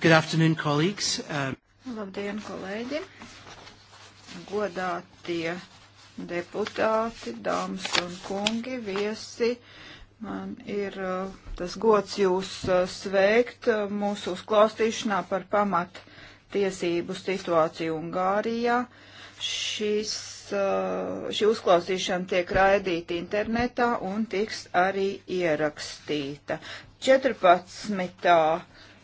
Good afternoon, colleagues. Um... Labdien, kolēģi! Godātie deputāti, dāmas un kungi, viesi! Man ir uh, tas gods jūs uh, sveikt uh, mūsu uzklausīšanā par pamat tiesību situāciju Ungārijā. Šis, uh, šī uzklausīšana tiek raidīta internetā un tiks arī ierakstīta. 14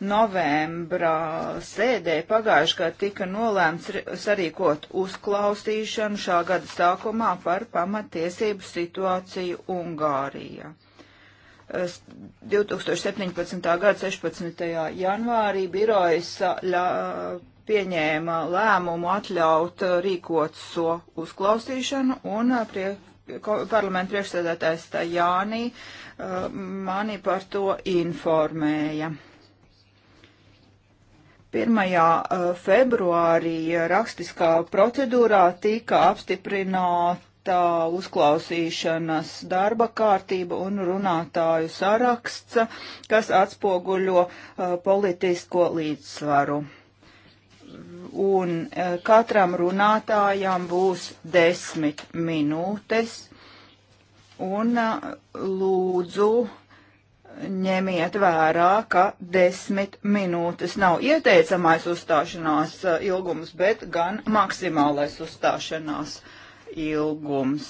novembra sēdē pagājušajā gadā tika nolēmts sarīkot uzklausīšanu šā gada sākumā par pamatiesību situāciju Ungārijā. 2017. gada 16. janvārī birojas pieņēma lēmumu atļaut uh, rīkot so uzklausīšanu un uh, prie, parlamentu priekšsēdētājs Tajānī uh, mani par to informēja. 1. Eh, februārī eh, rakstiskā procedūrā tika apstiprināta uzklausīšanas darba kārtība un runātāju saraksts, kas atspoguļo eh, politisko līdzsvaru. Un katram runātājam būs desmit minūtes. Un lūdzu ņemiet vērā, ka desmit minūtes nav ieteicamais uzstāšanās uh, ilgums, bet gan maksimālais uzstāšanās ilgums.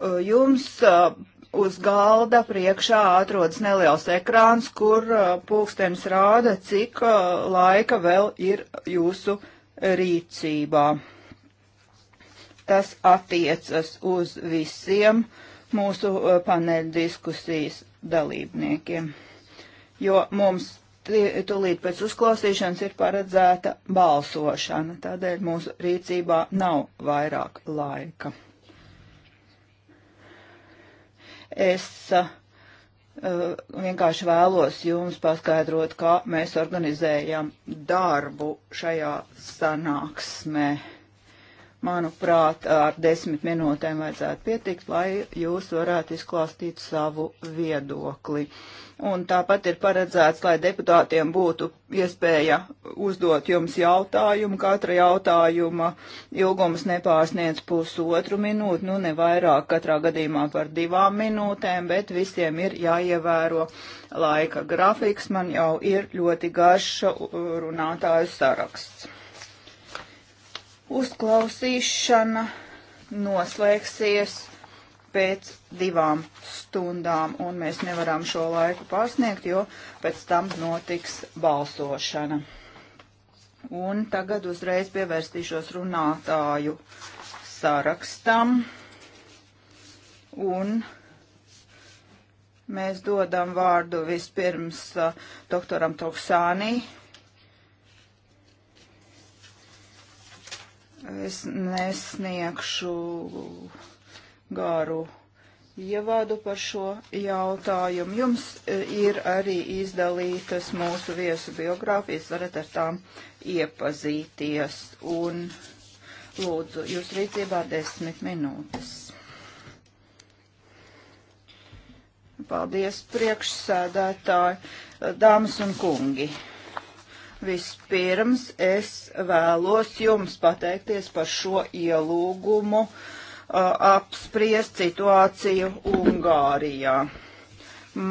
Uh, jums uh, uz galda priekšā atrodas neliels ekrāns, kur pulkstenis rāda, cik laika vēl ir jūsu rīcībā. Tas attiecas uz visiem mūsu paneļdiskusijas dalībniekiem, jo mums tūlīt pēc uzklausīšanas ir paredzēta balsošana, tādēļ mūsu rīcībā nav vairāk laika. Es uh, vienkārši vēlos jums paskaidrot, kā mēs organizējam darbu šajā sanāksmē. Uh, Manuprāt, ar desmit minūtēm vajadzētu pietikt, lai jūs varētu izklāstīt savu viedokli. Un tāpat ir paredzēts, lai deputātiem būtu iespēja uzdot jums jautājumu. Katra jautājuma ilgums nepārsniec pusotru minūtu, nu ne vairāk katrā gadījumā par divām minūtēm, bet visiem ir jāievēro laika grafiks. Man jau ir ļoti garša runātāju saraksts. Uzklausīšana noslēgsies pēc divām stundām, un mēs nevaram šo laiku pārsniegt, jo pēc tam notiks balsošana. Un tagad uzreiz pievērstīšos runātāju sarakstam, un mēs dodam vārdu vispirms uh, doktoram Toksānī Es nesniegšu garu ievādu par šo jautājumu. Jums e, ir arī izdalītas mūsu viesu biogrāfijas, varat ar tām iepazīties. Un lūdzu, jūs rīcībā desmit minūtes. Paldies, priekšsēdētāji, dāmas un kungi. Vispirms es vēlos jums pateikties par šo ielūgumu uh, apspriest situāciju Ungārijā.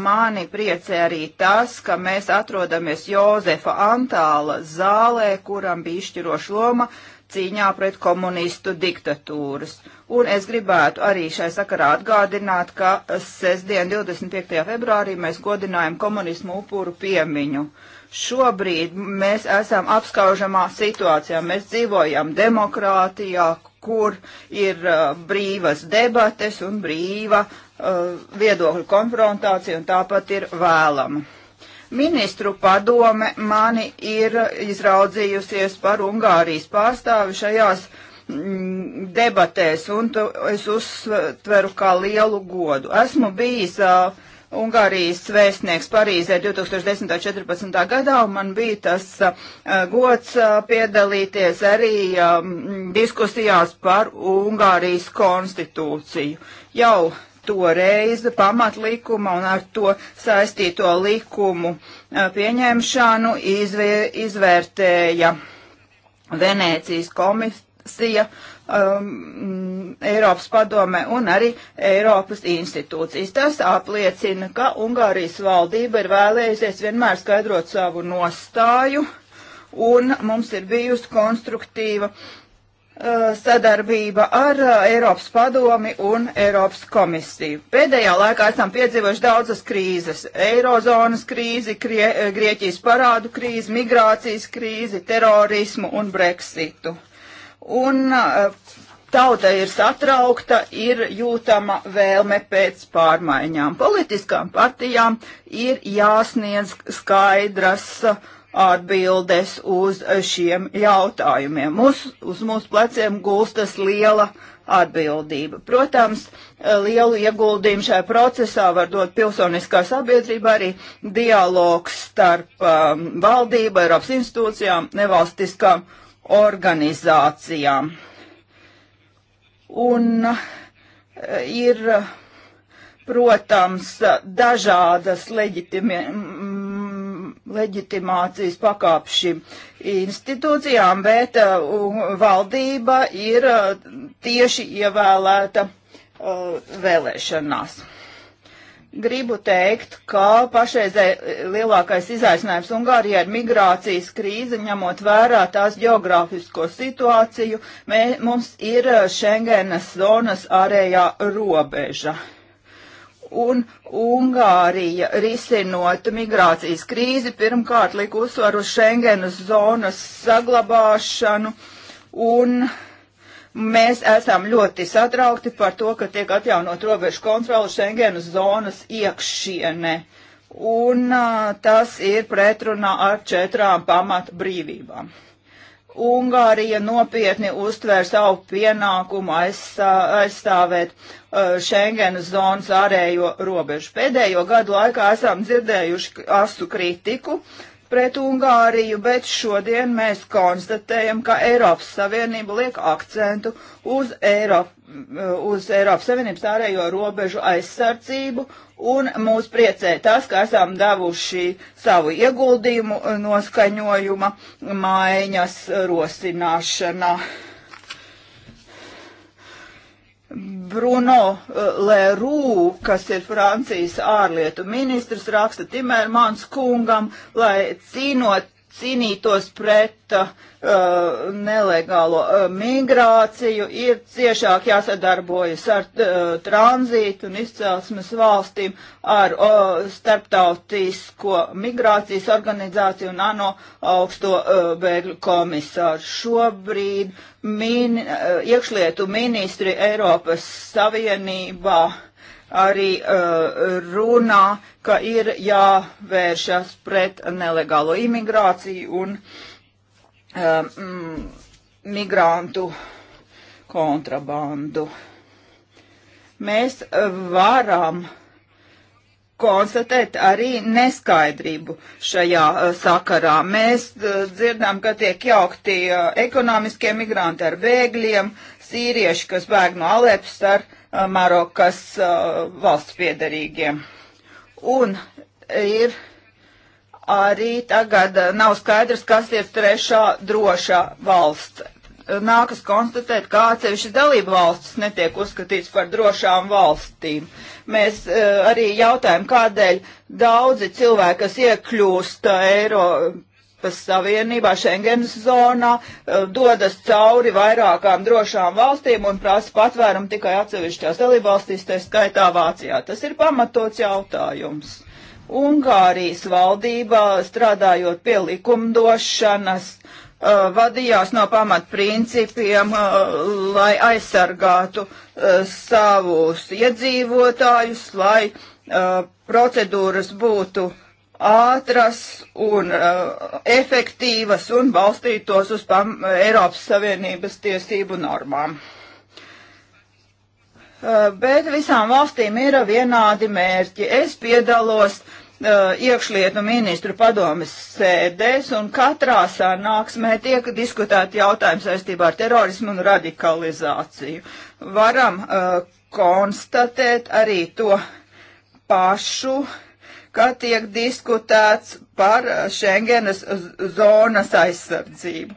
Mani priecē arī tas, ka mēs atrodamies Jozefa Antāla zālē, kuram bija izšķiroša loma cīņā pret komunistu diktatūras. Un es gribētu arī šai sakarā atgādināt, ka sestdien 25. februārī mēs godinājam komunismu upuru piemiņu. Uh, Šobrīd mēs esam apskaužamā situācijā. Mēs dzīvojam demokrātijā, kur ir uh, brīvas debates un brīva uh, viedokļu konfrontācija, un tāpat ir vēlama. Ministru padome mani ir izraudzījusies par Ungārijas pārstāvi šajās mm, debatēs, un to es uztveru kā lielu godu. Esmu bijis uh, Ungārijas vēstnieks Parīzē 2014. gadā, un man bija tas uh, gods uh, piedalīties arī um, diskusijās par Ungārijas konstitūciju. Jau toreiz pamatlikuma un ar to saistīto likumu uh, pieņemšanu izvē, izvērtēja Venēcijas komisija um, Eiropas padome un arī Eiropas institūcijas. Tas apliecina, ka Ungārijas valdība ir vēlējusies vienmēr skaidrot savu nostāju un mums ir bijusi konstruktīva uh, sadarbība ar uh, Eiropas padomi un Eiropas komisiju. Pēdējā laikā esam piedzīvojuši daudzas krīzes - eirozonas krīzi, Grie uh, Grieķijas parādu krīzi, migrācijas krīzi, terorismu un breksitu. Uh, un eh, tauta ir satraukta, ir jūtama vēlme pēc pārmaiņām. Politiskām partijām ir jāsniedz skaidras atbildes uz šiem jautājumiem. Mūs, uz mūsu pleciem gulstas liela atbildība. Protams, eh, lielu ieguldījumu šajā procesā var dot pilsoniskā sabiedrība arī dialogs starp um, valdību, Eiropas institūcijām, nevalstiskām organizācijām. Un eh, ir, protams, dažādas leģitimi, mm, leģitimācijas pakāpšiem institūcijām, bet eh, valdība ir eh, tieši ievēlēta vēlēšanās gribu teikt, ka pašreizē lielākais izaicinājums Ungārijai ir migrācijas krīze, ņemot vērā tās geogrāfisko situāciju. Mē, mums ir eh, Schengenas zonas ārējā robeža. Un Ungārija risinot migrācijas krīzi pirmkārt lika uzsvaru Schengenas zonas saglabāšanu un uh, Mēs esam ļoti satraukti par to, ka tiek atjaunot robežu kontroli Schengenas zonas iekšienē. Un uh, tas ir pretrunā ar četrām pamat brīvībām. Ungārija nopietni uztvēr savu pienākumu aizstāvēt Schengenas zonas ārējo robežu. Pēdējo gadu laikā esam dzirdējuši asu kritiku pret Ungāriju, bet šodien mēs konstatējam, ka Eiropas Savienība liek akcentu uz, Eiropa, uz Eiropas Savienības ārējo robežu aizsardzību, un mūs priecē tas, ka esam devuši savu ieguldījumu noskaņojuma maiņas rosināšanā. Bruno eh, Lerū, kas ir Francijas ārlietu ministrs, raksta Timermans kungam, lai cīnot, cīnītos pret uh, nelegālo uh, migrāciju, ir ciešāk jāsadarbojas ar uh, tranzītu un izcelsmes valstīm, ar uh, starptautisko migrācijas organizāciju un ANO augsto uh, bēgļu komisāru. Šobrīd min, uh, iekšlietu ministri Eiropas Savienībā uh, arī uh, runā, ka ir jāvēršas pret nelegālo imigrāciju un uh, um, migrantu kontrabandu. Mēs varam konstatēt arī neskaidrību šajā uh, sakarā. Mēs uh, dzirdām, ka tiek jaukti uh, ekonomiskie migranti ar bēgļiem, sīrieši, kas bēg no Alepas ar uh, Uh, Marokas uh, valsts piedarīgiem. Un ir arī tagad uh, nav skaidrs, kas ir trešā drošā valsts. Nākas konstatēt, ka atsevišķi dalību valstis netiek uzskatīts par drošām valstīm. Mēs uh, arī jautājam, kādēļ daudzi cilvēki, kas iekļūst Eiro Eiropas Savienībā, Schengenas zonā, eh, dodas cauri vairākām drošām valstīm un prasa patvērumu tikai atsevišķās dalībvalstīs, tā skaitā Vācijā. Tas ir pamatots jautājums. Ungārijas valdībā strādājot pie likumdošanas, Uh, vadījās no pamatprincipiem, uh, lai aizsargātu uh, savus iedzīvotājus, lai procedūras būtu ātras un uh, efektīvas un balstītos uz pam Eiropas Savienības tiesību normām. Uh, bet visām valstīm ir vienādi mērķi. Es piedalos uh, iekšlietu ministru padomes sēdēs, un katrā sanāksmē tiek diskutēti jautājumi saistībā ar terorismu un radikalizāciju. Varam uh, konstatēt arī to pašu uh, ka tiek diskutēts par Schengenas zonas aizsardzību.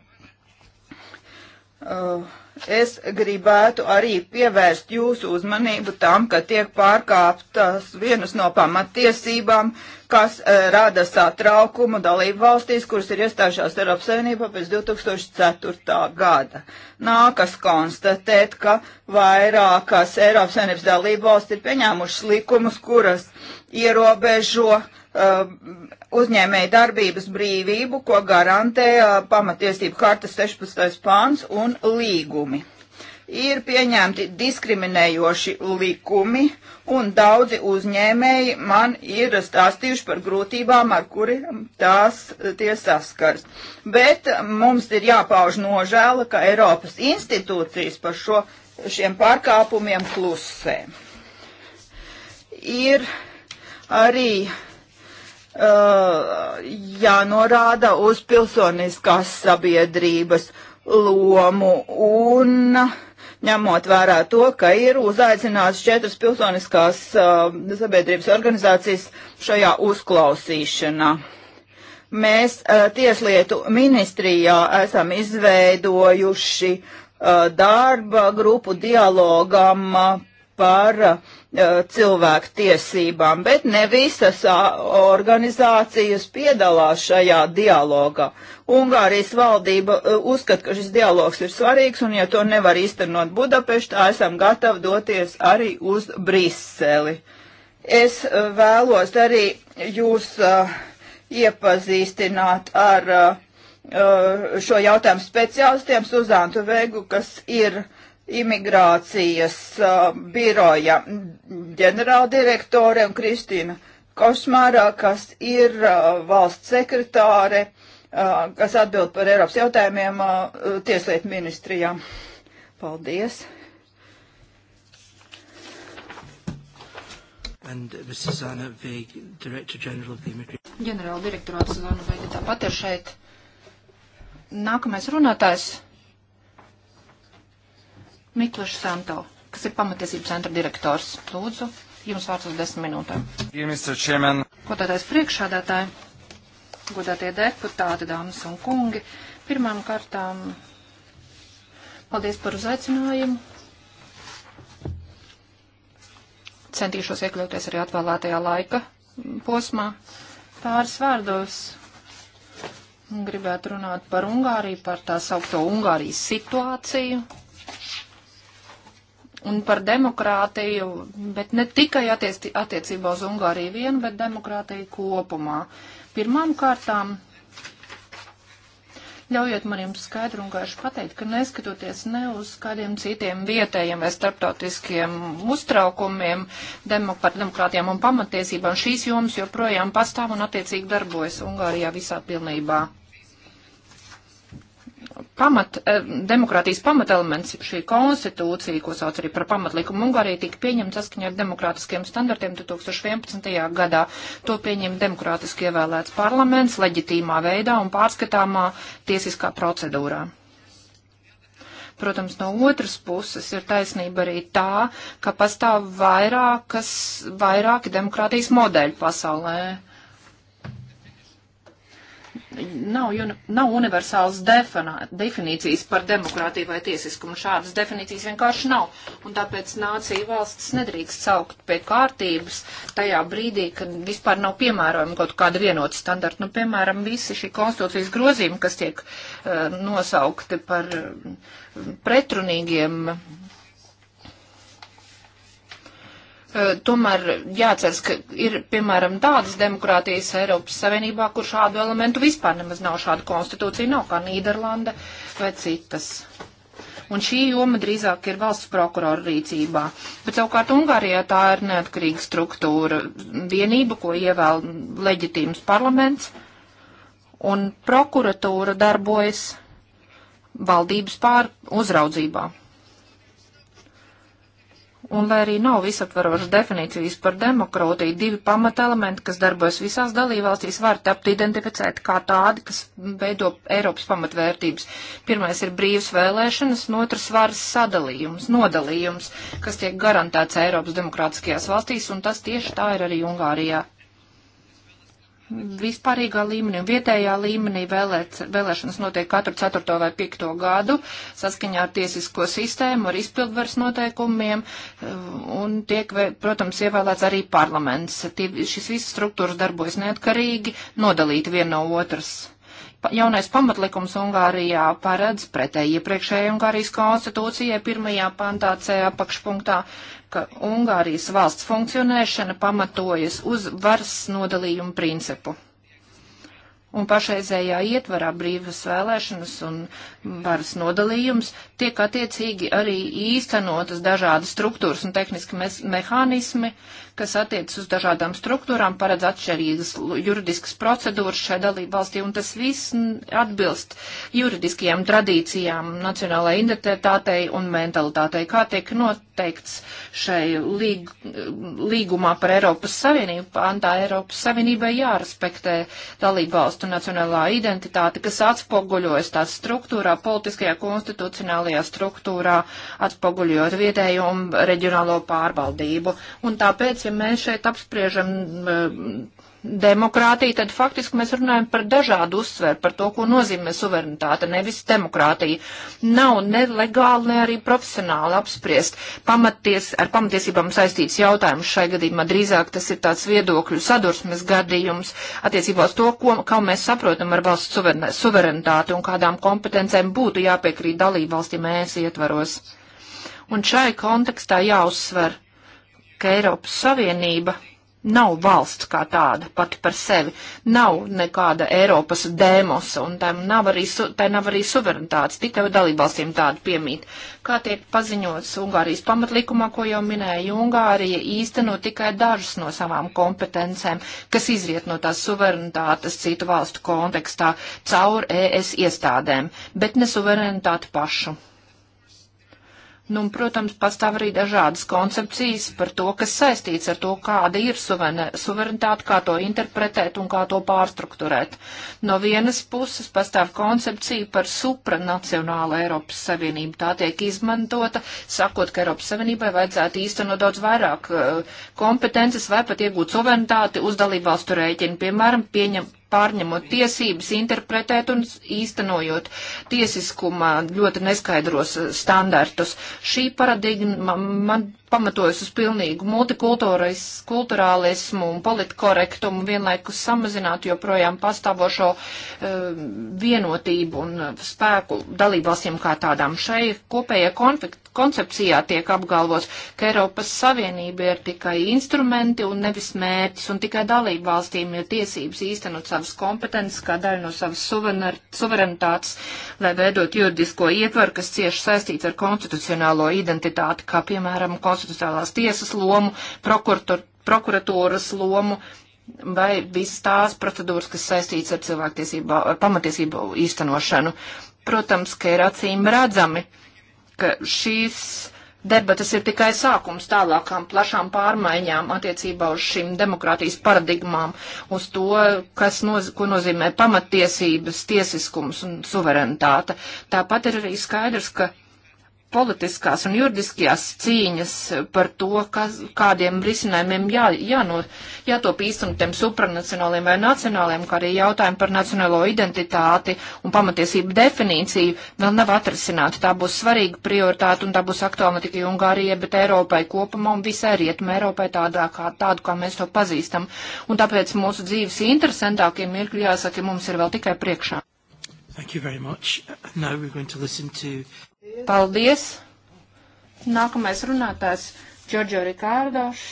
Uh, es gribētu arī pievērst jūsu uzmanību tam, ka tiek pārkāptas vienas no pamatiesībām, kas e, rada satraukumu dalību valstīs, kuras ir iestājušās Eiropas Savienībā pēc 2004. gada. Nākas konstatēt, ka vairākas Eiropas Savienības dalību valsts ir pieņēmušas likumus, kuras ierobežo uh, Um, uzņēmēja darbības brīvību, ko garantē uh, pamatiesību hartas 16. pāns un līgumi. Ir pieņemti diskriminējoši likumi, un daudzi uzņēmēji man ir stāstījuši par grūtībām, ar kuriem tās tie saskars. Bet mums ir jāpauž nožēla, ka Eiropas institūcijas par šo, šiem pārkāpumiem klusē. Ir arī uh, uh, jānorāda uz pilsoniskās sabiedrības lomu un ņemot vērā to, ka ir uzaicināts četras pilsoniskās uh, sabiedrības organizācijas šajā uzklausīšanā. Mēs uh, Tieslietu ministrijā esam izveidojuši uh, darba grupu dialogam uh, par uh, cilvēku tiesībām, bet ne visas organizācijas piedalās šajā dialogā. Ungārijas valdība uzskata, ka šis dialogs ir svarīgs, un ja to nevar īstenot Budapeštā, esam gatavi doties arī uz Briseli. Es vēlos arī jūs uh, iepazīstināt ar uh, šo jautājumu speciālistiem Suzantu Vegu, kas ir uh, imigrācijas uh, biroja ģenerāldirektore un Kristīna Košmārā, kas ir uh, valsts sekretāre, uh, kas atbild par Eiropas jautājumiem uh, tieslietu ministrijā. Paldies! and uh, Mrs. Zana Veig, Director General of the Immigration. Ģenerāla direktorāts Zana Veig tāpat ir šeit. Nākamais runātājs Mikloša Santo, kas ir pamatiesību centra direktors. Lūdzu, jums vārds uz desmit minūtēm. Godātais priekšādātāji, godātie deputāti, dāmas un kungi, pirmām kārtām paldies par uzaicinājumu. Centīšos iekļauties arī atvēlētajā laika posmā. Pāris vārdos gribētu runāt par Ungāriju, par tā saukto Ungārijas situāciju un par demokrātiju, bet ne tikai attiec, attiecībā uz Ungāriju vienu, bet demokrātiju kopumā. Pirmām kārtām ļaujiet man jums skaidru un gaišu pateikt, ka neskatoties ne uz kādiem citiem vietējiem vai starptautiskiem uztraukumiem demok par demokrātijām un pamatiesībām, šīs jomas joprojām pastāv un attiecīgi darbojas Ungārijā visā pilnībā pamat, eh, demokrātijas pamatelements, šī konstitūcija, ko sauc arī par pamatlikumu Ungārija, tika pieņemta saskaņā ar demokrātiskiem standartiem 2011. gadā. To pieņem demokrātiski ievēlēts parlaments, leģitīmā veidā un pārskatāmā tiesiskā procedūrā. Protams, no otras puses ir taisnība arī tā, ka pastāv vairākas, vairāki demokrātijas modeļi pasaulē. Uh, nav, nav universāls definā, definīcijas par demokrātiju vai tiesiskumu. Šādas definīcijas vienkārši nav. Un tāpēc nācija valsts nedrīkst saukt pie kārtības tajā brīdī, kad vispār nav piemērojama kaut kāda vienota standarta. Nu, piemēram, visi šī konstitūcijas grozījumi, kas tiek uh, nosaukti par uh, pretrunīgiem. Uh, Eh, tomēr jāceras, ka ir, piemēram, tādas demokrātijas Eiropas Savienībā, kur šādu elementu vispār nemaz nav, šāda konstitūcija nav, kā Nīderlanda vai citas. Un šī joma drīzāk ir valsts prokurora rīcībā. Bet savukārt Ungārijā tā ir neatkarīga struktūra, vienība, ko ievēl leģitīms parlaments, un prokuratūra darbojas valdības pār uzraudzībā. Un lai arī nav visaptvarošas definīcijas par demokrātiju, divi pamatelementi, kas darbojas visās dalībvalstīs, var tapt identificēti kā tādi, kas veido Eiropas pamatvērtības. Pirmais ir brīvs vēlēšanas, un otrs varas sadalījums, nodalījums, kas tiek garantēts Eiropas demokrātiskajās valstīs, un tas tieši tā ir arī Ungārijā vispārīgā līmenī un vietējā līmenī vēlēt, vēlēšanas notiek katru 4. vai 5. gadu saskaņā ar tiesisko sistēmu, ar izpildvaras noteikumiem eh, un tiek, protams, ievēlēts arī parlaments. Tie, šis visas struktūras darbojas neatkarīgi, nodalīti viena no otras. Pa, jaunais pamatlikums Ungārijā paredz pretēji iepriekšējai Ungārijas konstitūcijai pirmajā pantā C apakšpunktā ka Ungārijas valsts funkcionēšana pamatojas uz varas nodalījumu principu. Un pašreizējā ietvarā brīvas vēlēšanas un varas nodalījums tiek attiecīgi arī īstenotas dažādas struktūras un tehniski me mehānismi, kas attiecas uz dažādām struktūrām, paredz atšķirīgas juridiskas procedūras šai dalību valstī, un tas viss atbilst juridiskajām tradīcijām, nacionālajai identitātei un mentalitātei, kā tiek noteikts šai līg, līgumā par Eiropas Savienību. Pantā Eiropas Savienībai jārespektē dalību valstu nacionālā identitāte, kas atspoguļojas tās struktūrā, politiskajā, konstitucionālajā struktūrā, atspoguļojot vietējo un reģionālo pārvaldību. Un tāpēc, ja mēs šeit apspriežam eh, demokrātiju, tad faktiski mēs runājam par dažādu uzsveru, par to, ko nozīmē suverenitāte, nevis demokrātija. Nav ne legāli, ne arī profesionāli apspriest pamaties, ar pamatiesībām saistīts jautājums. Šai gadījumā drīzāk tas ir tāds viedokļu sadursmes gadījums attiecībā uz to, ko, kā mēs saprotam ar valsts suverenitāti un kādām kompetencēm būtu jāpiekrīt dalību valstīm ēs ietvaros. Un šai kontekstā jāuzsver ka Eiropas Savienība nav valsts kā tāda pati par sevi, nav nekāda Eiropas dēmosa, un tam nav arī, tai nav arī suverenitātes, tikai dalībvalstīm tāda piemīt. Kā tiek paziņots Ungārijas pamatlikumā, ko jau minēja, Ungārija īsteno tikai dažas no savām kompetencēm, kas izriet no tās suverenitātes citu valstu kontekstā caur ES iestādēm, bet ne suverenitāti pašu. Nu, un, protams, pastāv arī dažādas koncepcijas par to, kas saistīts ar to, kāda ir suverenitāte, kā to interpretēt un kā to pārstrukturēt. No vienas puses pastāv koncepcija par supranacionālu Eiropas Savienību. Tā tiek izmantota, sakot, ka Eiropas Savienībai vajadzētu īstenot daudz vairāk eh, kompetences vai pat iegūt suverenitāti uz dalībvalstu rēķinu. Piemēram, pieņem, pārņemot tiesības, interpretēt un īstenojot tiesiskumā ļoti neskaidros eh, standartus. Šī paradigma man pamatojas uz pilnīgu multikulturālismu un politkorektumu, vienlaikus samazināt joprojām pastāvošo e, vienotību un spēku dalībvalstīm kā tādām. Šai kopējai konflikt, koncepcijā tiek apgalvots, ka Eiropas Savienība ir tikai instrumenti un nevis mērķis, un tikai dalību valstīm ir tiesības īstenot savas kompetences kā daļu no savas suverenitātes, lai veidot juridisko ietvaru, kas cieši saistīts ar konstitucionālo identitāti, kā piemēram konstitucionālās tiesas lomu, prokuratūras lomu vai visas tās procedūras, kas saistīts ar cilvēktiesību, pamatiesību īstenošanu. Protams, ka ir acīm redzami ka šīs debatas ir tikai sākums tālākām plašām pārmaiņām attiecībā uz šīm demokrātijas paradigmām, uz to, kas noz, ko nozīmē pamatiesības, tiesiskums un suverenitāte. Tāpat ir arī skaidrs, ka politiskās un juridiskajās cīņas par to, kas, kādiem risinājumiem jā, jāno, jātop īstenotiem supranacionāliem vai nacionāliem, kā arī jautājumi par nacionālo identitāti un pamatiesību definīciju vēl nav atrasināti. Tā būs svarīga prioritāte un tā būs aktuāla ne tikai Ungārijai, bet Eiropai kopumā un visai Rietumē Eiropai tādā, kā, tādu, kā mēs to pazīstam. Un tāpēc mūsu dzīves interesantākiem mirkļi jāsaka, mums ir vēl tikai priekšā. Thank you very much. Now we're going to listen to Paldies! Nākamais runātājs Džordžo Rikārdoš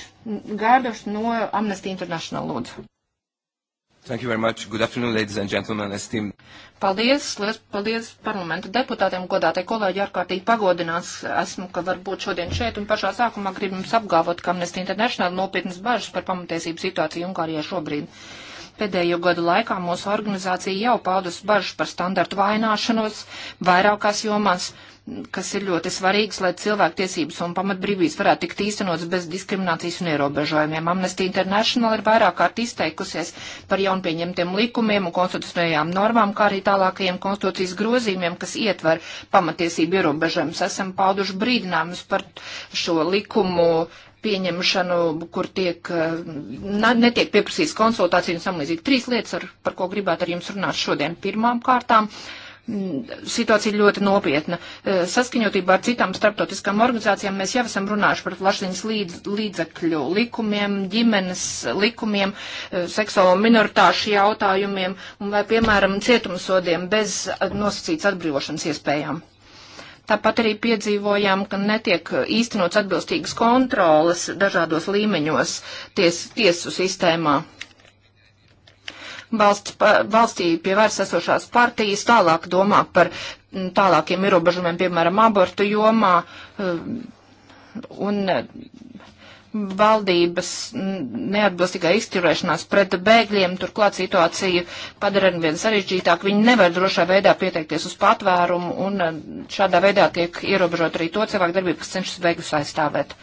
no Amnesty International lūdzu. Thank you very much. Good afternoon, ladies and gentlemen, esteemed. Paldies, liels paldies parlamenta deputātiem, godātie kolēģi, ārkārtīgi pagodinās esmu, ka var būt šodien šeit, un pašā sākumā gribu jums apgāvot, ka Amnesty International nopietnas bažas par pamatiesību situāciju Ungārijā šobrīd. Pēdējo gadu laikā mūsu organizācija jau paudus bažas par standartu vaināšanos vairākās jomās, kas ir ļoti svarīgs, lai cilvēktiesības un pamatbrīvības varētu tikt īstenots bez diskriminācijas un ierobežojumiem. Amnesty International ir vairāk kārt izteikusies par jaunpieņemtiem likumiem un konstitucionējām normām, kā arī tālākajiem konstitūcijas grozījumiem, kas ietver pamatiesību ierobežojumus. Esam pauduši brīdinājumus par šo likumu uh, pieņemšanu, kur tiek, eh, na, netiek pieprasīts konsultācijas un samlīdzīgi. Trīs lietas, ar, par ko gribētu ar jums runāt šodien. Pirmām kārtām. Situācija ļoti nopietna. Eh, saskaņotībā ar citām starptautiskām organizācijām mēs jau esam runājuši par plašiņas līdz, līdzekļu likumiem, ģimenes likumiem, eh, seksuālo minoritāšu jautājumiem un vai, piemēram, cietumsodiem bez nosacīts atbrīvošanas iespējām. Tāpat arī piedzīvojām, ka netiek īstenots atbilstīgas kontroles dažādos līmeņos ties, tiesu sistēmā. Valsts, valstī pie varas esošās partijas tālāk domā par tālākiem ierobežumiem, piemēram, abortu jomā. Um, un valdības neatbilstīgā izturēšanās pret bēgļiem, turklāt situācija padara vien sarežģītāk, viņi nevar drošā veidā pieteikties uz patvērumu un eh, šādā veidā tiek ierobežot arī to cilvēku darbību, kas cenšas bēgļus aizstāvēt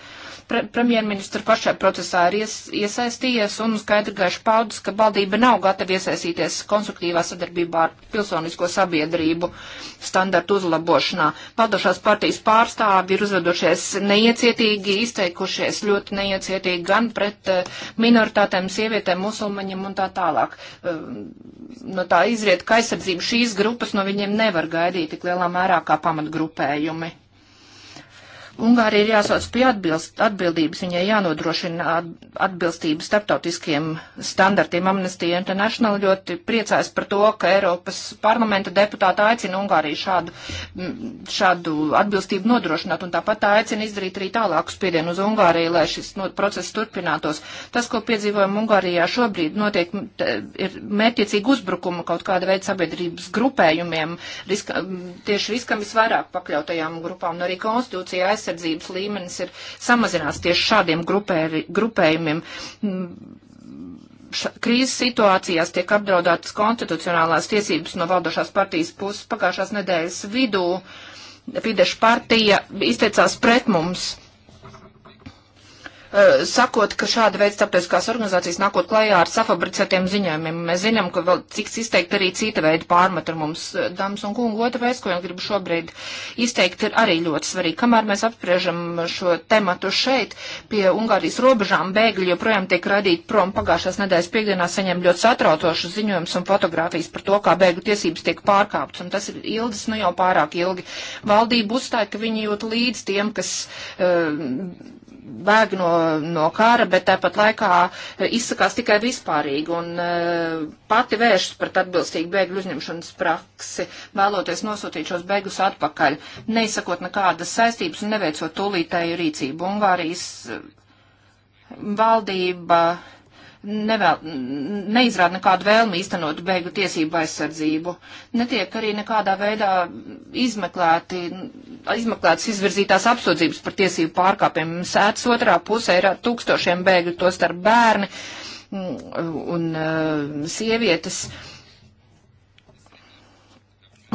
pre premjerministra pašā procesā ir ies iesaistījies un skaidri gaiši paudis, ka valdība nav gatava iesaistīties konstruktīvā sadarbībā ar pilsonisko sabiedrību standartu uzlabošanā. Valdošās partijas pārstāvi ir uzvedušies neiecietīgi, izteikušies ļoti neiecietīgi gan pret eh, minoritātēm, sievietēm, musulmaņiem un tā tālāk. Eh, no tā izriet, ka aizsardzību šīs grupas no viņiem nevar gaidīt tik lielā mērā kā pamatgrupējumi. Ungārija ir jāsauc pie atbilst, atbildības, viņai jānodrošina atbilstību starptautiskiem standartiem. Amnesty International ļoti priecājas par to, ka Eiropas parlamenta deputāta aicina Ungāriju šādu, šādu atbilstību nodrošināt, un tāpat tā aicina izdarīt arī tālāku spiedienu uz Ungāriju, lai šis no, process turpinātos. Tas, ko piedzīvojam Ungārijā šobrīd, notiek, ir mērķiecīgi uzbrukuma kaut kāda veida sabiedrības grupējumiem, riska, tieši riskam visvairāk pakļautajām grupām, un arī konstitūcija aizsardzība aizsardzības līmenis ir samazināts tieši šādiem grupēri, grupējumiem. Mm, ša, krīzes situācijās tiek apdraudētas konstitucionālās tiesības no valdošās partijas puses pagājušās nedēļas vidū. Fideša partija izteicās pret mums Eh, sakot, ka šāda veida starptautiskās organizācijas nākot klajā ar safabricētiem ziņojumiem. Mēs zinām, ka vēl cik izteikti arī cita veida pārmet ar mums, eh, dāmas un kungi. Otra vēsts, ko jau gribu šobrīd izteikt, ir arī ļoti svarīga. Kamēr mēs apspriežam šo tematu šeit, pie Ungārijas robežām bēgļi joprojām tiek radīti prom. Pagājušās nedēļas piekdienā saņem ļoti satraucošus ziņojumus un fotografijas par to, kā bēgļu tiesības tiek pārkāptas. Un tas ir ilgs, nu jau pārāk ilgi. Valdība uzstāja, ka viņi jūt līdz tiem, kas. Uh, bēg no, no kara, bet tāpat laikā izsakās tikai vispārīgi un uh, pati vēršas pret atbilstīgu bēgļu uzņemšanas praksi, vēloties nosūtīt šos bēgus atpakaļ, neizsakot nekādas saistības un neveicot tūlītēju rīcību. Ungārijas e, valdība nevēl, neizrāda nekādu vēlmi īstenot beigu tiesību aizsardzību. Netiek arī nekādā veidā izmeklēti, izmeklētas izvirzītās apsūdzības par tiesību pārkāpiem. Sēdz otrā pusē ir tūkstošiem bēgļu, to starp bērni mm, un uh, sievietes.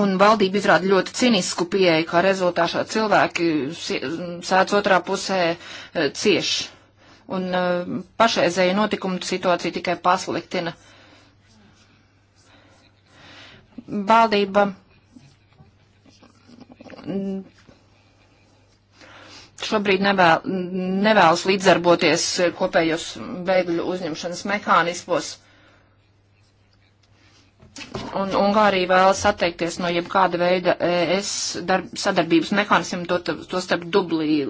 Un valdība izrāda ļoti cinisku pieeju, kā rezultātā cilvēki sēdz otrā pusē uh, eh, cieši un uh, pašreizēja notikuma situācija tikai pasliktina. Valdība šobrīd nevēl, nevēlas līdzdarboties kopējos bēgļu uzņemšanas mehānismos. Un Ungārija vēlas atteikties no jebkāda veida ES darb, sadarbības mehānismiem, to, to starp Dublī,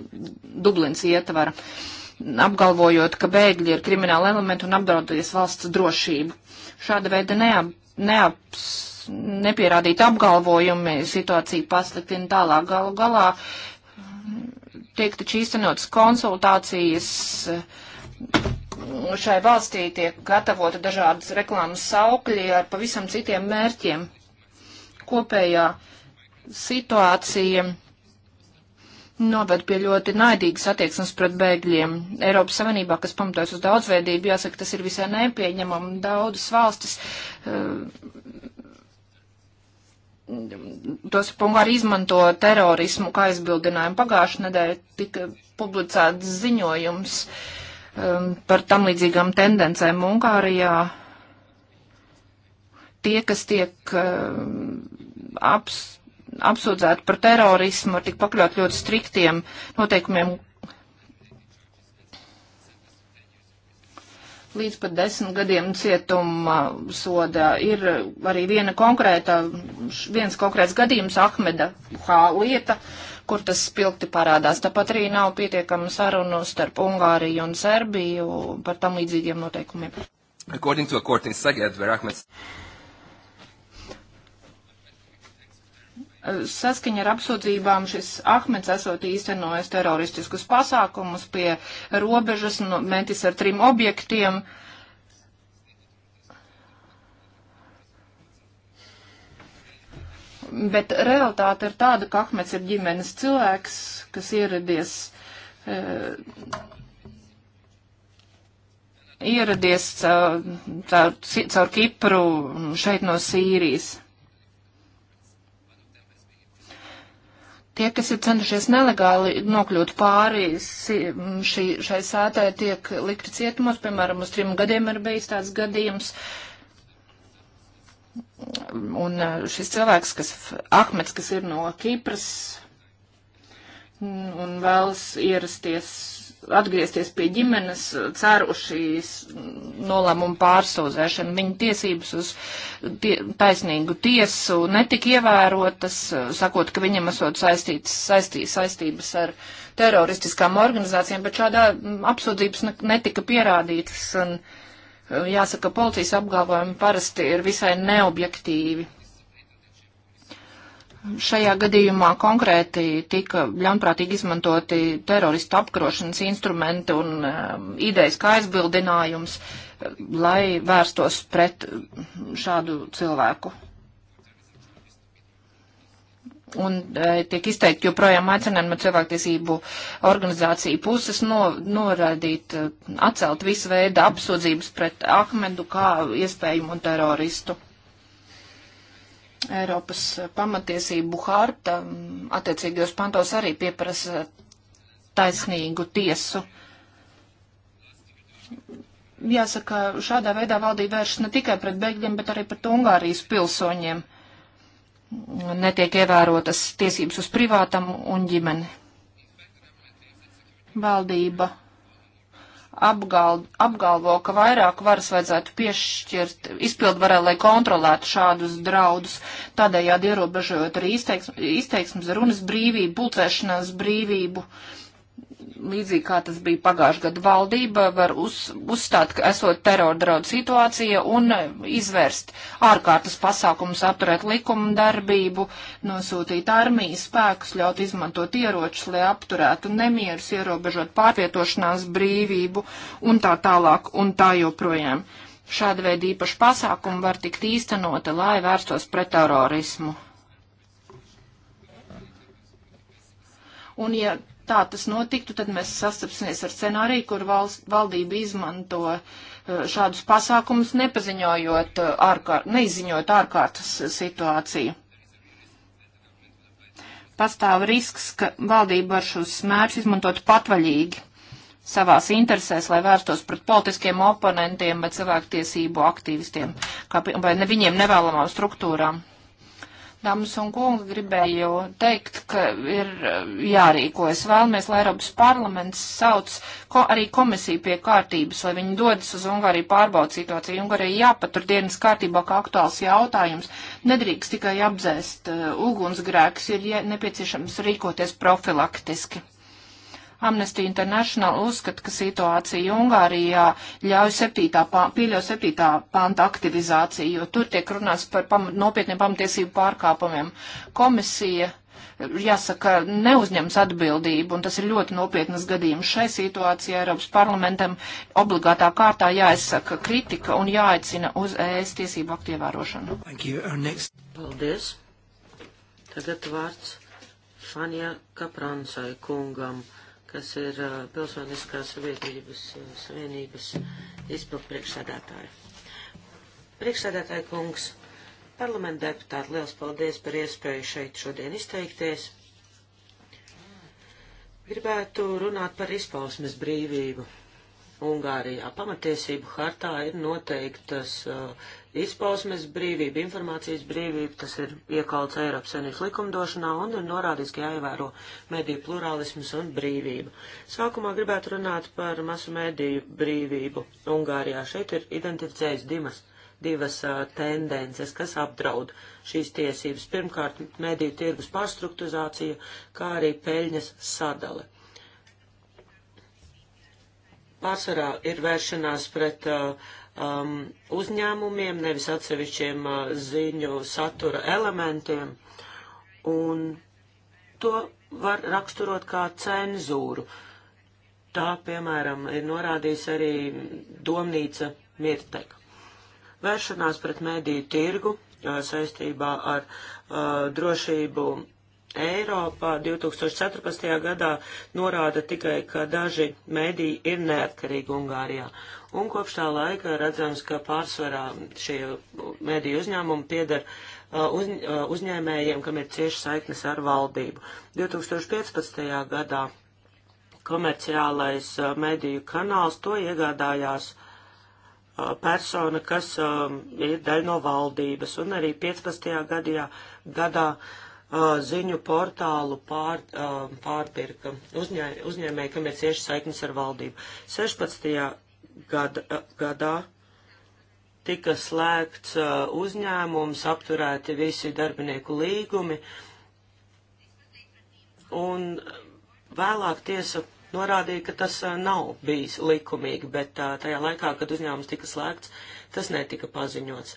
Dublins ietvara. Uh, apgalvojot, ka bēgļi ir krimināli elementi un apdraudies valsts drošību. Šāda veida neap, neaps, nepierādīti apgalvojumi situāciju pasliktina tālāk galu galā. Tiek taču īstenotas konsultācijas šai valstī, tiek gatavota dažādas reklāmas saukļi ar pavisam citiem mērķiem. Kopējā situācija noved pie ļoti naidīgas attieksmes pret bēgļiem. Eiropas Savienībā, kas pamatojas uz daudzveidību, jāsaka, tas ir visai nepieņemam. Daudzas valstis eh, tos pungāri izmanto terorismu kā aizbildinājumu. Pagājušajā nedēļā tika publicēts ziņojums um, par tam līdzīgām tendencēm Ungārijā. Tie, kas tiek um, aps, apsūdzēti par terorismu, var tik pakļaut ļoti striktiem noteikumiem līdz pat desmit gadiem cietuma soda. Ir arī viena konkrēta, viens konkrēts gadījums, Ahmeda H. lieta, kur tas spilgti parādās. Tāpat arī nav pietiekama sarunu starp Ungāriju un Serbiju par tam līdzīgiem noteikumiem. According to a court in Zagreb, where Ahmed's Saskaņa ar apsūdzībām šis Ahmeds esot īstenojis teroristiskus pasākumus pie robežas, nu, metis ar trim objektiem. Bet realitāte ir tāda, ka Ahmeds ir ģimenes cilvēks, kas ieradies, e, ieradies caur, caur Kipru šeit no Sīrijas. Tie, kas ir centušies nelegāli nokļūt pāri šī, šai sētai, tiek likti cietumos, piemēram, uz trim gadiem ir bijis tāds gadījums. Un e, šis cilvēks, kas Ahmets, kas ir no Kipras un vēlas ierasties atgriezties pie ģimenes, cer uz šīs nolēmumu pārsūdzēšanu. Viņa tiesības uz tie, taisnīgu tiesu netika ievērotas, sakot, ka viņam esot saistītas, saistī, saistības ar teroristiskām organizācijām, bet šādā mm, apsūdzības netika pierādītas. Un, jāsaka, policijas apgalvojumi parasti ir visai neobjektīvi. Šajā gadījumā konkrēti tika ļaunprātīgi izmantoti teroristu apkarošanas instrumenti un um, idejas kā aizbildinājums, um, lai vērstos pret um, šādu cilvēku. Un e, tiek izteikti joprojām aicinājumi cilvēktiesību organizāciju puses no, noraidīt, uh, atcelt visu veidu apsūdzības pret Ahmedu kā iespējumu un teroristu. Eiropas pamatiesību harta mm, attiecīgajos pantos arī pieprasa taisnīgu tiesu. Jāsaka, šādā veidā valdība vēršas ne tikai pret bēgļiem, bet arī pret Ungārijas pilsoņiem. Netiek ievērotas tiesības uz privātam un ģimeni. Valdība apgal, apgalvo, ka vairāk varas vajadzētu piešķirt izpildvarē, lai kontrolētu šādus draudus, tādējādi ierobežojot arī izteiksmes, izteiksmes runas brīvību, pulcēšanās brīvību. Uh, līdzīgi kā tas bija pagājušajā gadā, valdība var uz, uzstāt, ka esot terora draudu situācija un e, izvērst ārkārtas pasākumus, apturēt likumu darbību, nosūtīt armijas spēkus, ļaut izmantot ieročus, lai apturētu nemierus, ierobežot pārvietošanās brīvību un tā tālāk un tā joprojām. Šāda veida īpaša pasākuma var tikt īstenota, lai vērstos pret terorismu. Un ja tā tas notiktu, tad mēs sastapsimies ar scenāriju, kur valst, valdība izmanto e, šādus pasākumus, nepaziņojot e, ārkārt, neizziņot ārkārtas situāciju. Pastāv risks, ka valdība var šos mērķus izmantot patvaļīgi savās interesēs, lai vērstos pret politiskiem oponentiem vai cilvēktiesību aktīvistiem, kā, vai ne viņiem nevēlamām struktūrām. Dāmas un kungi, gribēju teikt, ka ir eh, jārīkojas. Vēlamies, lai Eiropas parlaments sauc ko, arī komisiju pie kārtības, lai viņi dodas uz Ungāriju pārbaud situāciju. Ungārija jāpatur dienas kārtībā kā aktuāls jautājums. Nedrīkst tikai apdzēst uh, ugunsgrēks, ir ja, nepieciešams rīkoties profilaktiski. Amnesty International uzskata, ka situācija Ungārijā ļauj septītā, pieļauj septītā panta aktivizāciju, jo tur tiek runāts par pam, nopietniem pamatiesību pārkāpumiem. Komisija jāsaka, neuzņems atbildību, un tas ir ļoti nopietnas gadījums. Šai situācijā Eiropas parlamentam obligātā kārtā jāizsaka kritika un jāaicina uz ES tiesību aktu ievērošanu. Next... Paldies. Tagad vārds Fanja Kapransai kungam kas ir uh, Pilsoniskās sabiedrības uh, savienības izpildu priekšsēdētāja. Priekšsēdētāja kungs, parlamenta deputāti, liels paldies par iespēju šeit šodien izteikties. Gribētu runāt par izpausmes brīvību. Ungārijā pamatiesību hartā ir noteiktas uh, izpausmes brīvība, informācijas brīvība, tas ir iekalts Eiropas Savienības likumdošanā un ir norādīts, ka jāievēro mediju plurālisms un brīvība. Sākumā gribētu runāt par masu mediju brīvību Ungārijā. Šeit ir identificējis divas, divas uh, tendences, kas apdraud šīs tiesības. Pirmkārt, mediju tirgus pārstruktūrizācija, kā arī peļņas sadale. Pārsvarā ir vēršanās pret uh, um, uzņēmumiem, nevis atsevišķiem uh, ziņu satura elementiem. Un to var raksturot kā cenzūru. Tā, piemēram, ir norādījis arī domnīca Mirtek. Vēršanās pret mediju tirgu uh, saistībā ar uh, drošību Eiropā 2014. gadā norāda tikai, ka daži mediji ir neatkarīgi Ungārijā. Un kopš tā laika redzams, ka pārsvarā šie mediju uzņēmumi pieder uh, uz, uh, uzņēmējiem, kam ir cieši saiknes ar valdību. 2015. gadā komerciālais uh, mediju kanāls to iegādājās persona, kas um, ir daļa no valdības, un arī 15. Gadījā, gadā ziņu portālu pār, pārpirka uzņē, uzņēmēji, kam ir cieši saiknes ar valdību. 16. Gada, gadā tika slēgts uzņēmums, apturēti visi darbinieku līgumi, un vēlāk tiesa norādīja, ka tas nav bijis likumīgi, bet tajā laikā, kad uzņēmums tika slēgts, tas netika paziņots.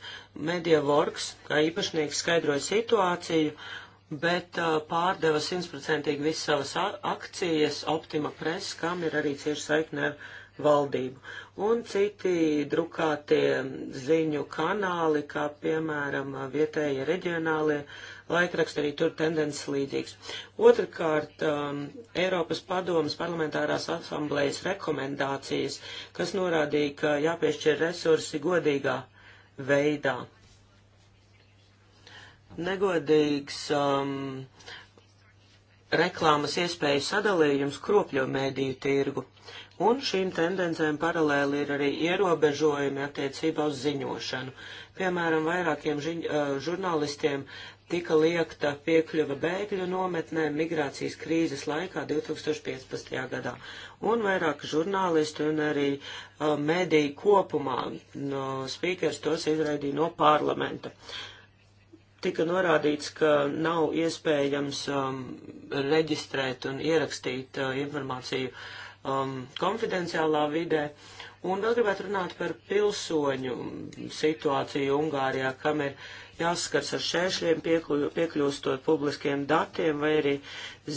Media Works, kā īpašnieks, skaidroja situāciju, bet uh, pārdeva simtprocentīgi visas savas akcijas Optima Press, kam ir arī cieši saikne ar valdību. Un citi drukātie ziņu kanāli, kā piemēram vietējie reģionālie laikraksti, arī tur tendences līdzīgas. Otrakārt, um, Eiropas padomas parlamentārās asamblējas rekomendācijas, kas norādīja, ka jāpiešķir resursi godīgā veidā negodīgs um, reklāmas iespēju sadalījums kropļo mēdīju tirgu. Un šīm tendencēm paralēli ir arī ierobežojumi attiecībā uz ziņošanu. Piemēram, vairākiem žiņ, uh, žurnālistiem tika liekta piekļuva bēgļu nometnē migrācijas krīzes laikā 2015. gadā. Un vairāk žurnālisti un arī uh, mediju kopumā no spīkers tos izraidīja no parlamenta. Uh, tika norādīts, ka nav iespējams um, reģistrēt un ierakstīt uh, informāciju um, konfidenciālā vidē. Un vēl gribētu runāt par pilsoņu situāciju Ungārijā, kam ir jāskars ar šēšļiem piekļūstot publiskiem datiem vai arī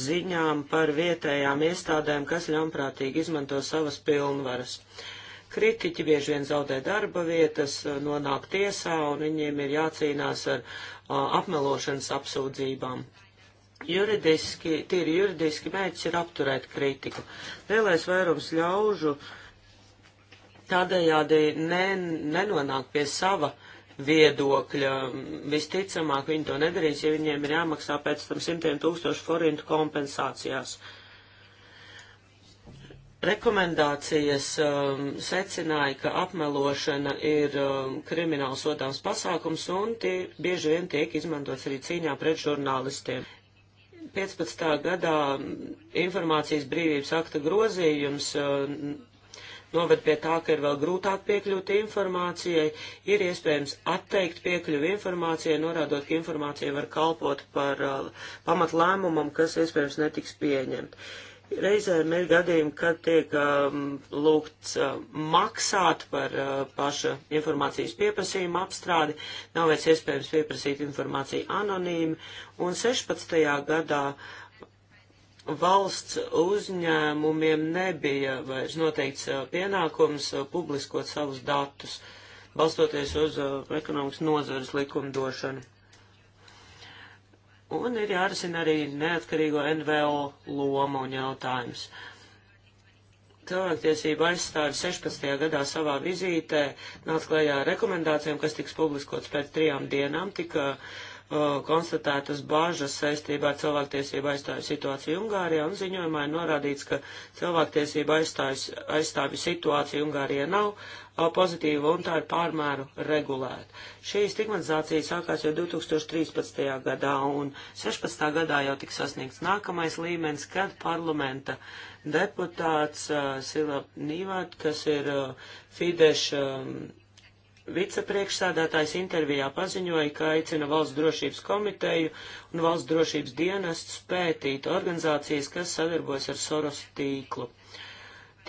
ziņām par vietējām iestādēm, kas ļaunprātīgi izmanto savas pilnvaras. Uh, Kritiķi bieži vien zaudē darba vietas, eh, nonāk tiesā un viņiem ir jācīnās ar a, eh, apmelošanas apsūdzībām. Juridiski, tīri juridiski mērķis ir apturēt kritiku. Lielais vairums ļaužu tādējādi ne, nenonāk pie sava viedokļa. Visticamāk, viņi to nedarīs, ja viņiem ir jāmaksā pēc tam simtiem tūkstošu forintu kompensācijās. Uh, rekomendācijas um, secināja, ka apmelošana ir um, krimināls sodāms pasākums un tie bieži vien tiek izmantots arī cīņā pret žurnālistiem. 15. gadā informācijas brīvības akta grozījums um, noved pie tā, ka ir vēl grūtāk piekļūt informācijai, ir iespējams atteikt piekļuvi informācijai, norādot, ka informācija var kalpot par uh, pamatlēmumam, kas iespējams netiks pieņemt. Uh, Reizēm ir gadījumi, kad tiek um, lūgts uh, maksāt par uh, paša informācijas pieprasījumu apstrādi, nav vairs iespējams pieprasīt informāciju anonīmi, un 16. gadā valsts uzņēmumiem nebija vairs noteikts uh, pienākums uh, publiskot savus datus, balstoties uz uh, ekonomikas nozares likumdošanu. Un ir jārisina arī neatkarīgo NVO loma un jautājums. Cilvēktiesība aizstāvi 16. gadā savā vizītē nāca klajā ar rekomendācijām, kas tiks publiskots pēc trijām dienām, tika uh, konstatētas bāžas saistībā ar cilvēktiesību aizstāvi situāciju Ungārijā un ziņojumā ir norādīts, ka cilvēktiesība aizstāvi, aizstāvi situāciju Ungārijā nav pozitīva un tā ir pārmēru regulēta. Šī stigmatizācija sākās jau 2013. gadā un 16. gadā jau tika sasniegts nākamais līmenis, kad parlamenta deputāts uh, Sila Nīvāt, kas ir uh, Fidesz um, vicepriekšsādātājs intervijā paziņoja, ka aicina Valsts drošības komiteju un Valsts drošības dienestu spētīt organizācijas, kas sadarbojas ar Soros tīklu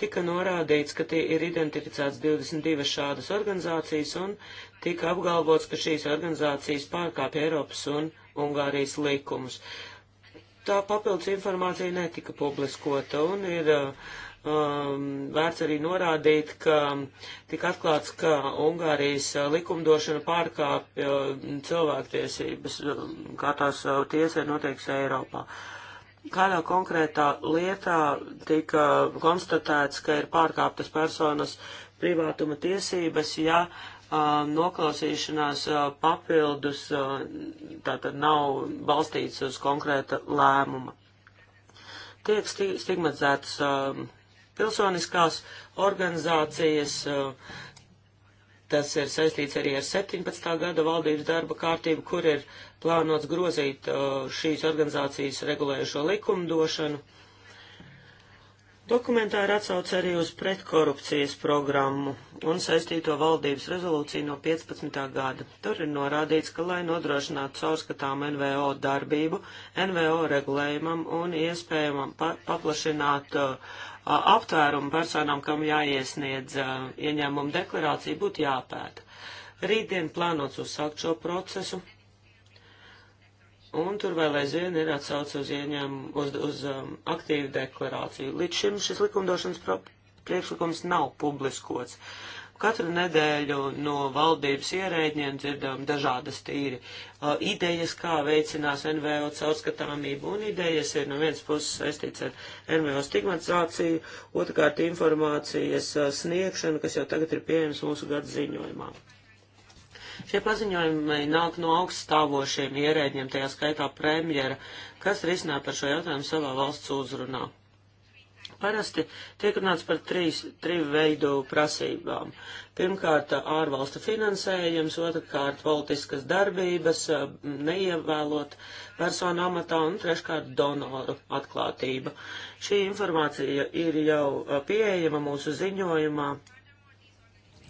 tika norādīts, ka tie ir identificēts 22 šādas organizācijas un tika apgalvots, ka šīs organizācijas pārkāpja Eiropas un Ungārijas likumus. Tā papildus informācija netika publiskota un ir um, vērts arī norādīt, ka tika atklāts, ka Ungārijas likumdošana pārkāpja cilvēktiesības, um, kā tās uh, tiesa ir noteikts Eiropā. Uh, kādā konkrētā lietā tika konstatēts, ka ir pārkāptas personas privātuma tiesības, ja uh, noklausīšanās uh, papildus uh, tātad nav balstīts uz konkrēta lēmuma. Tiek stigmatizētas pilsoniskās organizācijas, uh, Tas ir saistīts arī ar 17. gada valdības darba kārtību, kur ir plānots grozīt uh, šīs organizācijas regulējušo likumdošanu. Dokumentā ir atsauce arī uz pretkorupcijas programmu un saistīto valdības rezolūciju no 15. gada. Tur ir norādīts, ka, lai nodrošinātu caurskatām NVO darbību, NVO regulējumam un iespējamam pa paplašināt uh, aptvērumu personām, kam jāiesniedz ieņēmuma deklarācija, būtu jāpēta. Rītdien plānots uzsākt šo procesu, un tur vēl aizvien ir atsauce uz ieņēmumu, uz, uz um, aktīvu deklarāciju. Līdz šim šis likumdošanas priekšlikums nav publiskots. Uh, Katru nedēļu no valdības ierēģiem dzirdām dažādas tīri uh, idejas, kā veicinās NVO caurskatāmību, un idejas ir no vienas puses saistīts ar NVO stigmatizāciju, otrkārt informācijas uh, sniegšanu, kas jau tagad ir pieejams mūsu gadu ziņojumā. Šie paziņojumi nāk no augststāvošiem ierēģiem, tajā skaitā premjera, kas risināja par šo jautājumu savā valsts uzrunā. Parasti tiek runāts par trīs, trīs veidu prasībām. Pirmkārt, ārvalstu finansējums, otrkārt, politiskas darbības, eh, neievēlot personu amatā un treškārt, donoru atklātība. Šī informācija ir jau eh, pieejama mūsu ziņojumā.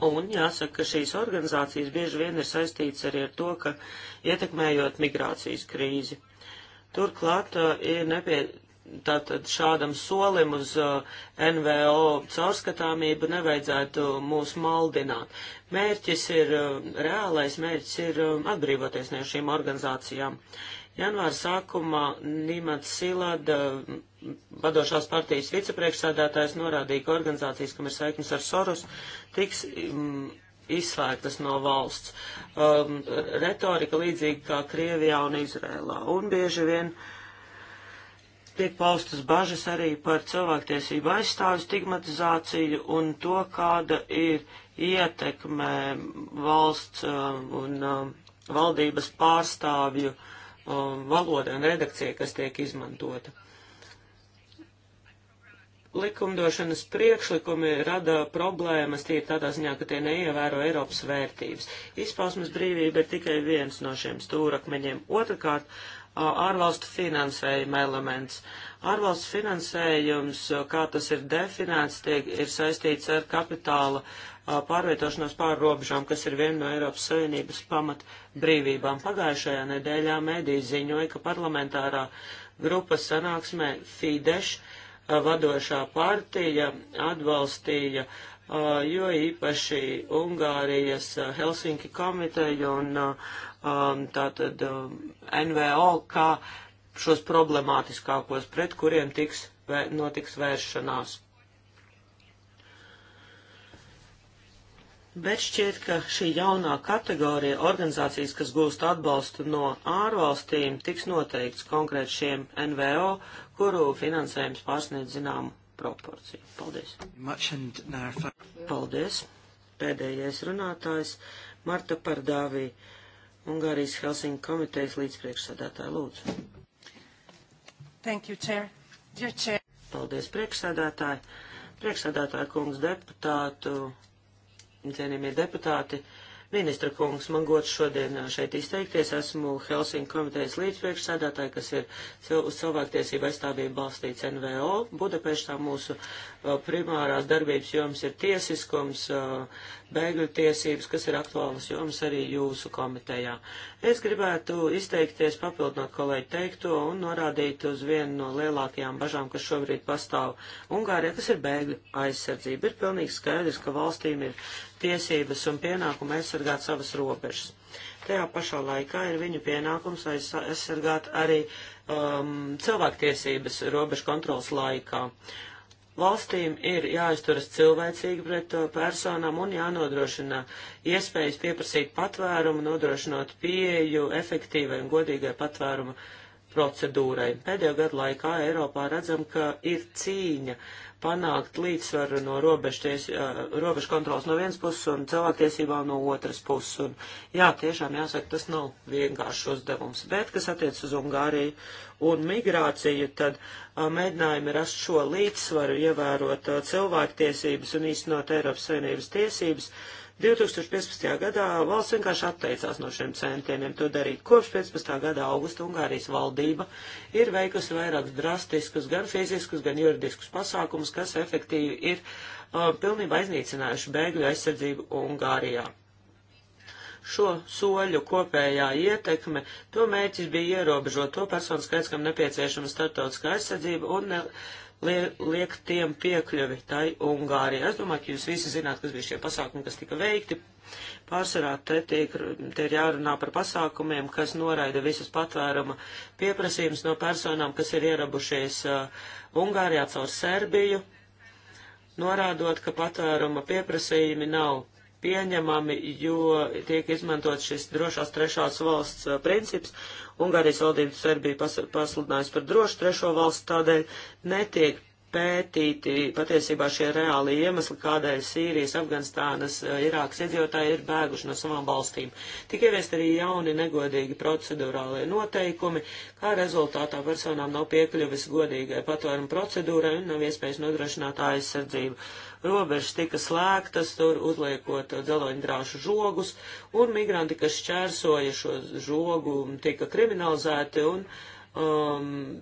Un jāsaka, ka šīs organizācijas bieži vien ir saistīts arī ar to, ka ietekmējot migrācijas krīzi. Turklāt eh, ir nepie, tātad šādam solim uz uh, NVO caurskatāmību nevajadzētu mūs maldināt. Mērķis ir, uh, reālais mērķis ir uh, atbrīvoties no šīm organizācijām. Janvāra sākumā Nīmats Silada, mm, vadošās partijas vicepriekšsādātājs, norādīja, ka organizācijas, kam ir saiknes ar Sorus, tiks um, izslēgtas no valsts. Um, retorika līdzīga kā Krievijā un Izrēlā. Un bieži vien uh, tiek paustas bažas arī par cilvēktiesību aizstāvju stigmatizāciju un to, kāda ir ietekme valsts um, un um, valdības pārstāvju um, valoda un redakcija, kas tiek izmantota. Likumdošanas priekšlikumi rada problēmas tie tādā ziņā, ka tie neievēro Eiropas vērtības. Izpausmes brīvība ir tikai viens no šiem stūrakmeņiem. Otrakārt, uh, ārvalstu finansējuma elements. Ārvalstu finansējums, kā tas ir definēts, tiek, ir saistīts ar kapitāla pārvietošanos pār robežām, kas ir viena no Eiropas Savienības pamat brīvībām. Pagājušajā nedēļā mediji ziņoja, ka parlamentārā grupas sanāksmē Fidesz vadošā partija atbalstīja uh, Uh, jo īpaši Ungārijas uh, Helsinki komiteja un uh, um, tātad um, NVO, kā šos problemātiskākos, pret kuriem tiks, notiks vēršanās. Bet šķiet, ka šī jaunā kategorija organizācijas, kas gūst atbalstu no ārvalstīm, tiks noteikts konkrēt šiem NVO, kuru finansējums pārsniedz zināmu proporcija. Paldies. Uh, Paldies. Pēdējais runātājs Marta Pardāvī, Ungārijas Helsinku komitejas līdzpriekšsēdētāja. Lūdzu. Thank you, chair. Dear chair. Paldies, priekšsēdētāji. Priekšsēdētāja kungs deputātu, cienījamie deputāti. Ministra kungs, man gods šodien šeit izteikties. Esmu Helsinku komitejas līdzpriekšsēdētāja, kas ir uz cilvēktiesību aizstāvību balstīts NVO. Budapeštā mūsu primārās darbības joms ir tiesiskums, bēgļu tiesības, kas ir aktuālas jomas arī jūsu komitejā. Es gribētu izteikties papildinot kolēģi teikto un norādīt uz vienu no lielākajām bažām, kas šobrīd pastāv Ungārijā, kas ir bēgļu aizsardzība. Ir pilnīgi skaidrs, ka valstīm ir tiesības un pienākumi aizsargāt savas robežas. Tajā pašā laikā ir viņu pienākums aizsargāt arī um, cilvēktiesības robežu kontrolas laikā. Uh, Valstīm ir jāizturas cilvēcīgi pret personām un jānodrošina iespējas pieprasīt patvērumu, nodrošinot pieeju efektīvai un godīgai patvērumu procedūrai. Pēdējo gadu laikā Eiropā redzam, ka ir cīņa uh, panākt līdzsvaru no robežu kontrols no vienas puses un cilvēktiesībām no otras puses. Un, jā, tiešām jāsaka, tas nav vienkāršs uzdevums. Bet, kas attiec uz Ungāriju un migrāciju, tad a, mēģinājumi rast šo līdzsvaru, ievērot a, cilvēktiesības un īstenot Eiropas Savienības tiesības. A, 2015. gadā valsts vienkārši atteicās no šiem centieniem to darīt. Kopš 15. gada augusta Ungārijas valdība ir veikusi vairākus drastiskus, gan fiziskus, gan juridiskus pasākumus, kas efektīvi ir uh, pilnībā iznīcinājuši bēgļu aizsardzību Ungārijā. Šo soļu kopējā ietekme, to mērķis bija ierobežot to personu skaits, kam nepieciešama starptautiskā aizsardzība un ne, uh, liek tiem piekļuvi tai Ungārija. Es domāju, ka jūs visi zināt, kas bija šie pasākumi, kas tika veikti. Pārsvarā te, tiek, te ir jārunā par pasākumiem, kas noraida visus patvēruma pieprasījumus no personām, kas ir ierabušies uh, Ungārijā caur Serbiju, norādot, ka patvēruma pieprasījumi nav pieņemami, jo tiek izmantot šis drošās trešās valsts uh, princips, Ungārijas valdības Serbiju pas, pasludinājusi par drošu trešo valstu, tādēļ netiek pētīti patiesībā šie reāli iemesli, kādēļ Sīrijas, Afganistānas, eh, Irākas iedzīvotāji ir bēguši no savām valstīm. Tik ieviest arī jauni negodīgi procedurālie noteikumi, kā rezultātā personām nav piekļuvis godīgai patvērumu procedūrai un nav iespējas nodrošināt aizsardzību. Uh, robežas tika slēgtas, tur uzliekot dzeloņdrāšu žogus, un migranti, kas šķērsoja šo žogu, tika kriminalizēti, un um,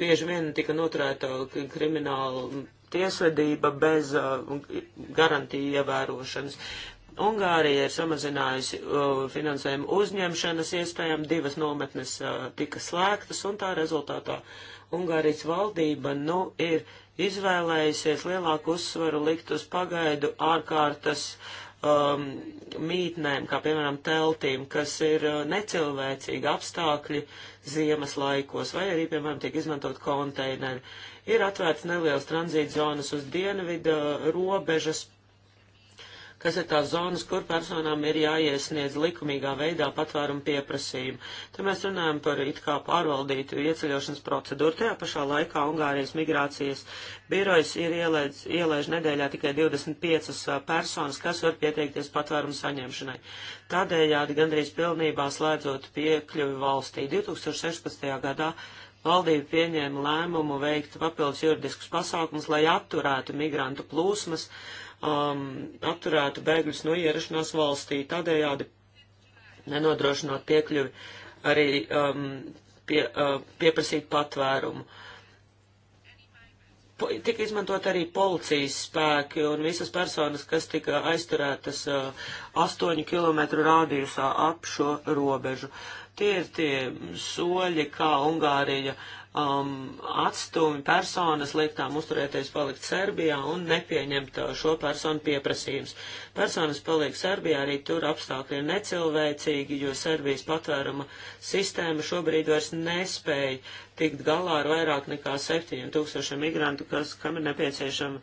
bieži vien tika noturēta krimināla tiesvedība bez uh, garantija ievērošanas. Ungārija ir samazinājusi uh, finansējumu uzņemšanas iespējām, divas nometnes uh, tika slēgtas, un tā rezultātā Ungārijas valdība nu ir izvēlējusies lielāku uzsvaru likt uz pagaidu ārkārtas um, mītnēm, kā piemēram teltīm, kas ir uh, necilvēcīgi apstākļi ziemas laikos, vai arī, piemēram, tiek izmantot konteineri. Ir atvērts neliels tranzīta zonas uz dienvida robežas kas ir tās zonas, kur personām ir jāiesniedz likumīgā veidā patvērumu pieprasījumu. Te mēs runājam par it kā pārvaldītu ieceļošanas procedūru. Tajā pašā laikā Ungārijas migrācijas birojas ir ielēdz, ielēdz nedēļā tikai 25 personas, kas var pieteikties patvērumu saņemšanai. Tādējādi gandrīz pilnībā slēdzot piekļuvi valstī. 2016. gadā Valdība pieņēma lēmumu veikt papildus juridiskus pasākumus, lai atturētu migrantu plūsmas, um, atturētu bēgļus no ierašanās valstī, tādējādi nenodrošinot piekļuvi arī um, pie, uh, pieprasīt patvērumu. Uh, tika izmantot arī policijas spēki un visas personas, kas tika aizturētas uh, 8 km rādījusā ap šo robežu. Tie ir tie soļi, kā Ungārija um, atstumi personas liektām uzturēties palikt Serbijā un nepieņemt uh, šo personu pieprasījums. Personas paliek Serbijā, arī tur apstākļi ir necilvēcīgi, jo Serbijas patvēruma sistēma šobrīd vairs nespēja tikt galā ar vairāk nekā 7000 migrantu, kas, kam ir nepieciešama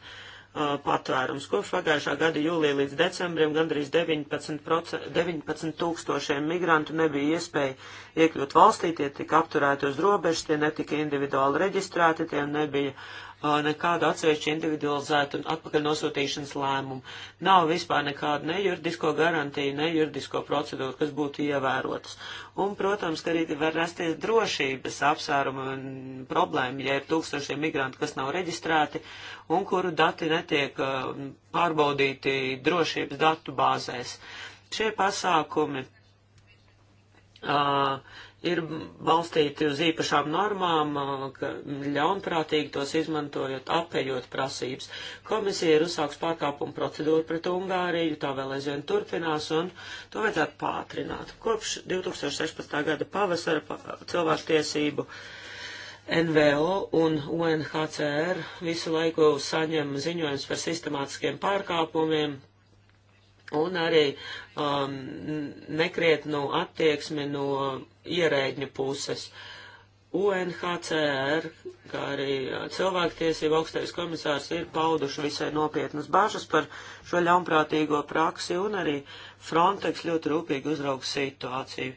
Uh, patvērums. Kopš pagājušā gada jūlija līdz decembrim gandrīz 19, 19 tūkstošiem migrantu nebija iespēja iekļūt valstī, tie tika apturēti uz robežas, tie netika individuāli reģistrēti, tiem nebija nekādu atsevišķu individualizētu un atpakaļ nosūtīšanas lēmumu. Nav vispār nekādu ne juridisko garantiju, ne juridisko procedūru, kas būtu ievērotas. Un, protams, ka arī var rasties drošības apsvērumu problēma, ja ir tūkstošiem migrantu, kas nav reģistrēti un kuru dati netiek pārbaudīti drošības datu bāzēs. Šie pasākumi. Uh, ir balstīti uz īpašām normām, uh, ka ļaunprātīgi tos izmantojot, apējot prasības. Komisija ir uzsāks pārkāpumu procedūru pret Ungāriju, tā vēl aizvien turpinās, un to vajadzētu pātrināt. Kopš 2016. gada pavasara cilvēktiesību NVO un UNHCR visu laiku saņem ziņojums par sistemātiskiem pārkāpumiem, un arī um, nekrietnu attieksmi no ierēģņu puses. UNHCR, kā arī uh, cilvēktiesība augstais komisārs, ir pauduši visai nopietnas bažas par šo ļaunprātīgo praksi, un arī Frontex ļoti rūpīgi uzrauga situāciju.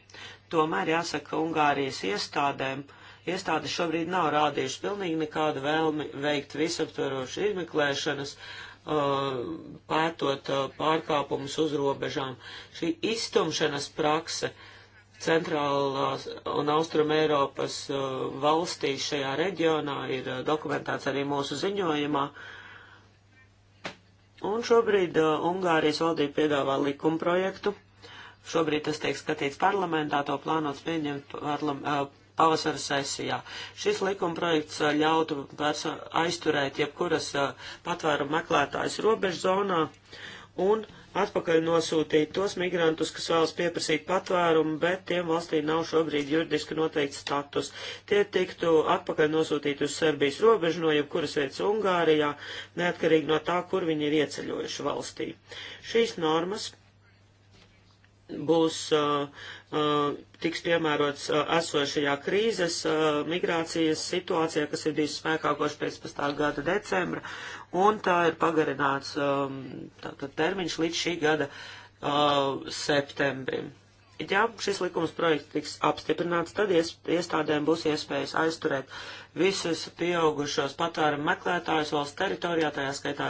Tomēr jāsaka, ka Ungārijas iestādēm iestādes šobrīd nav rādījušas pilnīgi nekādu vēlmi veikt visaptvarošu izmeklēšanas uh, pētot pārkāpumus uz robežām. Šī iztumšanas prakse centrālās un austrum Eiropas valstīs šajā reģionā ir dokumentēts arī mūsu ziņojumā. Un šobrīd Ungārijas valdība piedāvā likumprojektu. Šobrīd tas tiek skatīts parlamentā, to plānots pieņemt parlam, pavasara sesijā. Šis likuma projekts uh, ļautu aizturēt jebkuras uh, patvērumu meklētājas robežu zonā un atpakaļ nosūtīt tos migrantus, kas vēlas pieprasīt patvērumu, bet tiem valstī nav šobrīd juridiski noteikts status. Tie tiktu atpakaļ nosūtīti uz Serbijas robežu no jebkuras vietas Ungārijā, neatkarīgi no tā, kur viņi ir ieceļojuši valstī. Šīs normas būs uh, tiks piemērots esošajā krīzes migrācijas situācijā, kas ir bijusi spēkā kopš 15. gada decembra, un tā ir pagarināts tātad termiņš līdz šī gada septembrim ja šis likums projekts tiks apstiprināts, tad ies, iestādēm būs iespējas aizturēt visus pieaugušos patērumu meklētājus valsts teritorijā, tajā skaitā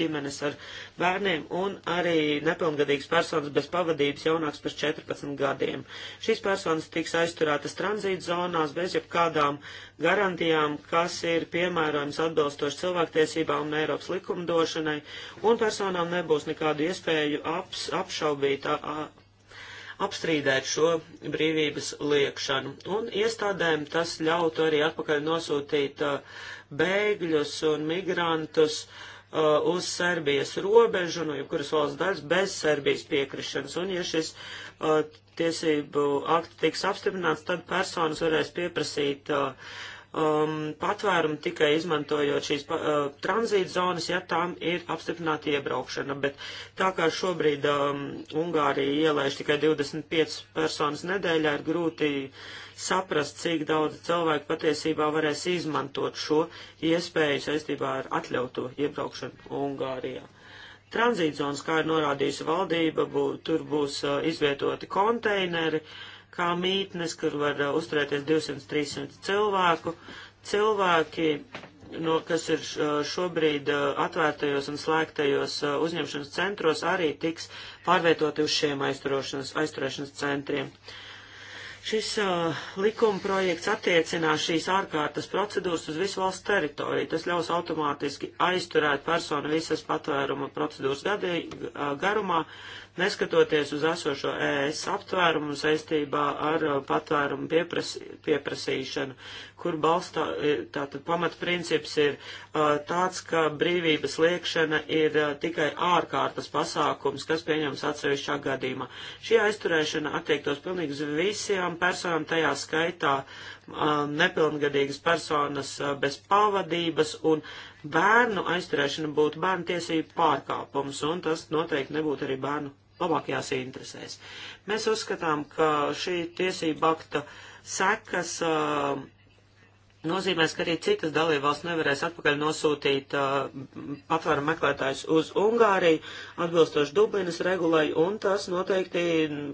ģimenes ar bērniem un arī nepilngadīgas personas bez pavadības jaunāks par 14 gadiem. Šīs personas tiks aizturētas tranzīta zonās bez jebkādām garantijām, kas ir piemērojams atbilstoši cilvēktiesībām un Eiropas likumdošanai, un personām nebūs nekādu iespēju aps, apšaubīt. A, a, apstrīdēt šo brīvības liekšanu. Un iestādēm tas ļautu arī atpakaļ nosūtīt uh, bēgļus un migrantus uh, uz Serbijas robežu, no nu, jebkuras valsts daļas, bez Serbijas piekrišanas. Un, ja šis uh, tiesību akts tiks apstiprināts, tad personas varēs pieprasīt uh, um, patvērumu tikai izmantojot šīs uh, tranzīta zonas, ja tām ir apstiprināta iebraukšana. Bet tā kā šobrīd um, Ungārija ielaiž tikai 25 personas nedēļā, ir grūti saprast, cik daudz cilvēku patiesībā varēs izmantot šo iespēju saistībā ar atļautu iebraukšanu Ungārijā. Tranzītzonas, kā ir norādījusi valdība, bū, tur būs uh, izvietoti konteineri, uh, kā mītnes, kur var uh, uzturēties 200-300 cilvēku. Cilvēki, no, kas ir uh, šobrīd uh, atvērtajos un slēgtajos uh, uzņemšanas centros, arī tiks pārvietoti uz šiem aizturēšanas centriem. Šis uh, likuma projekts attiecinās šīs ārkārtas procedūras uz visu valsts teritoriju. Tas ļaus automātiski aizturēt personu visas patvēruma procedūras gadī, uh, garumā, neskatoties uz esošo ES aptvērumu saistībā ar uh, patvērumu pieprasi, pieprasīšanu, kur balstā, e, tātad pamatprincips ir uh, tāds, ka brīvības liekšana ir uh, tikai ārkārtas pasākums, kas pieņems atsevišķā gadījumā. Šī aizturēšana attiektos pilnīgi uz visiem personām, tajā skaitā nepilngadīgas personas bez pavadības un bērnu aizturēšana būtu bērnu tiesību pārkāpums, un tas noteikti nebūtu arī bērnu labākajās interesēs. Mēs uzskatām, ka šī tiesība akta sekas uh, nozīmēs, ka arī citas dalībvalsts nevarēs atpakaļ nosūtīt uh, patvēru meklētājus uz Ungāriju, atbilstoši Dublinas regulai, un tas noteikti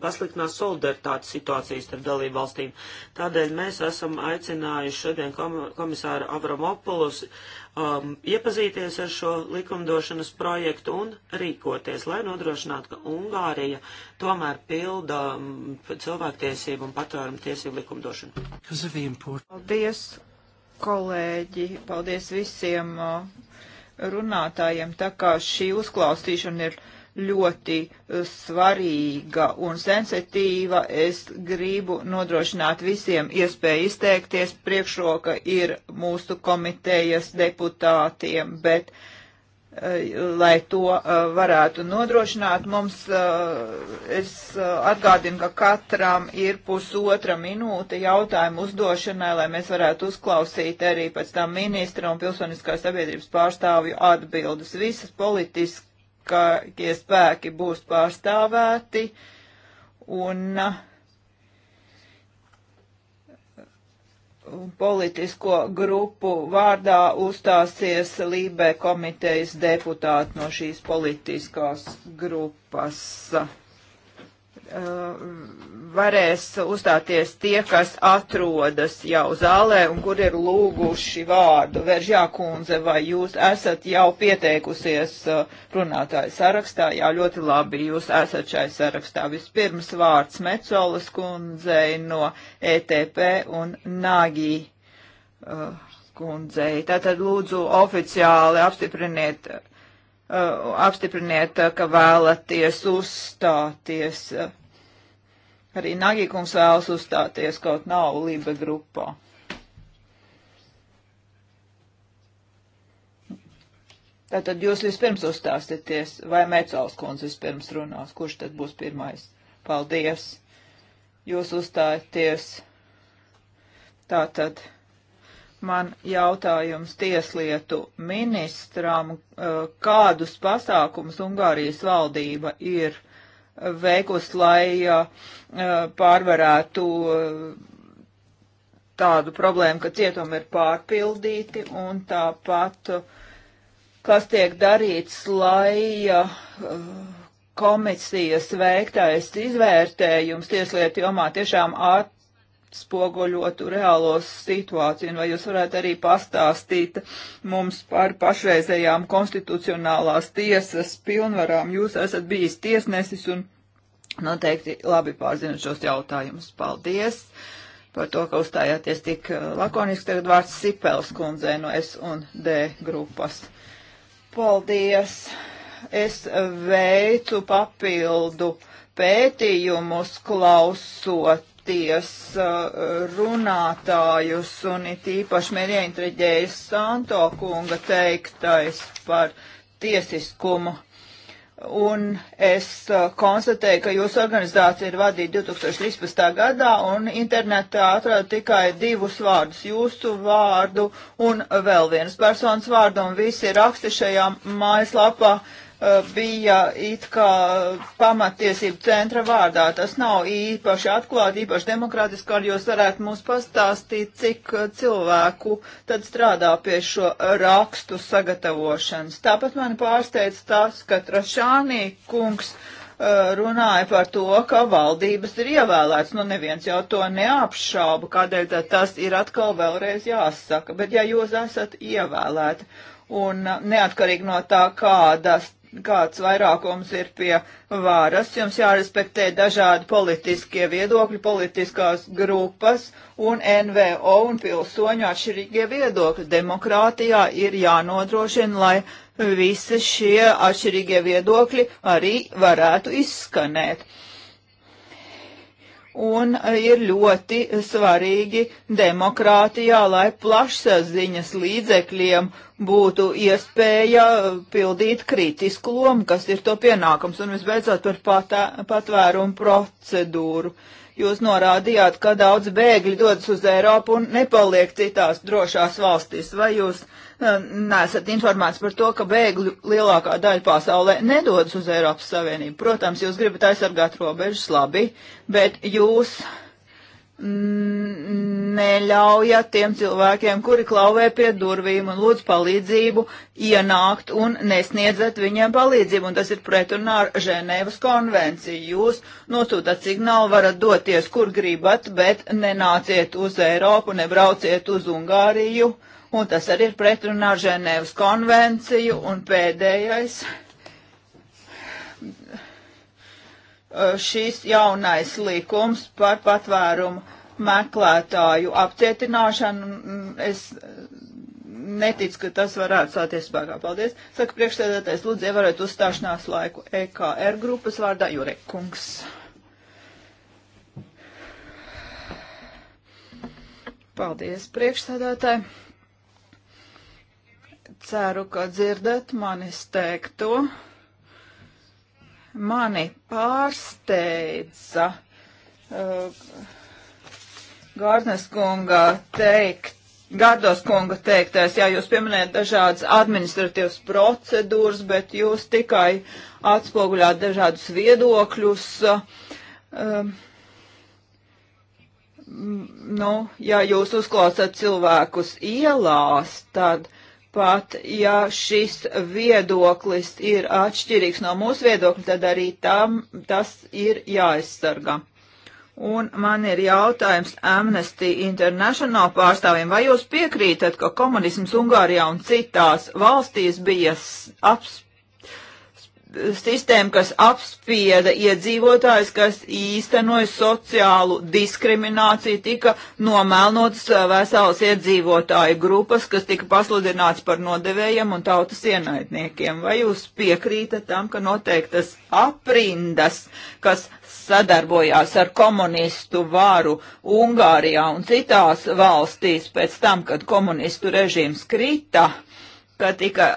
pasliktinās solidaritātes situācijas starp dalībvalstīm. Tādēļ mēs esam aicinājuši šodien komisāru Avramopulus um, iepazīties ar šo likumdošanas projektu un rīkoties, lai nodrošinātu, ka Ungārija tomēr pilda um, cilvēktiesību un patvērumu tiesību likumdošanu. Paldies, kolēģi! Paldies visiem uh, runātājiem, tā kā šī uzklausīšana ir ļoti eh, svarīga un sensitīva. Es gribu nodrošināt visiem iespēju izteikties. Priekšroka ir mūsu komitejas deputātiem, bet eh, lai to eh, varētu nodrošināt, mums es atgādinu, ka katram ir pusotra minūte jautājumu uzdošanai, lai mēs varētu uzklausīt arī pēc tam ministra un pilsoniskās sabiedrības pārstāvju atbildes. Visas politiski tie spēki būs pārstāvēti un politisko grupu vārdā uzstāsies Lībe komitejas deputāti no šīs politiskās grupas. Uh, varēs uzstāties tie, kas atrodas jau zālē un kur ir lūguši vārdu. Veržā kundze, vai jūs esat jau pieteikusies uh, runātāju sarakstā? Jā, ļoti labi, jūs esat šai sarakstā. Vispirms vārds Mecolas kundzei no ETP un Nagī uh, kundzei. Tātad lūdzu oficiāli apstipriniet. Uh, apstipriniet, uh, ka vēlaties uzstāties. Uh, Arī Nagīkums vēlas uzstāties, kaut nav Libe grupā. Tātad jūs vispirms uzstāsieties, vai Mecāls kundze vispirms runās, kurš tad būs pirmais? Paldies! Jūs uzstājaties. Tātad man jautājums tieslietu ministram, eh, kādus pasākumus Ungārijas valdība ir veikusi, lai uh, pārvarētu uh, tādu problēmu, ka cietumi ir pārpildīti un tāpat, uh, kas tiek darīts, lai komisijas veiktais izvērtējums tieslietu jomā tiešām at, atspoguļotu reālo situāciju, un vai jūs varētu arī pastāstīt mums par pašreizējām konstitucionālās tiesas pilnvarām. Jūs esat bijis tiesnesis un noteikti labi pārzinat šos jautājumus. Paldies par to, ka uzstājāties tik eh, lakoniski. Tagad vārds Sipels kundzē no S un D grupas. Paldies! Es veicu papildu pētījumus klausot iesaistīties uh, runātājus un it īpaši man ieintereģējas Santo kunga teiktais par tiesiskumu. Un es uh, konstatēju, ka jūsu organizācija ir vadīta 2013. gadā un internetā atrada tikai divus vārdus - jūsu vārdu un vēl vienas personas vārdu, un visi raksti šajā mājaslapā uh, bija it kā pamatiesību centra vārdā. Tas nav īpaši atklāti, īpaši demokrātiski, ar jūs varētu mums pastāstīt, cik cilvēku tad strādā pie šo rakstu sagatavošanas. Tāpat mani pārsteidz tas, ka Trašānī kungs uh, runāja par to, ka valdības ir ievēlēts. Nu, neviens jau to neapšauba, kādēļ tas ir atkal vēlreiz jāsaka. Bet ja jūs esat ievēlēti, un neatkarīgi no tā, kādas kāds vairākums ir pie vāras. Jums jārespektē dažādi politiskie viedokļi, politiskās grupas un NVO un pilsoņu atšķirīgie viedokļi. Demokrātijā ir jānodrošina, lai visi šie atšķirīgie viedokļi arī varētu izskanēt un e, ir ļoti svarīgi demokrātijā, lai plašsaziņas līdzekļiem būtu iespēja pildīt kritisku lomu, kas ir to pienākums, un visbeidzot par patvērumu procedūru. Uh, Jūs norādījāt, ka daudz bēgļi dodas uz Eiropu un nepaliek citās drošās valstīs. Vai jūs eh, nesat informēts par to, ka bēgļu lielākā daļa pasaulē nedodas uz Eiropas Savienību? Protams, jūs gribat aizsargāt robežas labi, bet jūs neļaujat tiem cilvēkiem, kuri klauvē pie durvīm un lūdz palīdzību, ienākt un nesniedzat viņiem palīdzību. Un tas ir pretrunā ar Ženēvas konvenciju. Jūs nosūtat signālu, varat doties, kur gribat, bet nenāciet uz Eiropu, nebrauciet uz Ungāriju. Un tas arī ir pretrunā ar Ženēvas konvenciju. Un pēdējais Uh, šīs jaunais likums par patvērumu meklētāju apcietināšanu. Mm, es uh, neticu, ka tas varētu stāties spēkā. Paldies. Saka priekšsēdētājs, lūdzu, ievērot uzstāšanās laiku EKR grupas vārdā Jurekungs. Paldies priekšsēdētāji. Ceru, ka dzirdat manis teikto mani pārsteidza uh, Gārnes kunga teikt, Gārdos kunga teiktais, jā, jūs pieminējat dažādas administratīvas procedūras, bet jūs tikai atspoguļāt dažādus viedokļus. Uh, nu, ja jūs uzklausat cilvēkus ielās, tad pat ja šis viedoklis ir atšķirīgs no mūsu viedokļa, tad arī tam tas ir jāaizsargā. Un man ir jautājums Amnesty International pārstāvjiem, vai jūs piekrītat, ka komunisms Ungārijā un citās valstīs bija aps, sistēma, kas apspieda iedzīvotājs, kas īstenoja sociālu diskrimināciju, tika nomēlnotas uh, veselas iedzīvotāju grupas, kas tika pasludināts par nodevējiem un tautas ienaidniekiem. Vai jūs piekrītat tam, ka noteiktas aprindas, kas sadarbojās ar komunistu varu Ungārijā un citās valstīs pēc tam, kad komunistu režīms krita, ka tika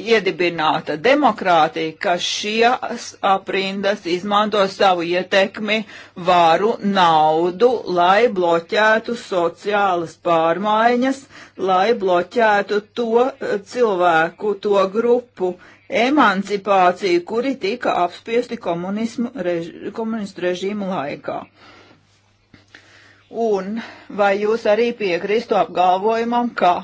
iedibināta demokrātija, ka šīs aprindas izmanto savu ietekmi, varu, naudu, lai bloķētu sociālas pārmaiņas, lai bloķētu to eh, cilvēku, to grupu emancipāciju, kuri tika apspiesti reži, komunistu režīmu laikā. Un vai jūs arī piekristu apgalvojumam, ka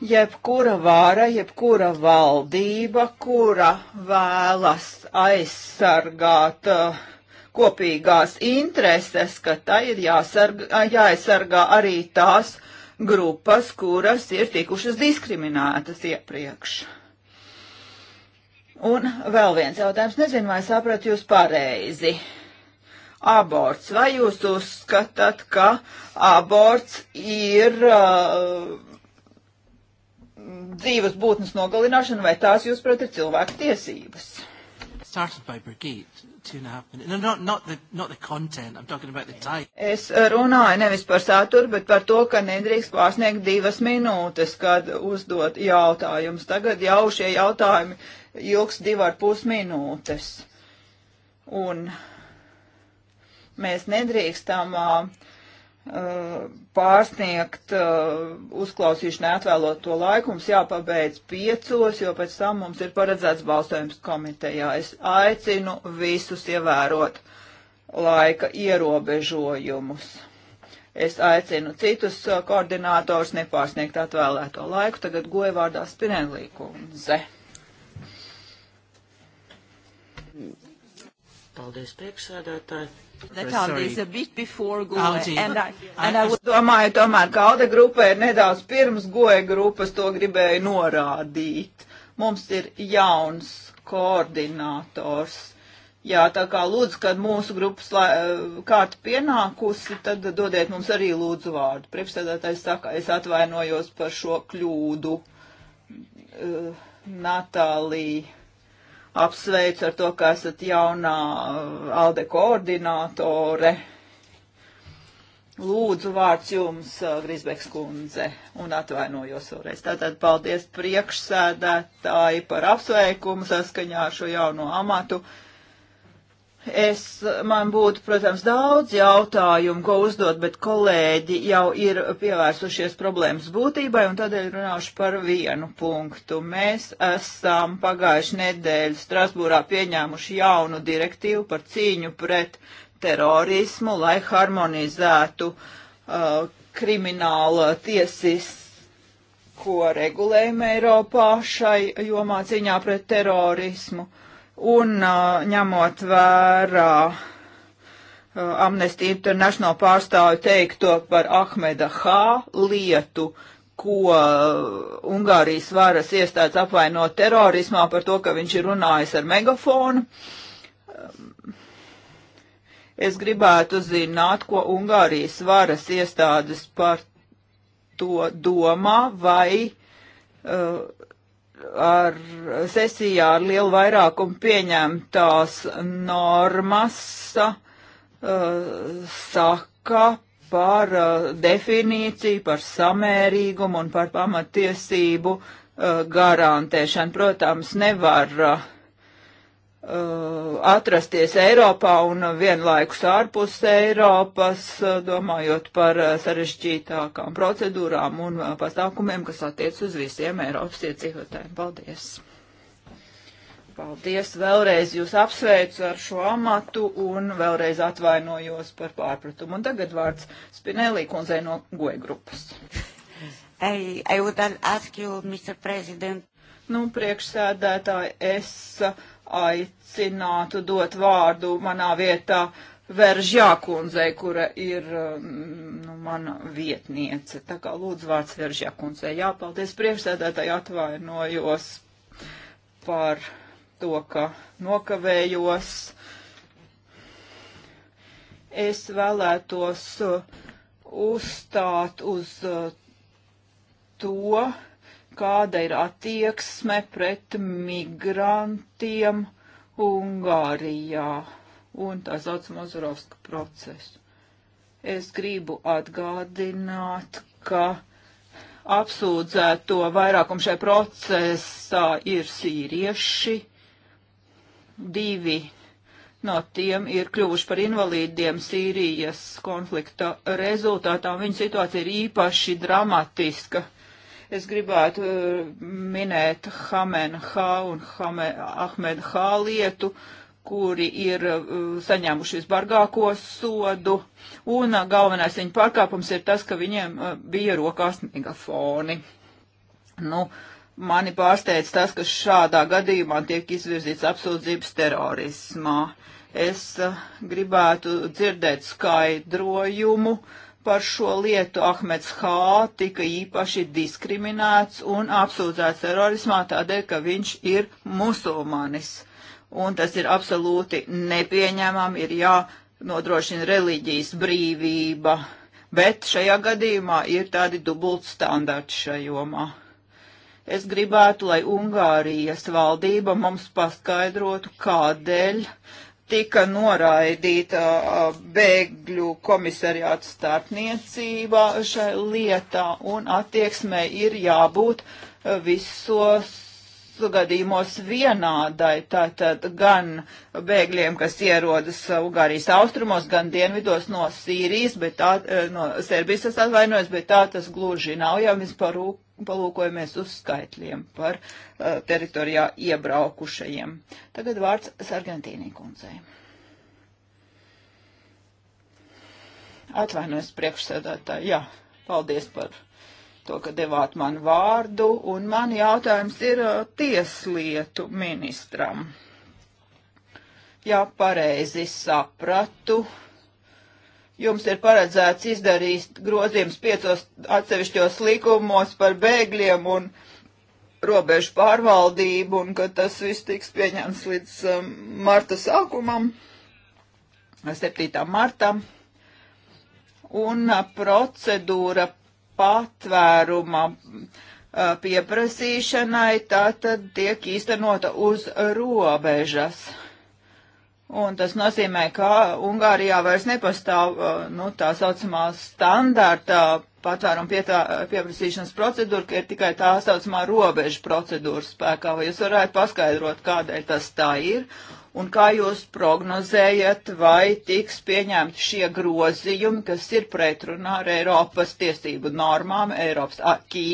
jebkura vara, jebkura valdība, kura vēlas aizsargāt uh, kopīgās intereses, ka tai ir jāsarga, jāaizsargā arī tās grupas, kuras ir tikušas diskriminētas iepriekš. Un vēl viens jautājums, nezinu, vai sapratu jūs pareizi. Aborts. Vai jūs uzskatāt, ka aborts ir uh, dzīves būtnes nogalināšana, vai tās, jūs prot, ir cilvēku tiesības? No, not, not the, not the es uh, runāju nevis par saturu, bet par to, ka nedrīkst pārsniegt divas minūtes, kad uzdot jautājumus. Tagad jau šie jautājumi ilgs divi ar pus minūtes. Un mēs nedrīkstam uh, Uh, pārsniegt uh, uzklausīšanai atvēloto laiku. Mums jāpabeidz piecos, jo pēc tam mums ir paredzēts balsojums komitejā. Es aicinu visus ievērot laika ierobežojumus. Es aicinu citus uh, koordinātors nepārsniegt atvēlēto laiku. Tagad goja vārdā Spinelī kundze. Paldies, priekšsēdētāji. Es domāju, tomēr, ka Alde grupa ir nedaudz pirms goja grupas, to gribēju norādīt. Mums ir jauns koordinators. Jā, tā kā lūdzu, kad mūsu grupas lai, eh, kārta pienākusi, tad dodiet mums arī lūdzu vārdu. Priekšsēdētājs saka, es atvainojos par šo kļūdu. Uh, Natālija apsveicu ar to, ka esat jaunā uh, ALDE koordinātore. Lūdzu, vārds jums, uh, Grisbeks kundze, un atvainojos vēlreiz. Tātad paldies priekšsēdētāji par apsveikumu saskaņā ar šo jauno amatu. Uh, Es, man būtu, protams, daudz jautājumu, ko uzdot, bet kolēģi jau ir pievērsušies problēmas būtībai, un tādēļ runāšu par vienu punktu. Mēs esam pagājuši nedēļu Strasbūrā pieņēmuši jaunu direktīvu par cīņu pret terorismu, lai harmonizētu uh, krimināla tiesisko regulējumu Eiropā šai jomā cīņā pret terorismu. Uh, un ņemot vērā Amnesty International pārstāvi teikto par Ahmeda H. lietu, ko Ungārijas varas iestādes apvaino terorismā par to, ka viņš ir runājis ar megafonu. Es gribētu zināt, ko Ungārijas varas iestādes par to domā, vai uh, ar sesijā ar lielu vairākumu pieņemtās normas uh, saka par uh, definīciju, par samērīgumu un par pamatiesību uh, garantēšanu. Protams, nevar uh, Uh, atrasties Eiropā un vienlaikus ārpus Eiropas, uh, domājot par uh, sarežģītākām procedūrām un pasākumiem, kas attiec uz visiem Eiropas iedzīvotājiem. Paldies! Paldies vēlreiz jūs apsveicu ar šo amatu un vēlreiz atvainojos par pārpratumu. Un tagad vārds Spinelī kundzei no goja grupas. I, I would ask you, Mr. President. Nu, priekšsēdētāji, es uh, aicinātu dot vārdu manā vietā Veržjā kundzei, kura ir um, nu, mana vietniece. Tā kā lūdzu vārds Veržjā kundzei. Jā, paldies priekšsēdētāji atvainojos par to, ka nokavējos. Es vēlētos uh, uzstāt uz uh, to, kāda ir attieksme pret migrantiem Ungārijā un tā saucamo Zurovska procesu. Es gribu atgādināt, ka apsūdzēto vairākumu šajā procesā ir sīrieši, divi no tiem ir kļuvuši par invalīdiem Sīrijas konflikta rezultātā, un viņa situācija ir īpaši dramatiska Es gribētu eh, minēt Hamena H un Hame, Ahmeda H lietu, kuri ir eh, saņēmuši visbargāko sodu, un eh, galvenais viņa pārkāpums ir tas, ka viņiem bija rokās megafoni. Nu, mani pārsteidz tas, ka šādā gadījumā tiek izvirzīts apsūdzības terorismā. Es gribētu dzirdēt skaidrojumu, uh, par šo lietu Ahmeds Hā tika īpaši diskriminēts un apsūdzēts terorismā tādēļ, ka viņš ir musulmanis. Un tas ir absolūti nepieņemam, ir jānodrošina reliģijas brīvība, bet šajā gadījumā ir tādi dubult standarti šajomā. Es gribētu, lai Ungārijas valdība mums paskaidrotu, kādēļ uh, tika noraidīta uh, bēgļu komisariāta starpniecība šai lietā, un attieksmē ir jābūt uh, visos gadījumos vienādai, tātad gan bēgļiem, kas ierodas Ugārijas austrumos, gan dienvidos no Sīrijas, bet tā, uh, no Serbijas es atvainojos, bet tā tas gluži nav, ja mēs par palūkojamies uz skaitļiem par uh, teritorijā iebraukušajiem. Tagad vārds Sargentīnī kundzei. Atvainojos priekšsēdētāji, jā, paldies par to, ka devāt man vārdu, un man jautājums ir uh, tieslietu ministram. Jā, pareizi sapratu. Uh, jums ir paredzēts izdarīt grozījums piecos atsevišķos likumos par bēgļiem un robežu pārvaldību, un ka tas viss tiks pieņemts līdz um, marta sākumam, 7. martam. Un uh, procedūra patvēruma uh, pieprasīšanai tātad tiek īstenota uz robežas. Uh, Un tas nozīmē, ka Ungārijā vairs nepastāv uh, nu, tā saucamā standarta patvērumu pieprasīšanas procedūra, ka ir tikai tā saucamā robeža procedūra spēkā. Vai jūs varētu paskaidrot, kādēļ tas tā ir? Un kā jūs prognozējat, vai tiks pieņemti šie grozījumi, kas ir pretrunā ar Eiropas tiesību normām, Eiropas akī?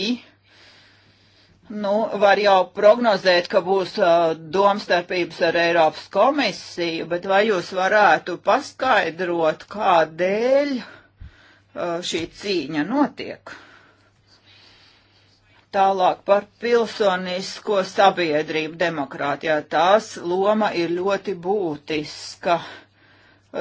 Nu, var jau prognozēt, ka būs uh, domstarpības ar Eiropas komisiju, bet vai jūs varētu paskaidrot, kādēļ uh, šī cīņa notiek? Tālāk par pilsonisko sabiedrību demokrātijā. Tās loma ir ļoti būtiska. Uh,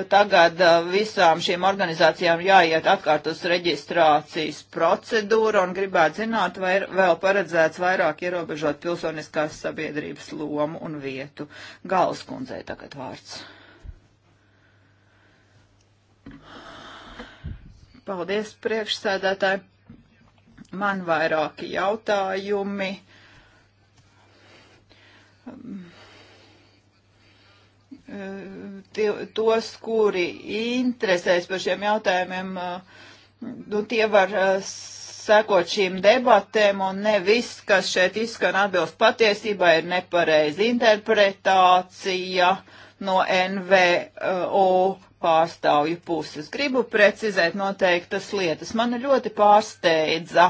Tagad uh, visām šīm organizācijām jāiet atkārt uz reģistrācijas procedūru un gribētu zināt, vai ir vēl paredzēts vairāk ierobežot pilsoniskās sabiedrības lomu un vietu. Gāles kundzei tagad vārds. Paldies, priekšsēdētāji. Man vairāki jautājumi. Um tos, kuri interesēs par šiem jautājumiem, nu, tie var eh, sekot šīm debatēm, un ne viss, kas šeit izskan atbilst patiesībā, ir nepareizi interpretācija no NVO pārstāvju puses. Gribu precizēt noteiktas lietas. Man ļoti pārsteidza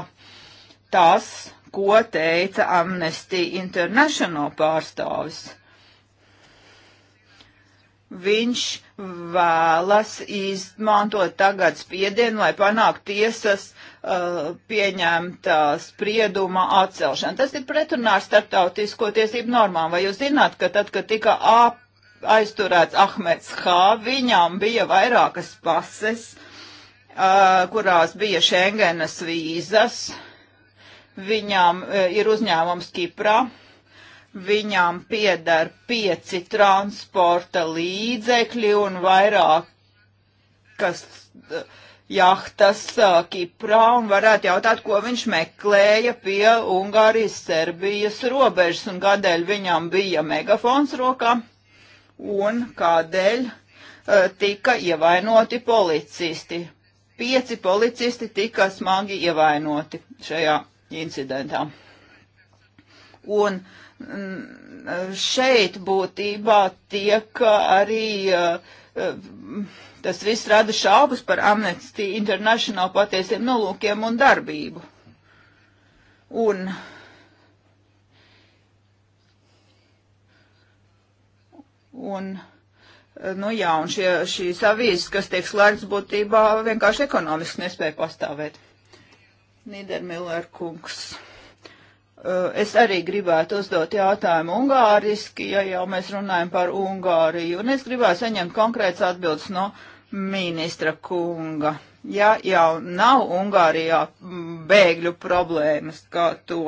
tas, ko teica Amnesty International pārstāvis viņš vēlas izmantot tagad spiedienu, lai panāktu tiesas uh, pieņemtā sprieduma atcelšana. Tas ir pretrunā ar starptautisko tiesību normām. Vai jūs zināt, ka tad, kad tika ap, aizturēts Ahmeds H., viņam bija vairākas pases, uh, kurās bija Schengenas vīzas, viņam uh, ir uzņēmums Kiprā viņām piedar pieci transporta līdzekļi un vairāk kas eh, jahtas eh, Kiprā un varētu jautāt, ko viņš meklēja pie Ungārijas Serbijas robežas un kādēļ viņam bija megafons rokā un kādēļ uh, tika ievainoti policisti. Pieci policisti tika smagi ievainoti šajā incidentā. Un uh, šeit būtībā tiek arī eh, eh, tas viss rada šaubas par Amnesty International patiesiem nolūkiem un darbību. Un Un, eh, nu jā, un šie, šīs avīzes, kas tiek slēgts, būtībā vienkārši ekonomiski nespēja pastāvēt. Nīdermiller kungs. Eh, es arī gribētu uzdot jautājumu ungāriski, ja jau mēs runājam par Ungāriju, un es gribētu saņemt konkrēts atbildes no ministra kunga. Ja jau nav Ungārijā mm, bēgļu problēmas, kā to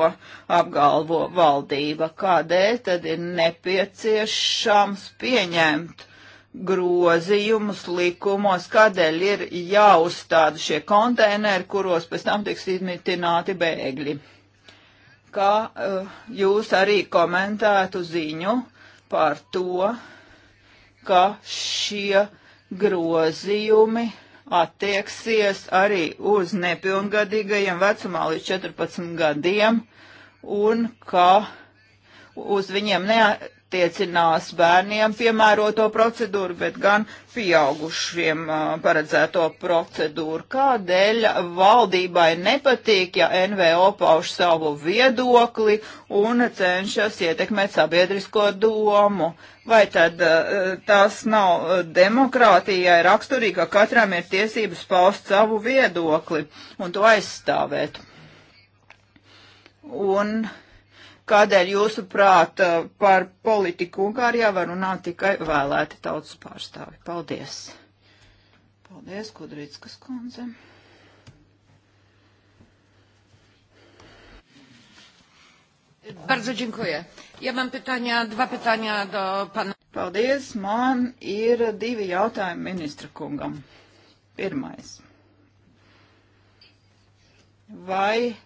apgalvo valdība, kādēļ tad ir nepieciešams pieņemt grozījumus likumos, kādēļ ir jāuzstāda šie konteineri, kuros pēc tam tiks izmitināti bēgļi ka uh, jūs arī komentētu ziņu par to, ka šie grozījumi attieksies arī uz nepilngadīgajiem vecumā līdz 14 gadiem un ka uz viņiem ne, neatiecinās bērniem piemēroto procedūru, bet gan pieaugušiem paredzēto procedūru. Kādēļ valdībai nepatīk, ja NVO pauž savu viedokli un cenšas ietekmēt sabiedrisko domu? Vai tad tas nav demokrātijai raksturīgi, ka katram ir tiesības paust savu viedokli un to aizstāvēt? Un uh, kādēļ jūsu prāta eh, par politiku Ungārijā var runāt tikai vēlēti tautas pārstāvi. Paldies! Paldies, Kudrītskas kundze! Bardzo dziękuję. Ja mam pytania, dwa pytania do pana. Paldies, man ir divi jautājumi ministra kungam. Pirmais. Vai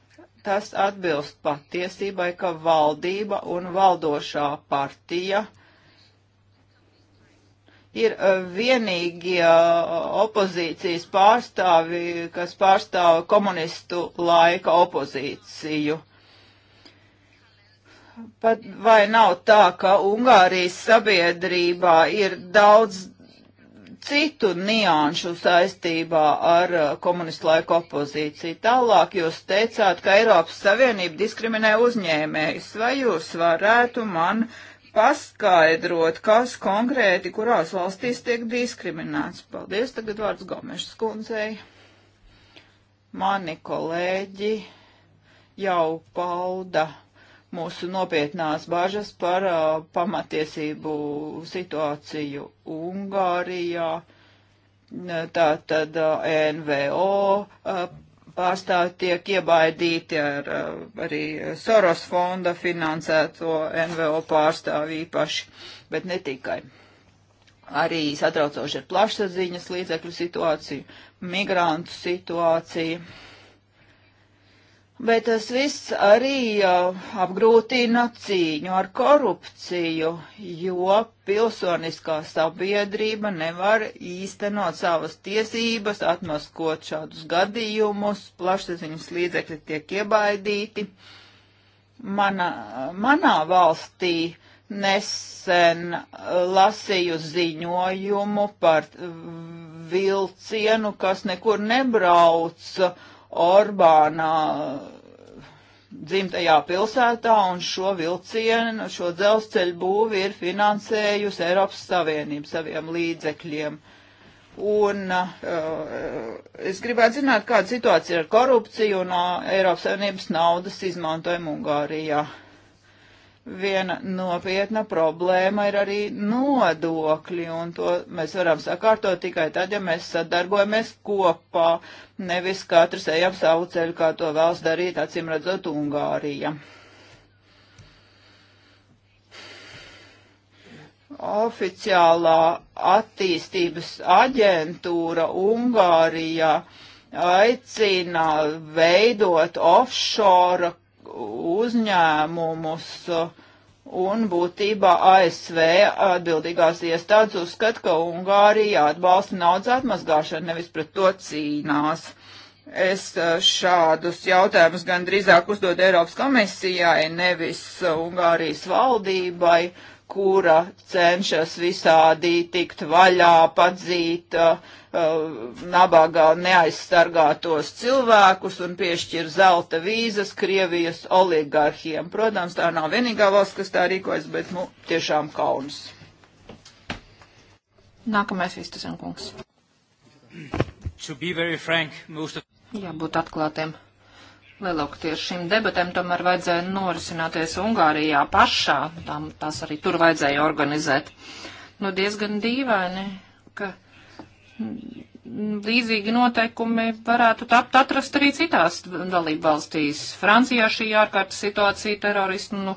Tas atbilst patiesībai, ka valdība un valdošā partija ir uh, vienīgie uh, opozīcijas pārstāvi, kas pārstāv komunistu laika opozīciju. Pat vai nav tā, ka Ungārijas sabiedrībā ir daudz citu nianšu saistībā ar uh, komunistu laiku opozīciju. Tālāk jūs teicāt, ka Eiropas Savienība diskriminē uzņēmējus. Vai jūs varētu man paskaidrot, kas konkrēti kurās valstīs tiek diskriminēts? Paldies, tagad vārds Gomešas kundzei. Mani kolēģi jau pauda mūsu nopietnās bažas par uh, pamatiesību situāciju Ungārijā, tā tad uh, NVO uh, pārstāvi tiek iebaidīti ar uh, arī Soros fonda finansēto NVO pārstāvi īpaši, bet ne tikai. Arī satraucoši ir plašsaziņas līdzekļu situācija, migrantu situācija. Bet tas viss arī uh, apgrūtina cīņu ar korupciju, jo pilsoniskā sabiedrība nevar īstenot savas tiesības, atmaskot šādus gadījumus, plašsaziņas līdzekļi tiek iebaidīti. Mana, manā valstī nesen uh, lasīju ziņojumu par vilcienu, kas nekur nebrauca Orbānā dzimtajā pilsētā, un šo vilcienu, šo dzelzceļu būvi ir finansējusi Eiropas Savienība saviem līdzekļiem. Un uh, es gribētu zināt, kāda situācija ir ar korupciju un uh, Eiropas Savienības naudas izmantojumu Ungārijā. Uh, viena nopietna problēma ir arī nodokļi, un to mēs varam sakārtot tikai tad, ja mēs sadarbojamies kopā, nevis katrs ejam savu ceļu, kā to vēlas darīt, acīm redzot, Ungārija. Oficiālā attīstības aģentūra Ungārijā aicina veidot offshore uzņēmumus. Un būtībā ASV atbildīgās iestādes uzskata, ka Ungārija atbalsta naudas atmazgāšanu, nevis pret to cīnās. Es uh, šādus jautājumus gan drīzāk uzdod Eiropas komisijai, nevis Ungārijas valdībai. Uh, kura cenšas visādi tikt vaļā, padzīt uh, uh nabagā neaizstargātos cilvēkus un piešķir zelta vīzas Krievijas oligarhiem. Protams, tā nav vienīgā valsts, kas tā rīkojas, bet nu, tiešām kauns. Nākamais Vistasenkungs. Frank, of... Jābūt atklātiem. Lielākoties šīm debatēm tomēr vajadzēja norisināties Ungārijā pašā, Tām, tās arī tur vajadzēja organizēt. Nu, diezgan dīvaini, ka līdzīgi noteikumi varētu tapt atrast arī citās dalību valstīs. Francijā šī ārkārtas situācija teroristu nu,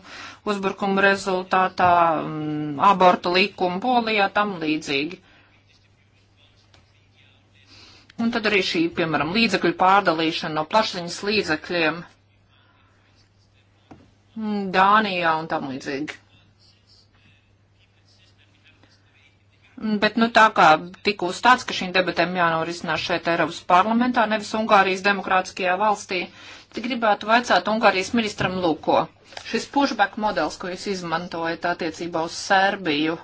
uzbrukumu rezultātā, m, mm, abortu likumu polijā tam līdzīgi. Un tad arī šī, piemēram, līdzekļu pārdalīšana no plašsaziņas līdzekļiem Dānijā un tam līdzīgi. Bet, nu, tā kā tika uzstāts, ka šīm debatēm jānorisinās šeit Eiropas parlamentā, nevis Ungārijas demokrātiskajā valstī, tad gribētu vaicāt Ungārijas ministram Luko. Šis pushback modelis, ko jūs izmantojat attiecībā uz Sērbiju,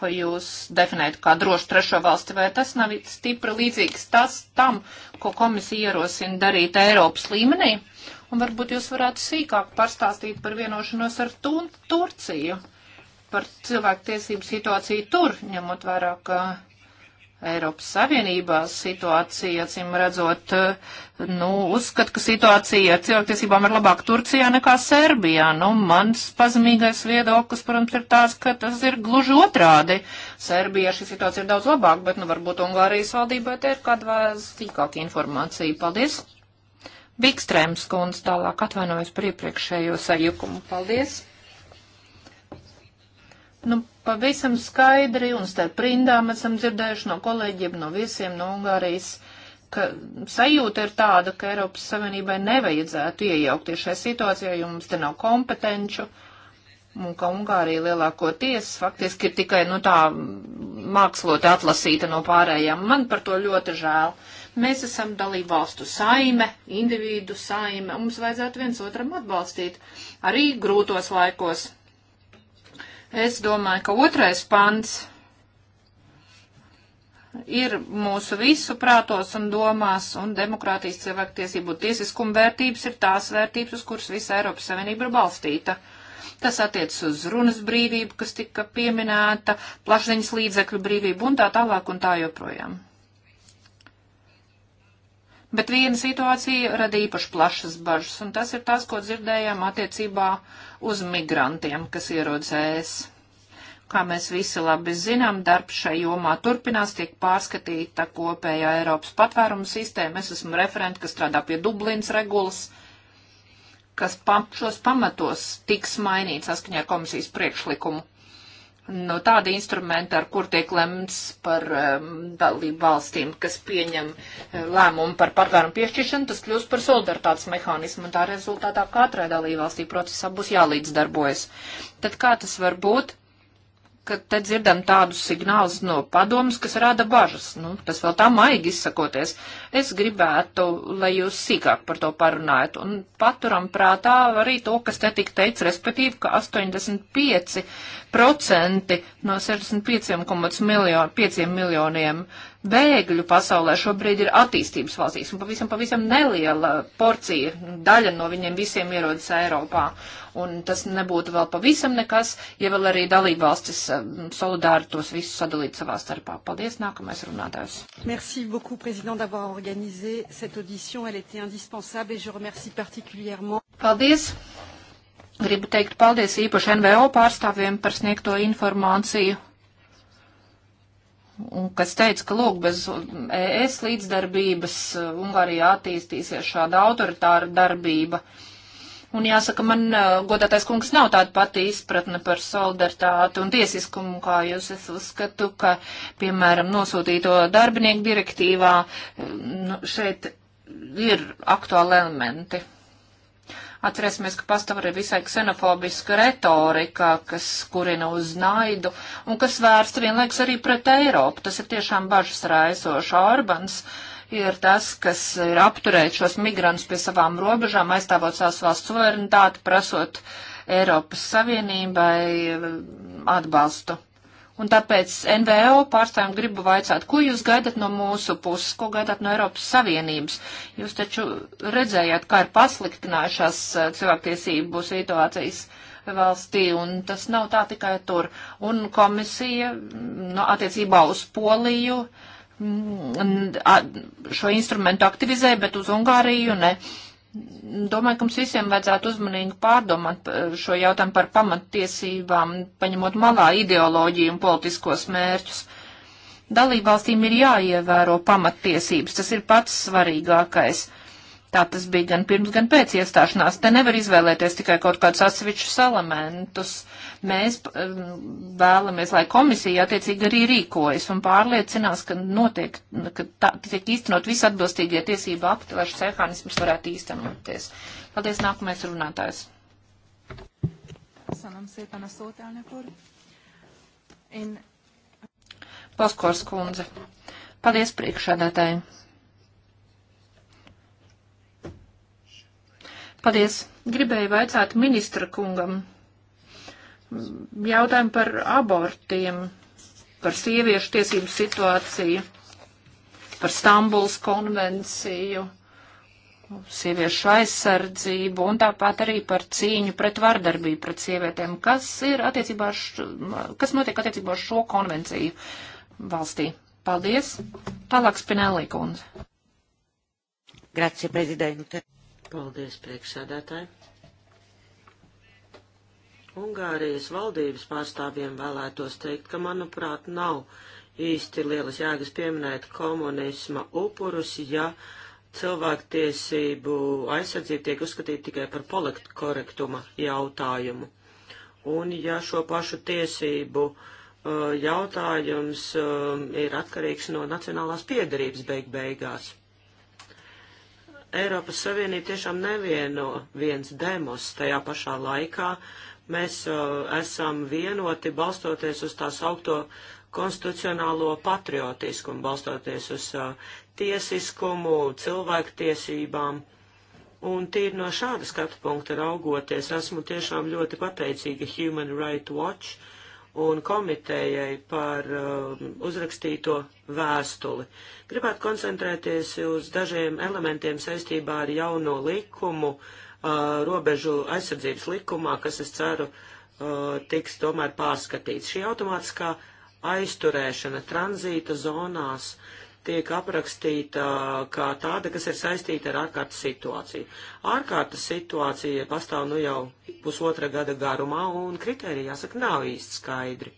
ko jūs definētu kā drošu trešo valsti, vai tas nav stipri līdzīgs tas tam, ko komisija ierosina darīt Eiropas līmenī? Un varbūt jūs varētu sīkāk pastāstīt par vienošanos ar tu Turciju, par cilvēku tiesību situāciju tur, ņemot vairāk uh, Eiropas Savienībā situācija, acīm redzot, eh, nu, uzskat, ka situācija ar cilvēktiesībām ir labāka Turcijā nekā Serbijā. Nu, mans pazemīgais viedoklis, protams, ir tās, ka tas ir gluži otrādi. Serbijā šī situācija ir daudz labāka, bet, nu, varbūt Ungārijas valdībai te ir kāda sīkāka informācija. Paldies! Bikstrēms kundze tālāk atvainojas par iepriekšējo sajukumu. Paldies! Nu, pavisam skaidri, un starp rindām esam dzirdējuši no kolēģiem, no viesiem no Ungārijas, ka sajūta ir tāda, ka Eiropas Savienībai nevajadzētu iejaukties šajā situācijā, jo mums te nav kompetenču, un ka Ungārija lielāko tiesu faktiski ir tikai, nu tā, māksloti atlasīta no pārējām. Man par to ļoti žēl. Mēs esam dalību valstu saime, individu saime, un mums vajadzētu viens otram atbalstīt arī grūtos laikos. Es domāju, ka otrais pants ir mūsu visu prātos un domās, un demokrātijas cilvēktiesību tiesiskuma vērtības ir tās vērtības, uz kuras visa Eiropas Savienība ir balstīta. Tas attiecas uz runas brīvību, kas tika pieminēta, plašsaziņas līdzekļu brīvību un tā tālāk un tā joprojām. Bet viena situācija rada īpaši plašas bažas, un tas ir tas, ko dzirdējām attiecībā uz migrantiem, kas ierodas ēs. Kā mēs visi labi zinām, darbs šai jomā turpinās, tiek pārskatīta kopējā Eiropas patvēruma sistēma. Es esmu referenti, kas strādā pie Dublīnas regulas, kas pa, šos pamatos tiks mainīts saskaņā ar komisijas priekšlikumu no nu, tāda instrumenta, ar kur tiek lemts par um, dalību valstīm, kas pieņem eh, lēmumu par patvērumu piešķiršanu, tas kļūst par solidaritātes mehānismu, un tā rezultātā katrai dalību valstī procesā būs jālīdzdarbojas. Tad kā tas var būt? ka te dzirdam tādus signālus no padomus, kas rāda bažas. Nu, tas vēl tā maigi izsakoties. Es gribētu, lai jūs sīkāk par to parunājat. Un paturam prātā arī to, kas te tika teikts, respektīvi, ka 85% no 65,5 miljoniem bēgļu pasaulē šobrīd ir attīstības valstīs, un pavisam, pavisam neliela porcija, daļa no viņiem visiem ierodas Eiropā. Un tas nebūtu vēl pavisam nekas, ja vēl arī dalība valstis eh, solidāri tos visus sadalītu savā starpā. Paldies, nākamais runātājs. Merci beaucoup, président, d'avoir organisé cette audition. Elle était indispensable et je remercie particulièrement. Paldies. Gribu teikt paldies īpaši NVO pārstāvjiem par sniegto informāciju un kas teica, ka lūk, bez ES līdzdarbības uh, Ungārijā attīstīsies šāda autoritāra darbība. Un jāsaka, man uh, godātais kungs nav tāda pati izpratne par solidaritāti un tiesiskumu, kā jūs es uzskatu, ka, piemēram, nosūtīto darbinieku direktīvā uh, nu, šeit ir aktuāli elementi. Atcerēsimies, ka pastāv arī visai ksenofobiska retorika, kas kurina uz naidu un kas vērsta vienlaiks arī pret Eiropu. Tas ir tiešām bažas raisoši. Orbans ir tas, kas ir apturējis šos migrantus pie savām robežām, aizstāvot savas valsts suverenitāti, prasot Eiropas Savienībai eh, atbalstu. Un tāpēc NVO pārstāvjiem gribu vaicāt, ko jūs gaidat no mūsu puses, ko gaidat no Eiropas Savienības? Jūs taču redzējāt, kā ir pasliktinājušās eh, cilvēktiesību situācijas valstī, un tas nav tā tikai tur. Un komisija mm, no, attiecībā uz Poliju mm, šo instrumentu aktivizē, bet uz Ungāriju ne. Uh, Domāju, ka mums visiem vajadzētu uzmanīgi pārdomāt eh, šo jautājumu par pamattiesībām, paņemot malā ideoloģiju un politiskos mērķus. Dalībvalstīm ir jāievēro pamattiesības, tas ir pats svarīgākais. Uh, Tā tas bija gan pirms, gan pēc iestāšanās. Te nevar izvēlēties tikai kaut kādus atsevišķus elementus. Mēs um, vēlamies, lai komisija attiecīgi arī rīkojas un pārliecinās, ka notiek, ka tā, tiek īstenot visi atbilstīgie tiesību akti, lai šis mehānisms varētu īstenoties. Paldies, nākamais runātājs. Sanam szépen a szót, elnök úr. Én... Paszkors kundze. Paldies priekšādātājiem. Paldies! Gribēju vaicāt ministra kungam jautājumu par abortiem, par sieviešu tiesību situāciju, par Stambuls konvenciju, sieviešu aizsardzību un tāpat arī par cīņu pret vardarbību pret sievietēm. Kas ir attiecībā, š... kas notiek attiecībā ar šo konvenciju valstī? Paldies. Tālāk Spinelli kundze. Grazie, prezidente. Paldies, priekšsēdētāji. Ungārijas valdības pārstāvjiem vēlētos teikt, ka, manuprāt, nav īsti lielas jēgas pieminēt komunisma upurus, ja cilvēktiesību aizsardzība tiek uzskatīta tikai par politkorektuma jautājumu. Un ja šo pašu tiesību uh, jautājums uh, ir atkarīgs no nacionālās piedarības beig beigās. Eiropas Savienība tiešām nevieno viens demos tajā pašā laikā. Mēs uh, esam vienoti balstoties uz tās augto konstitucionālo patriotiskumu, balstoties uz uh, tiesiskumu, cilvēktiesībām. Un tīri no šāda skatu punkta raugoties, esmu tiešām ļoti pateicīga Human Rights Watch un komitējai par uh, uzrakstīto vēstuli. Gribētu koncentrēties uz dažiem elementiem saistībā ar jauno likumu, uh, robežu aizsardzības likumā, kas, es ceru, uh, tiks tomēr pārskatīts. Šī automātiskā aizturēšana tranzīta zonās uh, tiek aprakstīta kā tāda, kas ir saistīta ar ārkārtas situāciju. Ārkārtas situācija pastāv nu jau pusotra gada garumā, un kriteriji, jāsaka, nav īsti skaidri.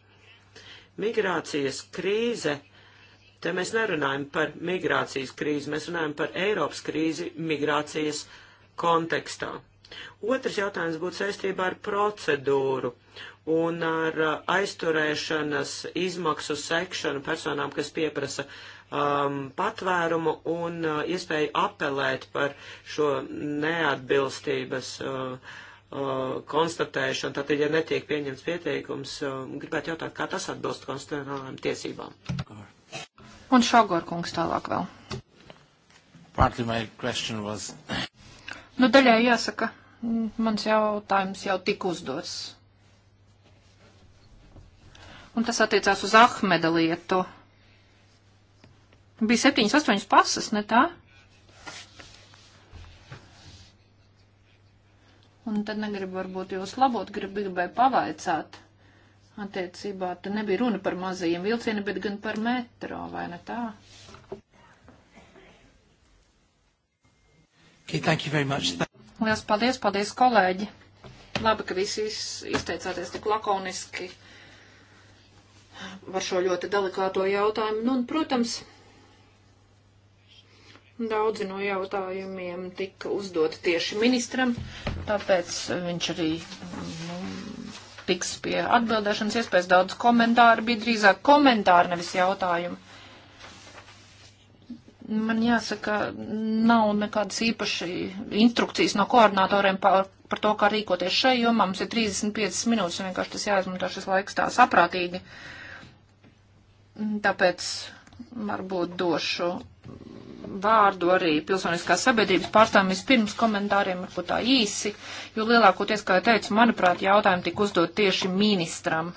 Migrācijas krīze, te mēs nerunājam par migrācijas krīzi, mēs runājam par Eiropas krīzi migrācijas kontekstā. Otrs jautājums būtu saistībā ar procedūru un ar aizturēšanas izmaksu sekšanu personām, kas pieprasa uh, um, patvērumu un uh, iespēju apelēt par šo neatbilstības uh, uh, konstatēšanu. Tātad, ja netiek pieņemts pieteikums, uh, gribētu jautāt, kā tas atbilst konstitucionālajām tiesībām. Un Šogor kungs tālāk vēl. Partly my question was. Nu, daļai jāsaka, mans jautājums jau tik uzdos. Un tas attiecās uz Ahmeda lietu. Bija septiņas, astoņas pasas, ne tā? Un tad negribu varbūt jūs labot, gribu gribēju pavaicāt. Attiecībā te nebija runa par mazajiem vilcieniem, bet gan par metro, vai ne tā? Okay, thank you very much. Lielas paldies, paldies kolēģi. Labi, ka visi izteicāties tik lakoniski par šo ļoti delikāto jautājumu. Nu, un, protams, Daudzi no jautājumiem tika uzdoti tieši ministram, tāpēc viņš arī nu, tiks pie atbildēšanas iespējas daudz komentāru, bija drīzāk komentāri, nevis jautājumi. Man jāsaka, nav nekādas īpaši instrukcijas no koordinatoriem par, par to, kā rīkoties šai jomā. Mums ir 35 minūtes, un vienkārši tas jāizmanto šis laiks tā saprātīgi. Tāpēc varbūt došu vārdu arī pilsoniskās sabiedrības pārstāvjiem vispirms komentāriem, varbūt tā īsi, jo lielākoties, kā jau teicu, manuprāt, jautājumi tika uzdot tieši ministram.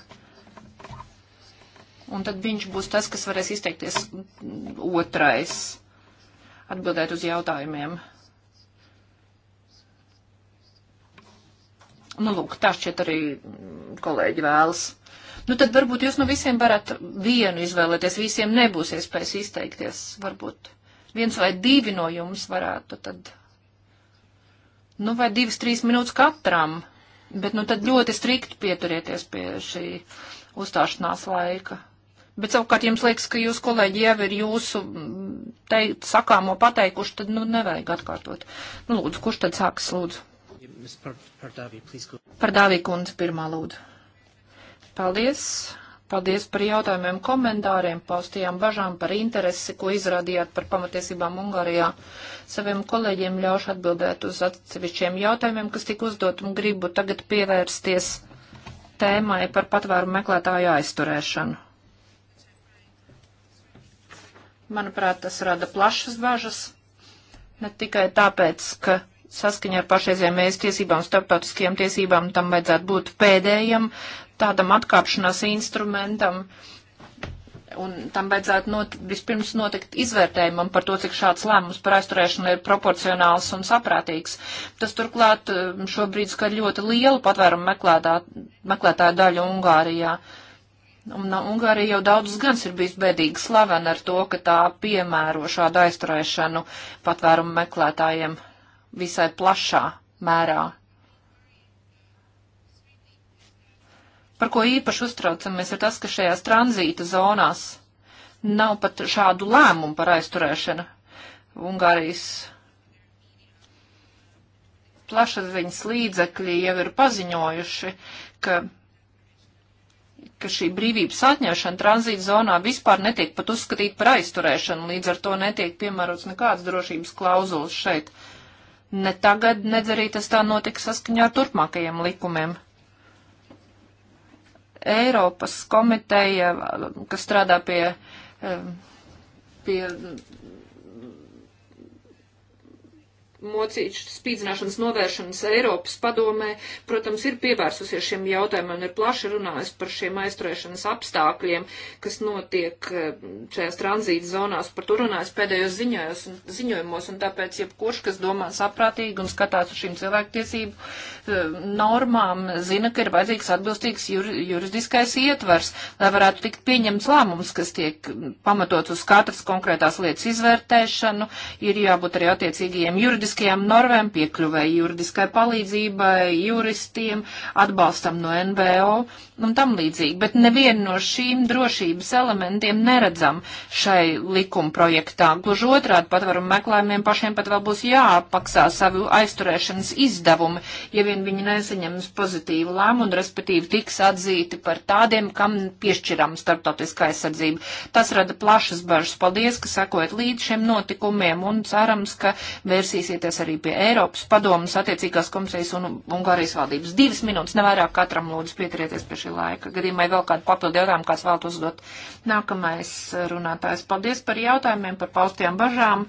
Un tad viņš būs tas, kas varēs izteikties otrais, atbildēt uz jautājumiem. Nu, lūk, tā šķiet arī kolēģi vēlas. Nu, tad varbūt jūs no visiem varat vienu izvēlēties, visiem nebūs iespējas izteikties, varbūt viens vai divi no jums varētu tad, nu, vai divas, trīs minūtes katram, bet, nu, tad ļoti strikt pieturieties pie šī uzstāšanās laika. Bet savukārt jums liekas, ka jūs kolēģi jau ir jūsu mm, te, sakāmo pateikuši, tad nu nevajag atkārtot. Nu, lūdzu, kurš tad sāks, lūdzu? Par Dāvī kundze pirmā lūdzu. Paldies. Paldies par jautājumiem, komentāriem, paustījām bažām par interesi, ko izrādījāt par pamatiesībām Ungārijā. Saviem kolēģiem ļaušu atbildēt uz atsevišķiem jautājumiem, kas tika uzdot, un gribu tagad pievērsties tēmai par patvēru meklētāju aizturēšanu. Manuprāt, tas rada plašas bažas, ne tikai tāpēc, ka saskaņā ar pašreizējām mēs tiesībām, starptautiskajām tiesībām, tam vajadzētu būt pēdējam tādam atkāpšanās instrumentam. Un tam vajadzētu not, vispirms notikt izvērtējumam par to, cik šāds lēmums par aizturēšanu ir proporcionāls un saprātīgs. Tas turklāt um, šobrīd skar ļoti lielu patvērumu meklētāju daļu Ungārijā. Un nu, Ungārija jau daudzus gans ir bijis bēdīgi slavena ar to, ka tā piemēro šādu aizturēšanu patvērumu meklētājiem visai plašā mērā. Par ko īpaši uztraucamies ir tas, ka šajās tranzīta zonās nav pat šādu lēmumu par aizturēšanu. Ungārijas plašsaziņas līdzekļi jau ir paziņojuši, ka, ka šī brīvības atņemšana tranzīta zonā vispār netiek pat uzskatīta par aizturēšanu, līdz ar to netiek piemērots nekāds drošības klauzulas šeit. Uh, ne tagad, nedz arī tas tā notiks saskaņā ar turpmākajiem likumiem. Eiropas komiteja, kas strādā pie, eh, pie mocīšu spīdzināšanas novēršanas Eiropas padomē, protams, ir pievērsusies šiem jautājumiem un ir plaši runājis par šiem aizturēšanas apstākļiem, kas notiek eh, šajās tranzīta zonās. Par to runājis pēdējos ziņojos un, ziņojumos, un tāpēc jebkurš, kas domā saprātīgi un skatās uz šīm cilvēktiesību E, normām, zina, ka ir vajadzīgs atbilstīgs jur, juridiskais ietvers, lai varētu tikt pieņemts lēmums, kas tiek pamatots uz katras konkrētās lietas izvērtēšanu, ir jābūt arī attiecīgajiem juridiskajām normēm, piekļuvēji juridiskai palīdzībai, juristiem, atbalstam no NVO un tam līdzīgi. Bet nevienu no šīm drošības elementiem neredzam šai likuma projektā. Gluži otrādi patvarumu meklējumiem pašiem pat vēl būs jāapmaksā savu aizturēšanas izdevumi, ja vien viņi nesaņems pozitīvu lēmumu, respektīvi tiks atzīti par tādiem, kam piešķiram starptautiskā aizsardzība. Tas rada plašas bažas. Paldies, ka sekojat līdz šiem notikumiem un cerams, ka vērsīsieties arī pie Eiropas padomas attiecīgās komisijas un Ungārijas valdības. Divas minūtes, nevairāk katram lūdzu pieturieties pie šī laika. Gadījumai vēl kādu papildu jautājumu, kāds vēl uzdot. Nākamais runātājs. Paldies par jautājumiem, par paustajām bažām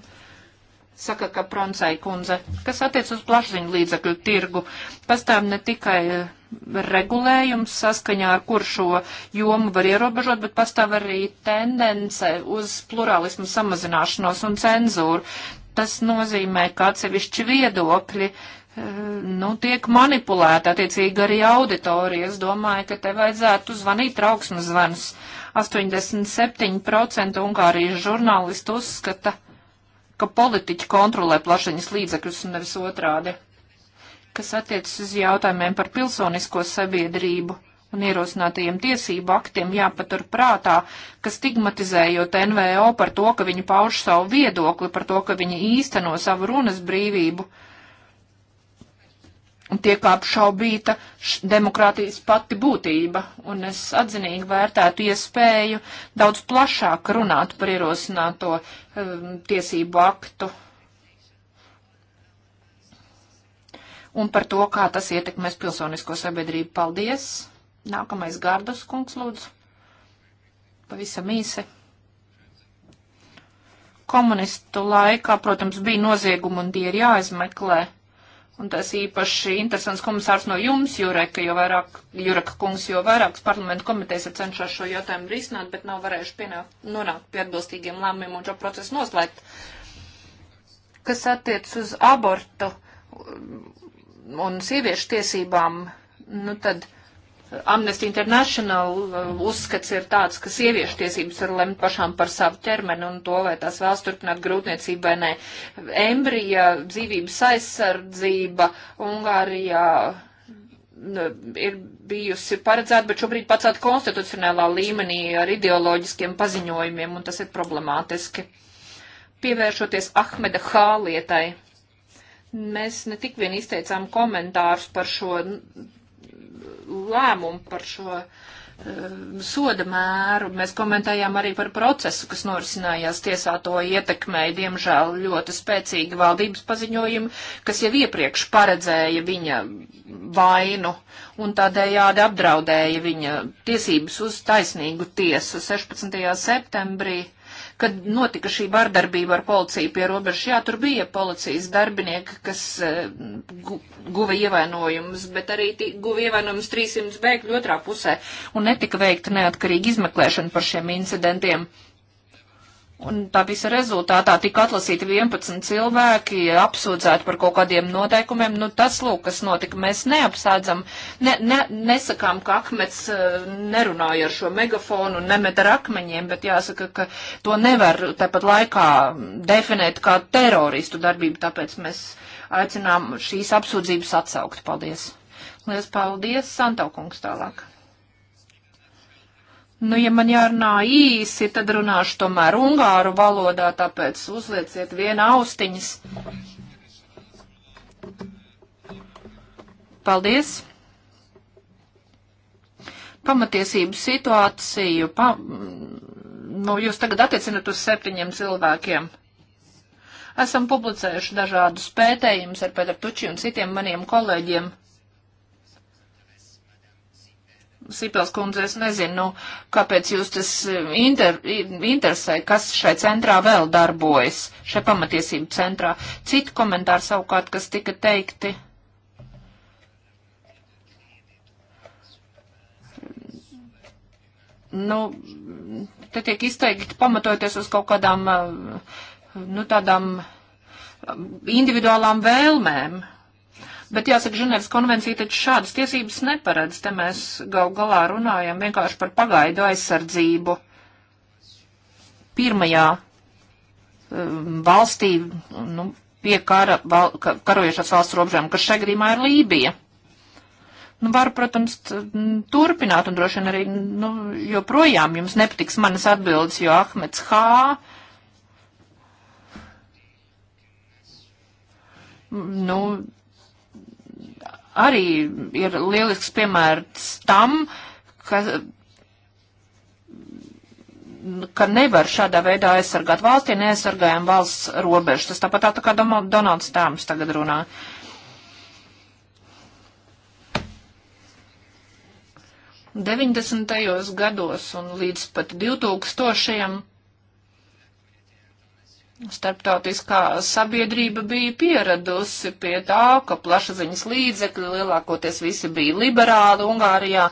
saka Kaproncai kundze, kas attiec uz plašsaziņu līdzakļu tirgu. Pastāv ne tikai eh, regulējums, saskaņā ar kur šo jomu var ierobežot, bet pastāv arī tendence uz plurālismu samazināšanos un cenzūru. Tas nozīmē, ka atsevišķi viedokļi eh, nu, tiek manipulēta attiecīgi arī auditorija. Es domāju, ka te vajadzētu zvanīt trauksmes zvanus. 87% Ungārijas žurnālisti uzskata, ka politiķi kontrolē plašiņas līdzekļus un nevis otrādi. Kas attiecas uz jautājumiem par pilsonisko sabiedrību un ierosinātajiem tiesību aktiem, jāpatur prātā, ka stigmatizējot NVO par to, ka viņi pauž savu viedokli, par to, ka viņi īsteno savu runas brīvību, un tiek apšaubīta demokrātijas pati būtība, un es atzinīgi vērtētu iespēju daudz plašāk runāt par ierosināto um, tiesību aktu un par to, kā tas ietekmēs pilsonisko sabiedrību. Paldies! Nākamais Gārdas kungs lūdzu. Pavisam īsi. Komunistu laikā, protams, bija noziegumi un tie ir jāizmeklē Un tas īpaši interesants komisārs no jums, Jureka, jo vairāk, Jureka kungs, jo vairākas parlamentu komitejas ir cenšās šo jautājumu risināt, bet nav varējuši pienākt, nonākt pie atbilstīgiem lēmumiem un šo procesu noslēgt. Kas attiec uz abortu un sieviešu tiesībām, nu tad. Uh, Amnesty International uh, uzskats ir tāds, ka sieviešu tiesības var lemt pašām par savu ķermeni un to, vai tās vēlas turpināt grūtniecību vai nē. Embrija, dzīvības aizsardzība Ungārijā ir bijusi paredzēta, bet šobrīd pacēta konstitucionālā līmenī ar ideoloģiskiem paziņojumiem, un tas ir problemātiski. Pievēršoties Ahmeda H. lietai, mēs ne tik vien izteicām komentārus par šo lēmumu par šo um, soda mēru. Mēs komentējām arī par procesu, kas norisinājās tiesā. To ietekmēja, diemžēl, ļoti spēcīgi valdības paziņojumi, kas jau iepriekš paredzēja viņa vainu un tādējādi apdraudēja viņa tiesības uz taisnīgu tiesu 16. septembrī. Uh, kad notika šī vardarbība ar policiju pie robežas. Jā, tur bija policijas darbinieki, kas e, gu, guva ievainojumus, bet arī guva ievainojumus 300 bēgļu otrā pusē un netika veikta neatkarīga izmeklēšana par šiem incidentiem. Un tā visa rezultātā tika atlasīti 11 cilvēki, apsūdzēti par kaut kādiem noteikumiem. Nu, tas, lūk, kas notika. Mēs neapsēdzam, ne, ne, nesakām, ka akmets eh, nerunāja ar šo megafonu un nemet ar akmeņiem, bet jāsaka, ka to nevar tāpat laikā definēt kā teroristu darbību, tāpēc mēs aicinām šīs apsūdzības atsaukt. Paldies! Lielas paldies, Santaukungs tālāk! Nu, ja man jārunā īsi, tad runāšu tomēr ungāru valodā, tāpēc uzlieciet viena austiņas. Paldies! Pamatiesību situāciju, pa, nu, jūs tagad attiecinat uz septiņiem cilvēkiem. Esam publicējuši dažādus pētējumus ar Pēteru Tuči un citiem maniem kolēģiem Sipels kundze, es nezinu, kāpēc jūs tas eh, inter, interesē, kas šai centrā vēl darbojas, šai pamatiesību centrā. Citi komentāri savukārt, kas tika teikti. Nu, te tiek izteikti pamatojoties uz kaut kādām, eh, nu, tādām eh, individuālām vēlmēm Bet jāsaka, Ženēvas konvencija taču šādas tiesības neparedz. Te mēs gal galā runājam vienkārši par pagaidu aizsardzību. Pirmajā um, valstī, nu, pie kara, val, ka, karojušās valsts robežām, kas šajā gadījumā ir Lībija. Nu, varu, protams, turpināt un droši vien arī nu, joprojām jums nepatiks manas atbildes, jo Ahmeds H. Nu, arī ir lielisks piemērs tam, ka ka nevar šādā veidā aizsargāt valstī, neaizsargājam valsts robežas. Tas tāpat tā kā Donalds Tāms tagad runā. Deviņdesmitajos gados un līdz pat divtūkstošajam Starptautiskā sabiedrība bija pieradusi pie tā, ka plašsaziņas līdzekļi lielākoties visi bija liberāli Ungārijā.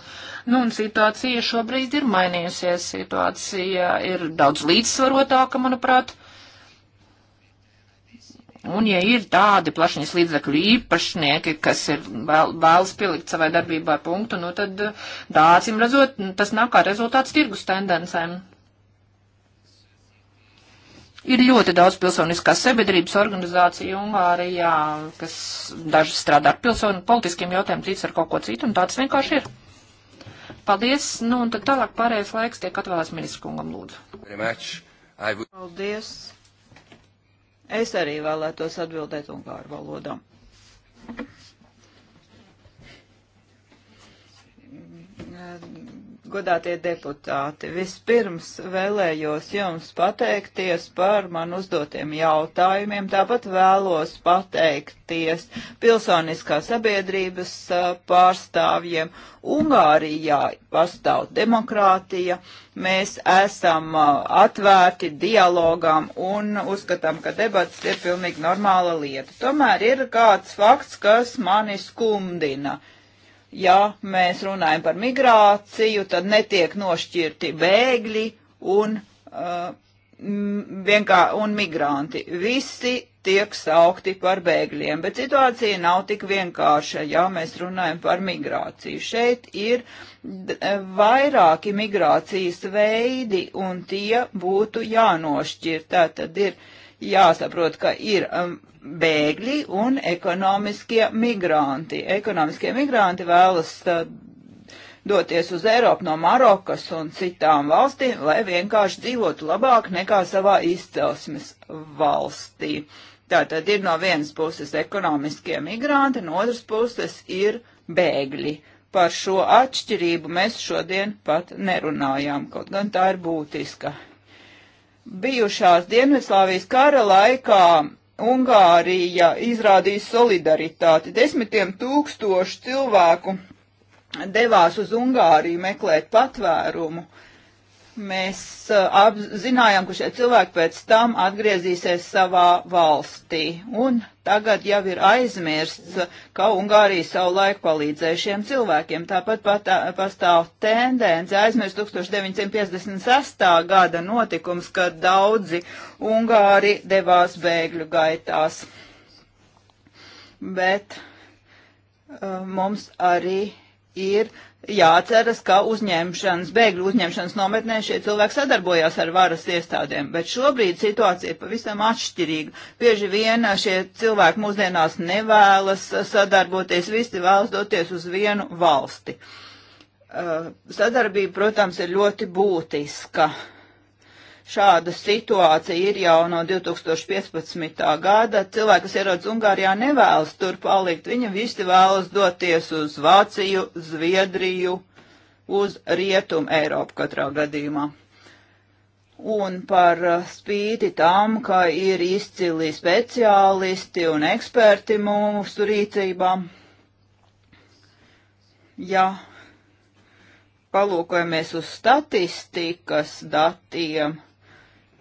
Nu, un situācija šobrīd ir mainījusies. Situācija ir daudz līdzsvarotāka, manuprāt. Un, ja ir tādi plašiņas līdzekļu īpašnieki, kas ir vēl, vēlas pielikt savai darbībā punktu, nu tad dācim redzot, tas nāk kā rezultāts tirgus tendencēm. Ir ļoti daudz pilsoniskās sabiedrības organizāciju Ungārijā, kas daži strādā ar pilsonu politiskiem jautājumiem, cits ar kaut ko citu, un tāds vienkārši ir. Paldies, nu un tad tālāk pārējais laiks tiek atvēlēts ministru kungam lūdzu. Paldies. Es arī vēlētos atbildēt Ungāru valodām. godātie deputāti, vispirms vēlējos jums pateikties par man uzdotiem jautājumiem, tāpat vēlos pateikties pilsoniskā sabiedrības pārstāvjiem. Ungārijā pastāv demokrātija, mēs esam atvērti dialogām un uzskatām, ka debats ir pilnīgi normāla lieta. Tomēr ir kāds fakts, kas mani skumdina ja mēs runājam par migrāciju, tad netiek nošķirti bēgļi un, uh, vienkā, un migranti. Visi tiek saukti par bēgļiem, bet situācija nav tik vienkārša, ja mēs runājam par migrāciju. Šeit ir vairāki migrācijas veidi, un tie būtu jānošķir. Tā tad ir jāsaprot, ka ir um, bēgļi un ekonomiskie migranti. Ekonomiskie migranti vēlas uh, doties uz Eiropu no Marokas un citām valstīm, lai vienkārši dzīvotu labāk nekā savā izcelsmes valstī. Tātad ir no vienas puses ekonomiskie migranti, no otras puses ir bēgļi. Par šo atšķirību mēs šodien pat nerunājām, kaut gan tā ir būtiska bijušās Dienvidslāvijas kara laikā Ungārija izrādīja solidaritāti. Desmitiem tūkstošu cilvēku devās uz Ungāriju meklēt patvērumu. Uh, mēs eh, apzinājām, ka šie cilvēki pēc tam atgriezīsies savā valstī. Un tagad jau ir aizmirsts, ka Ungārija savu laiku palīdzēja šiem cilvēkiem. Tāpat patā, eh, pastāv tendence aizmirst 1956. gada notikums, kad daudzi Ungāri devās bēgļu gaitās. Bet eh, mums arī ir jāceras, ka uzņemšanas, bēgļu uzņemšanas nometnē šie cilvēki sadarbojās ar varas iestādēm, bet šobrīd situācija ir pavisam atšķirīga. Bieži vien šie cilvēki mūsdienās nevēlas sadarboties, visi vēlas doties uz vienu valsti. Uh, sadarbība, protams, ir ļoti būtiska. Uh, Šāda situācija ir jau no 2015. gada. Cilvēki, kas ierodas Ungārijā, nevēlas tur palikt. Viņi visi vēlas doties uz Vāciju, Zviedriju, uz Rietumu Eiropu katrā gadījumā. Un par uh, spīti tam, ka ir izcili speciālisti un eksperti mūsu rīcībā, ja palūkojamies uz statistikas datiem,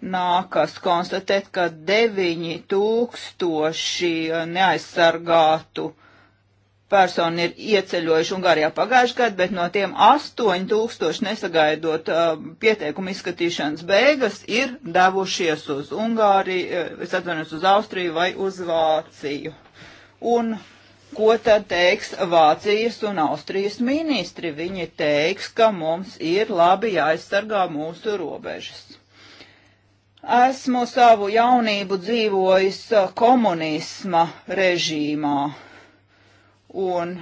nākas konstatēt, ka 9000 uh, neaizsargātu personu ir ieceļojuši Ungārijā pagājušajā gadā, bet no tiem 8000 nesagaidot uh, pieteikumu izskatīšanas beigas ir devušies uz Ungāriju, uh, es atvainojos uz Austriju vai uz Vāciju. Un ko tad teiks Vācijas un Austrijas ministri? Viņi teiks, ka mums ir labi jāaizsargā mūsu robežas. Esmu savu jaunību dzīvojis eh, komunisma režīmā, un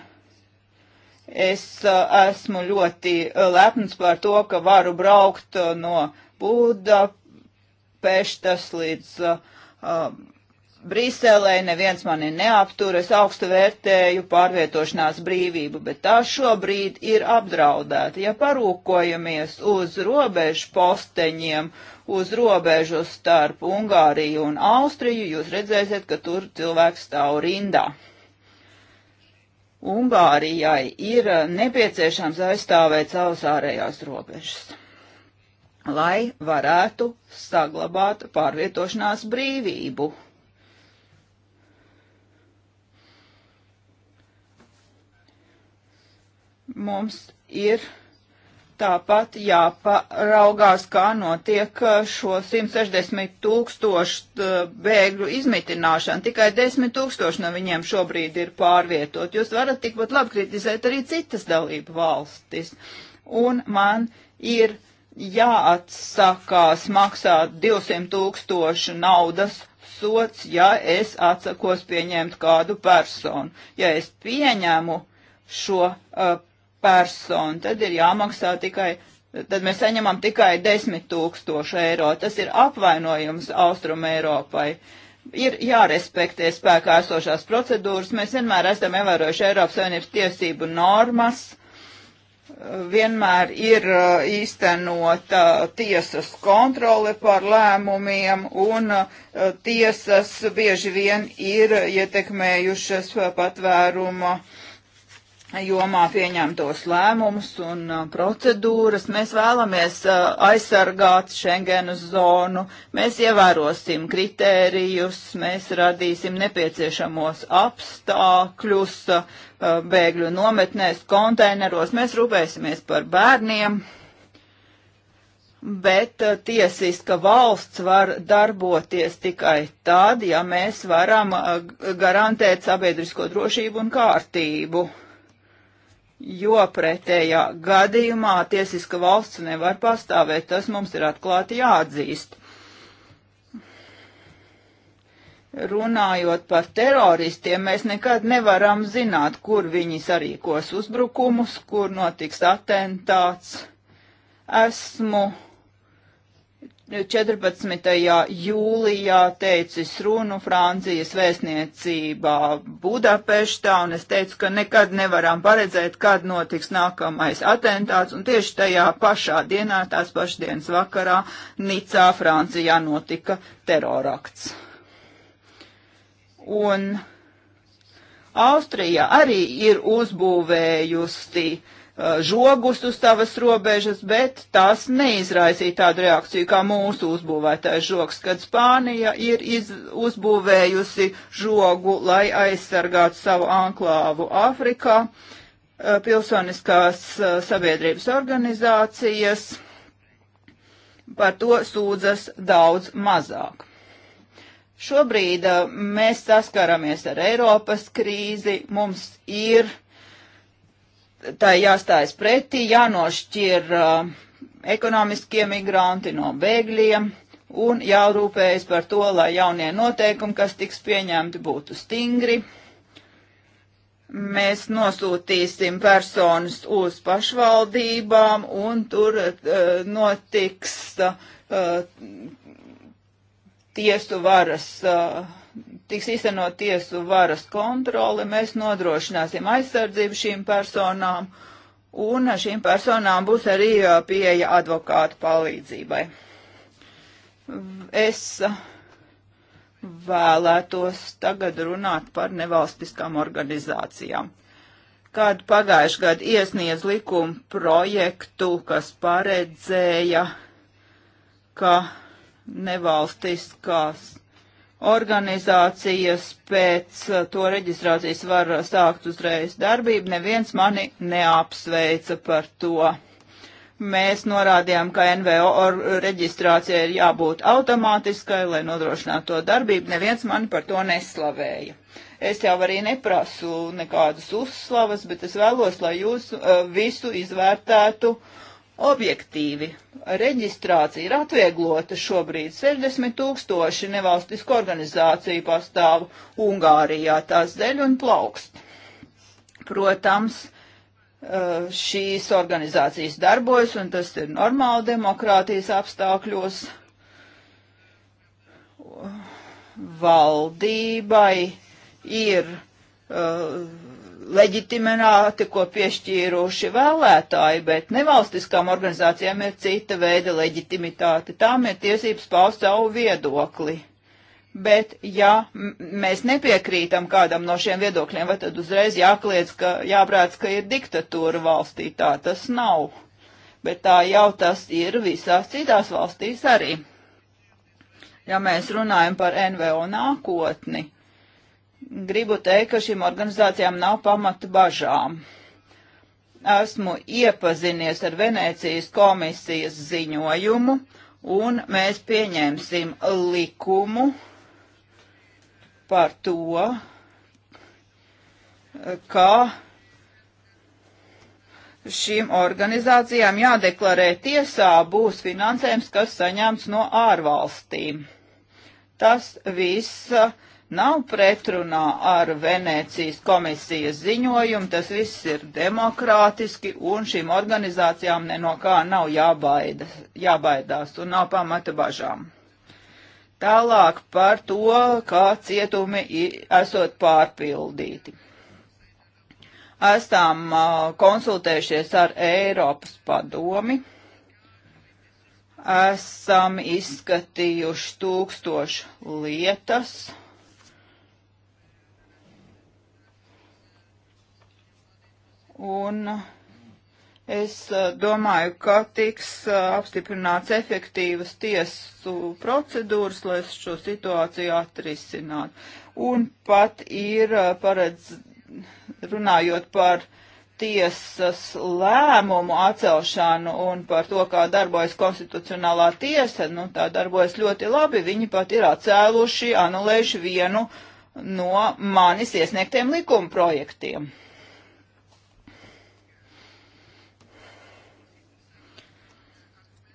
es eh, esmu ļoti eh, lepns par to, ka varu braukt no Budapeštas līdz uh, Briselē neviens mani neaptur, es augstu vērtēju pārvietošanās brīvību, bet tā šobrīd ir apdraudēta. Ja parūkojamies uz robežu posteņiem uz robežu starp Ungāriju un Austriju, jūs redzēsiet, ka tur cilvēks stāv rindā. Ungārijai ir nepieciešams aizstāvēt savas ārējās robežas, lai varētu saglabāt pārvietošanās brīvību. Mums ir Tāpat jāparaugās, kā notiek uh, šo 160 tūkstošu uh, bēgļu izmitināšana. Tikai 10 tūkstoši no viņiem šobrīd ir pārvietot. Jūs varat tikpat labi kritizēt arī citas dalību valstis. Un man ir jāatsakās maksāt 200 tūkstošu naudas sots, ja es atsakos pieņemt kādu personu. Ja es pieņemu šo uh, personu, tad ir jāmaksā tikai, tad mēs saņemam tikai 10 tūkstošu eiro. Tas ir apvainojums Austrum Eiropai. Ir jārespektē spēkā esošās procedūras. Mēs vienmēr esam ievērojuši Eiropas Savienības tiesību normas vienmēr ir uh, īstenota uh, tiesas kontrole par lēmumiem, un uh, tiesas bieži vien ir ietekmējušas patvēruma jomā pieņemtos lēmumus un uh, procedūras. Mēs vēlamies uh, aizsargāt Schengenu zonu, mēs ievērosim kritērijus, mēs radīsim nepieciešamos apstākļus uh, bēgļu nometnēs, konteineros, mēs rūpēsimies par bērniem. Bet tiesiska valsts var darboties tikai tad, ja mēs varam garantēt sabiedrisko drošību un kārtību jo pretējā gadījumā tiesiska valsts nevar pastāvēt. Tas mums ir atklāti jāatzīst. Runājot par teroristiem, mēs nekad nevaram zināt, kur viņi sarīkos uzbrukumus, kur notiks atentāts. Esmu 14. jūlijā teicis runu Francijas vēstniecībā Budapeštā, un es teicu, ka nekad nevaram paredzēt, kad notiks nākamais atentāts, un tieši tajā pašā dienā, tās pašdienas vakarā, Nicā, Francijā notika terorakts. Un Austrija arī ir uzbūvējusi uh, Uh, žogus uz savas robežas, bet tas neizraisīja tādu reakciju kā mūsu uzbūvētais žogs, kad Spānija ir iz, uzbūvējusi žogu, lai aizsargātu savu anklāvu Āfrikā, uh, pilsoniskās uh, sabiedrības organizācijas. Par to sūdzas daudz mazāk. Šobrīd mēs saskaramies ar Eiropas krīzi, mums ir uh, tai jāstājas pretī, jānošķir uh, ekonomiskie migranti no bēgļiem un jārūpējas par to, lai jaunie noteikumi, kas tiks pieņemti, būtu stingri. Mēs nosūtīsim personas uz pašvaldībām un tur uh, notiks uh, tiesu varas uh, tiks īstenot tiesu varas kontrole, mēs nodrošināsim aizsardzību šīm personām, un šīm personām būs arī pieeja advokātu palīdzībai. Es vēlētos tagad runāt par nevalstiskām organizācijām. Kādu pagājušajā gadu iesniedz likumu projektu, kas paredzēja, ka nevalstiskās organizācijas pēc uh, to reģistrācijas var sākt uzreiz darbību, neviens mani neapsveica par to. Mēs norādījām, ka NVO reģistrācija ir jābūt automātiskai, lai nodrošinātu to darbību. Neviens mani par to neslavēja. Es jau arī neprasu nekādas uzslavas, bet es vēlos, lai jūs uh, visu izvērtētu uh, objektīvi. Reģistrācija ir atvieglota šobrīd. 60 tūkstoši nevalstisku organizāciju pastāv Ungārijā tās dēļ un plaukst. Protams, eh, šīs organizācijas darbojas, un tas ir normāli demokrātijas apstākļos. Valdībai ir uh, leģitimitāti, ko piešķīruši vēlētāji, bet nevalstiskām organizācijām ir cita veida leģitimitāte. Tām ir tiesības paust savu viedokli. Bet, ja mēs nepiekrītam kādam no šiem viedokļiem, vai tad uzreiz jākliedz, ka jābrāc, ka ir diktatūra valstī. Tā tas nav. Bet tā jau tas ir visās citās valstīs arī. Ja mēs runājam par NVO nākotni, gribu teikt, ka šīm organizācijām nav pamata bažām. Esmu iepazinies ar Venēcijas komisijas ziņojumu, un mēs pieņemsim likumu par to, ka šīm organizācijām jādeklarē tiesā būs finansējums, kas saņemts no ārvalstīm. Tas viss uh, nav pretrunā ar Venēcijas komisijas ziņojumu, tas viss ir demokrātiski un šīm organizācijām no kā nav jābaida, jābaidās un nav pamata bažām. Tālāk par to, kā cietumi esot pārpildīti esam konsultējušies ar Eiropas padomi, esam izskatījuši tūkstošu lietas Un uh, es uh, domāju, ka tiks uh, apstiprināts efektīvas tiesu procedūras, lai šo situāciju atrisinātu. Un pat ir paredz, runājot par tiesas lēmumu atcelšanu un par to, kā darbojas konstitucionālā tiesa, nu tā darbojas ļoti labi. Viņi pat ir atcēluši, anulējuši vienu no manis iesniegtiem likuma projektiem.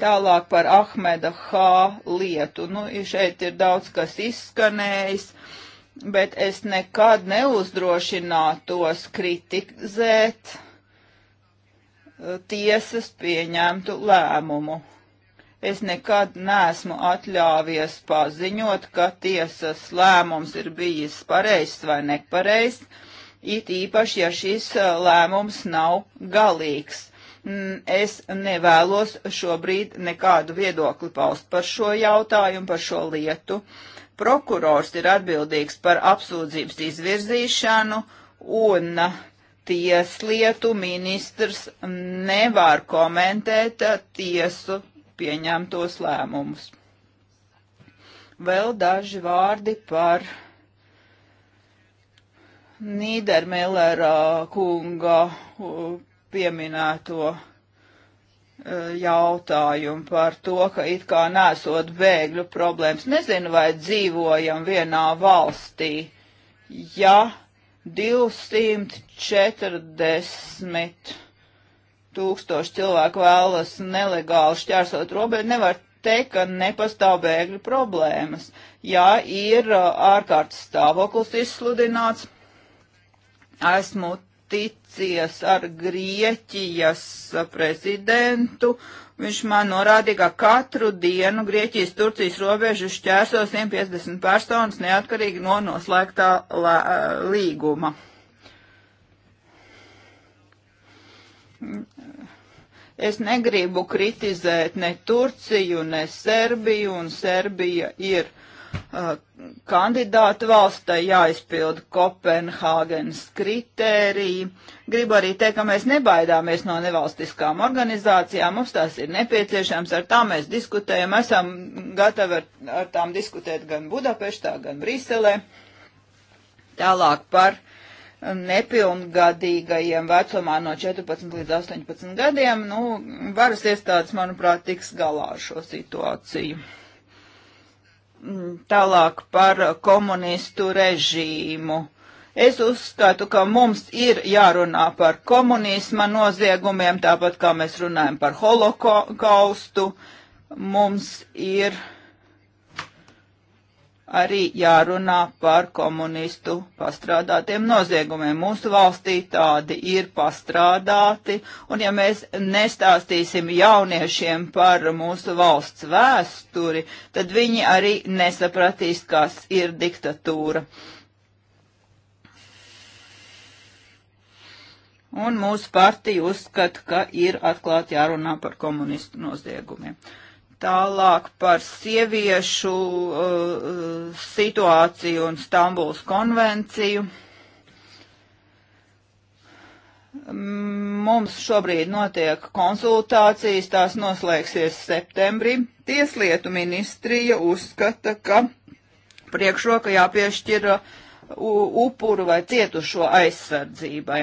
Tālāk par Ahmeda H. lietu. Nu, šeit ir daudz kas izskanējis, bet es nekad neuzdrošinātos kritizēt eh, tiesas pieņemtu lēmumu. Es nekad neesmu atļāvies paziņot, ka tiesas lēmums ir bijis pareizs vai nepareizs, it īpaši, ja šis eh, lēmums nav galīgs Mm, es nevēlos šobrīd nekādu viedokli paust par šo jautājumu, par šo lietu. Prokurors ir atbildīgs par apsūdzības izvirzīšanu un tieslietu ministrs nevar komentēt tiesu pieņemtos lēmumus. Vēl daži vārdi par Nīdermēlera kunga pieminēto eh, jautājumu par to, ka it kā nesot bēgļu problēmas. Nezinu, vai dzīvojam vienā valstī, ja 240 tūkstoši cilvēku vēlas nelegāli šķērsot robežu, nevar teikt, ka nepastāv bēgļu problēmas. Jā, ir eh, ārkārtas stāvoklis izsludināts. Esmu ticies ar Grieķijas prezidentu. Viņš man norādīja, ka katru dienu Grieķijas Turcijas robežu šķērso 150 personas neatkarīgi no noslēgtā līguma. Es negribu kritizēt ne Turciju, ne Serbiju, un Serbija ir uh, Uh, kandidātu valstai jāizpilda Kopenhāgenes kritēriji. Gribu arī teikt, ka mēs nebaidāmies no nevalstiskām organizācijām, mums tās ir nepieciešams, ar tām mēs diskutējam, esam gatavi ar, ar tām diskutēt gan Budapeštā, gan Briselē. Tālāk par nepilngadīgajiem vecumā no 14 līdz 18 gadiem, nu, varas iestādes, manuprāt, tiks galā ar šo situāciju. Tālāk par komunistu režīmu. Es uzskatu, ka mums ir jārunā par komunisma noziegumiem, tāpat kā mēs runājam par holokaustu. Mums ir arī jārunā par komunistu pastrādātiem noziegumiem. Mūsu valstī tādi ir pastrādāti, un ja mēs nestāstīsim jauniešiem par mūsu valsts vēsturi, tad viņi arī nesapratīs, kas ir diktatūra. Un mūsu partija uzskata, ka ir atklāti jārunā par komunistu noziegumiem. Uh, Tālāk par sieviešu uh, situāciju un Stambuls konvenciju. Mums šobrīd notiek konsultācijas, tās noslēgsies septembrī. Tieslietu ministrija uzskata, ka priekšroka jāpiešķira upuru vai cietušo aizsardzībai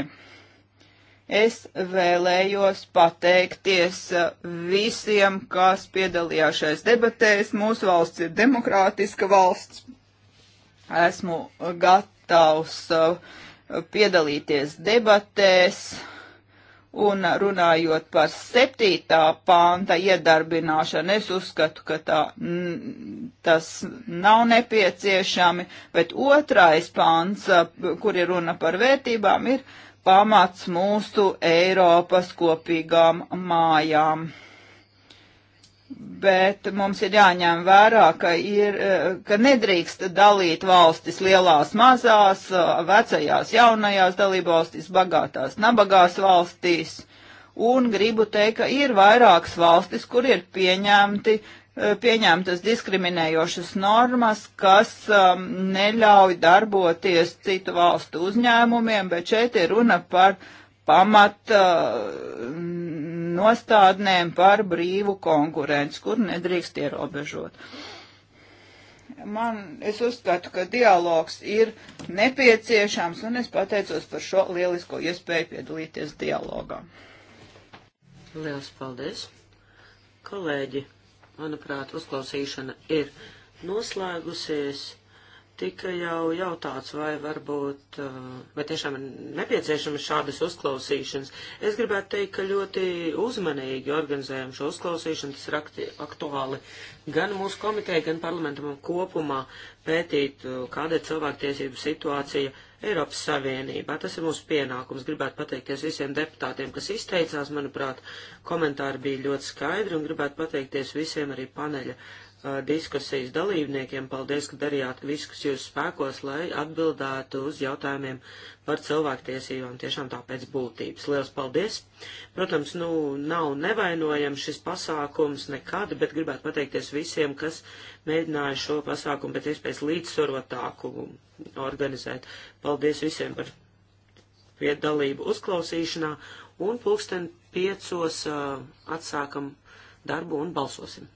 Es vēlējos pateikties uh, visiem, kas piedalījās šais debatēs. Mūsu valsts ir demokrātiska valsts. Esmu gatavs uh, piedalīties debatēs Un runājot par septītā panta iedarbināšanu, es uzskatu, ka tā, m, tas nav nepieciešami, bet otrais pants, kur ir runa par vērtībām, ir pamats mūsu Eiropas kopīgām mājām. Bet mums ir jāņem vērā, ka, ir, ka nedrīkst dalīt valstis lielās, mazās, vecajās, jaunajās dalībvalstīs, bagātās, nabagās valstīs. Un gribu teikt, ka ir vairākas valstis, kur ir pieņemti, pieņemtas diskriminējošas normas, kas um, neļauj darboties citu valstu uzņēmumiem, bet šeit ir runa par pamata. Uh, nostādnēm par brīvu konkurenci, kur nedrīkst ierobežot. Man, es uzskatu, ka dialogs ir nepieciešams, un es pateicos par šo lielisko iespēju piedalīties dialogā. Lielas paldies! Kolēģi, manuprāt, uzklausīšana ir noslēgusies. Tika jau jautāts, vai varbūt, eh, vai tiešām ir nepieciešamas šādas uzklausīšanas. Es gribētu teikt, ka ļoti uzmanīgi organizējam šo uzklausīšanu. Tas ir akti, aktuāli gan mūsu komiteja, gan parlamentam kopumā pētīt, eh, kāda ir cilvēktiesību situācija Eiropas Savienībā. Tas ir mūsu pienākums. Gribētu pateikties visiem deputātiem, kas izteicās. Manuprāt, komentāri bija ļoti skaidri un gribētu pateikties visiem arī paneļa diskusijas dalībniekiem. Paldies, ka darījāt visu, kas jūsu spēkos, lai atbildētu uz jautājumiem par cilvēktiesībām tiešām tāpēc būtības. Liels paldies! Protams, nu, nav nevainojams šis pasākums nekad, bet gribētu pateikties visiem, kas mēģināja šo pasākumu pēc iespējas līdzsvarotāku organizēt. Paldies visiem par piedalību uzklausīšanā un pulksten piecos uh, atsākam darbu un balsosim.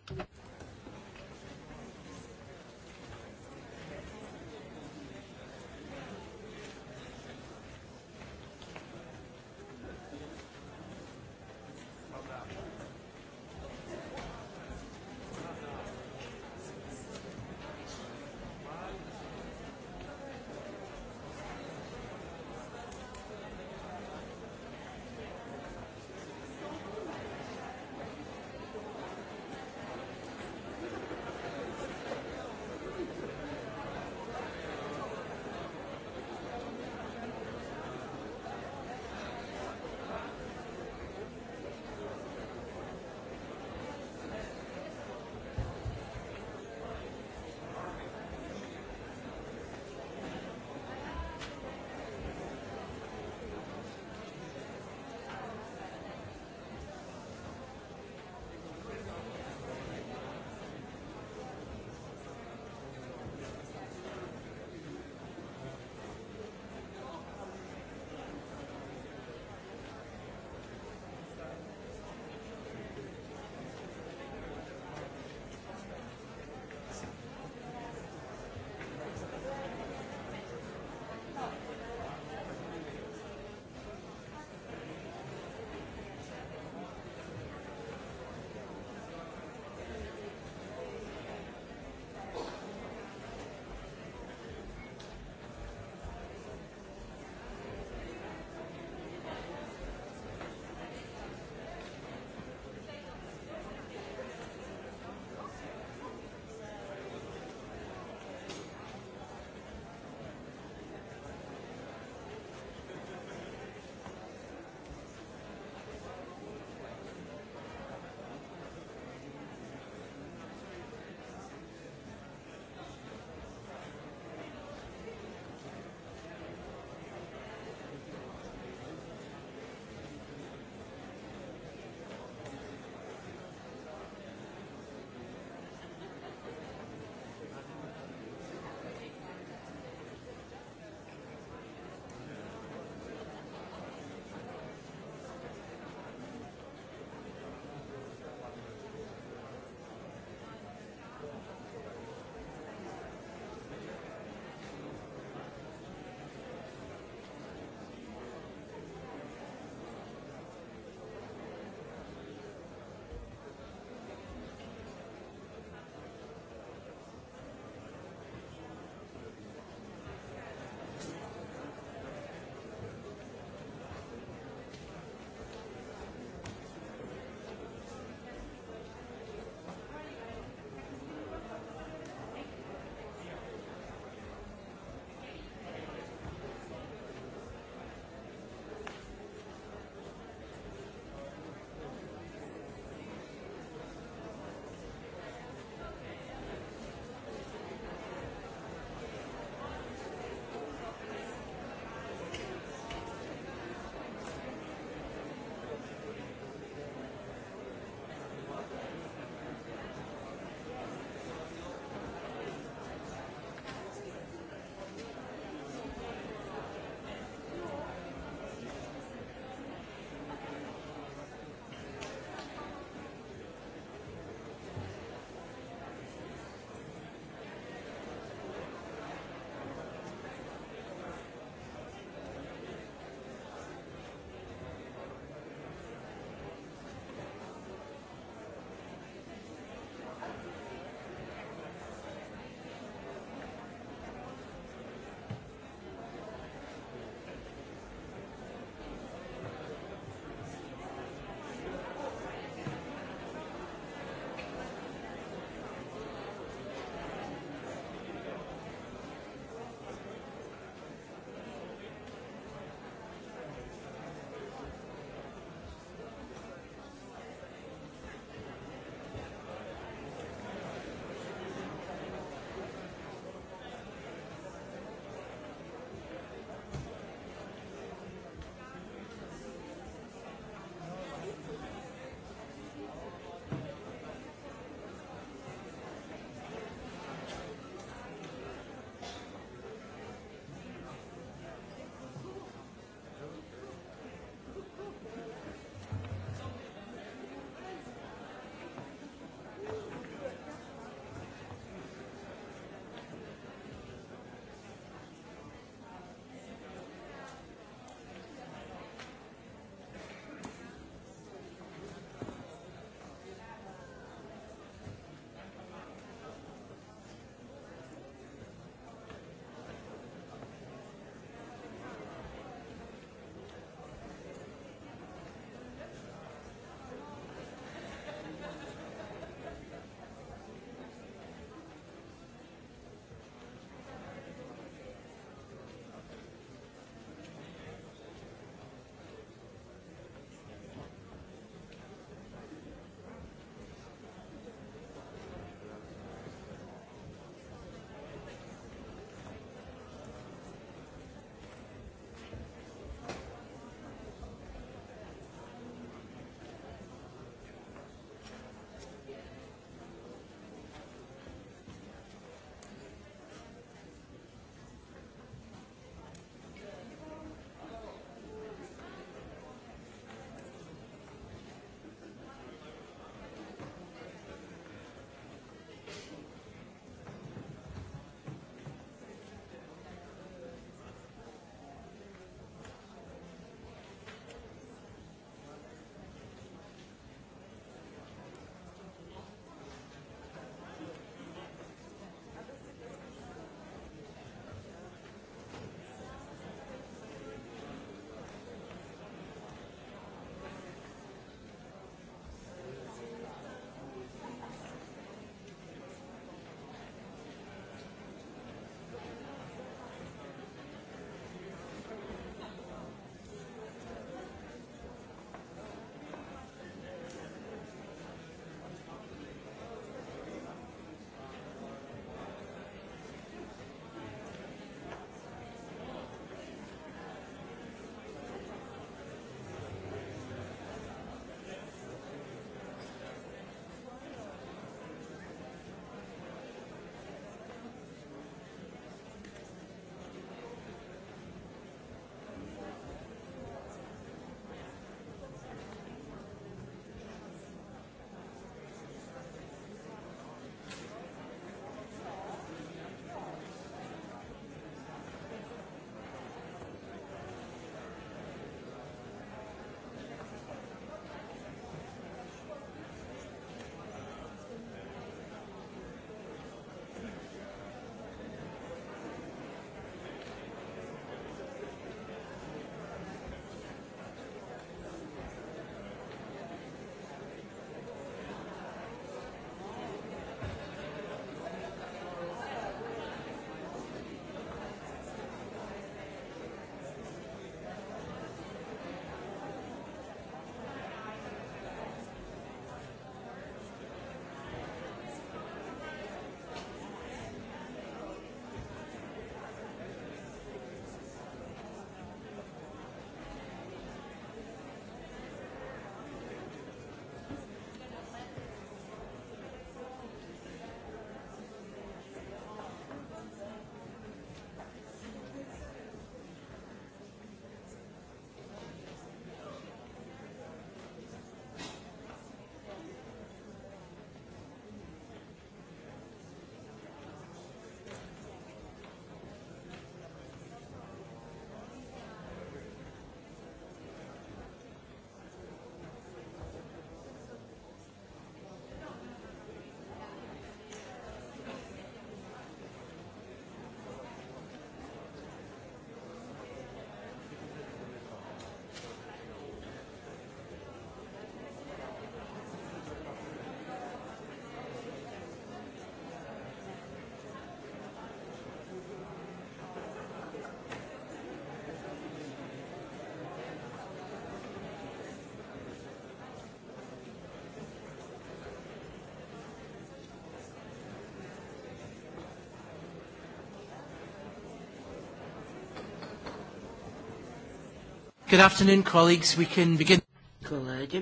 Good afternoon, colleagues. We can begin. Kolēģi,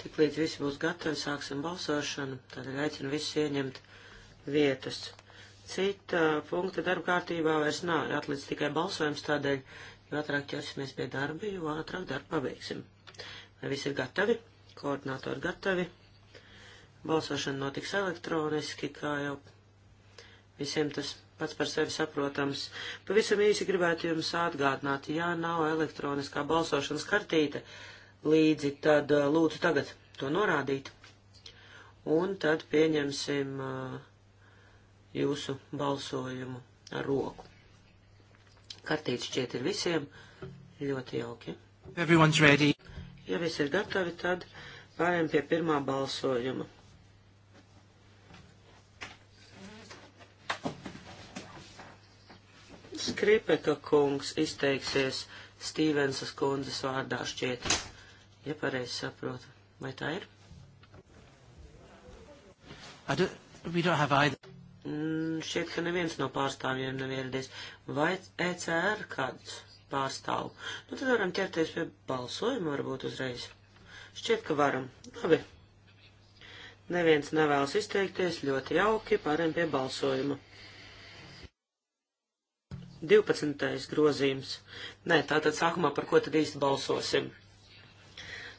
tik līdz visi būs gatavi, sāksim balsošanu, tādēļ aicinu visus ieņemt vietas. Cita punkta darba kārtībā vairs nav, ir atlicis tikai balsojums, tādēļ, jo ātrāk ķersimies pie darba, jo ātrāk darbu pabeigsim. Vai visi ir gatavi? Koordinātori gatavi. Balsošana notiks elektroniski, kā jau visiem tas pats par sevi saprotams. Pavisam īsi gribētu jums atgādināt, ja nav elektroniskā balsošanas kartīte līdzi, tad lūdzu tagad to norādīt. Un tad pieņemsim uh, jūsu balsojumu ar roku. Kartīts šķiet ir visiem ļoti jauki. Ja visi ir gatavi, tad pārējām pie pirmā balsojuma. Skripeka kungs izteiksies Stīvensas kundzes vārdā šķiet, ja pareizi saprotu. Vai tā ir? I don't, we don't have either. Mm, šķiet, ka neviens no pārstāvjiem nav ieradies. Vai ECR kāds pārstāv? Nu, tad varam ķerties pie balsojuma varbūt uzreiz. Šķiet, ka varam. Labi. Neviens nevēlas izteikties. Ļoti jauki. Pārējiem pie balsojuma. 12. grozījums. Nē, tātad sākumā par ko tad īsti balsosim.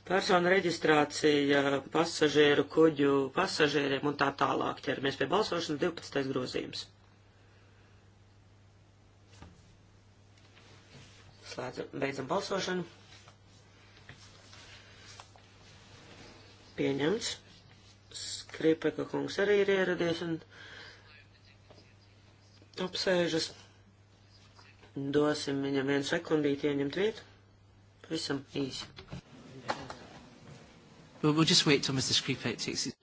Persona reģistrācija pasažieru kuģu pasažieriem un tā tālāk. Ķeramies pie balsošanas 12. grozījums. Slēdzam, beidzam balsošanu. Pieņemts. Skripeka kungs arī ir ieradies un apsēžas. Dosim viņam vienu sekundīti ieņemt vietu. Visam īsi. We'll, we'll just wait till Mr. Skripek takes his...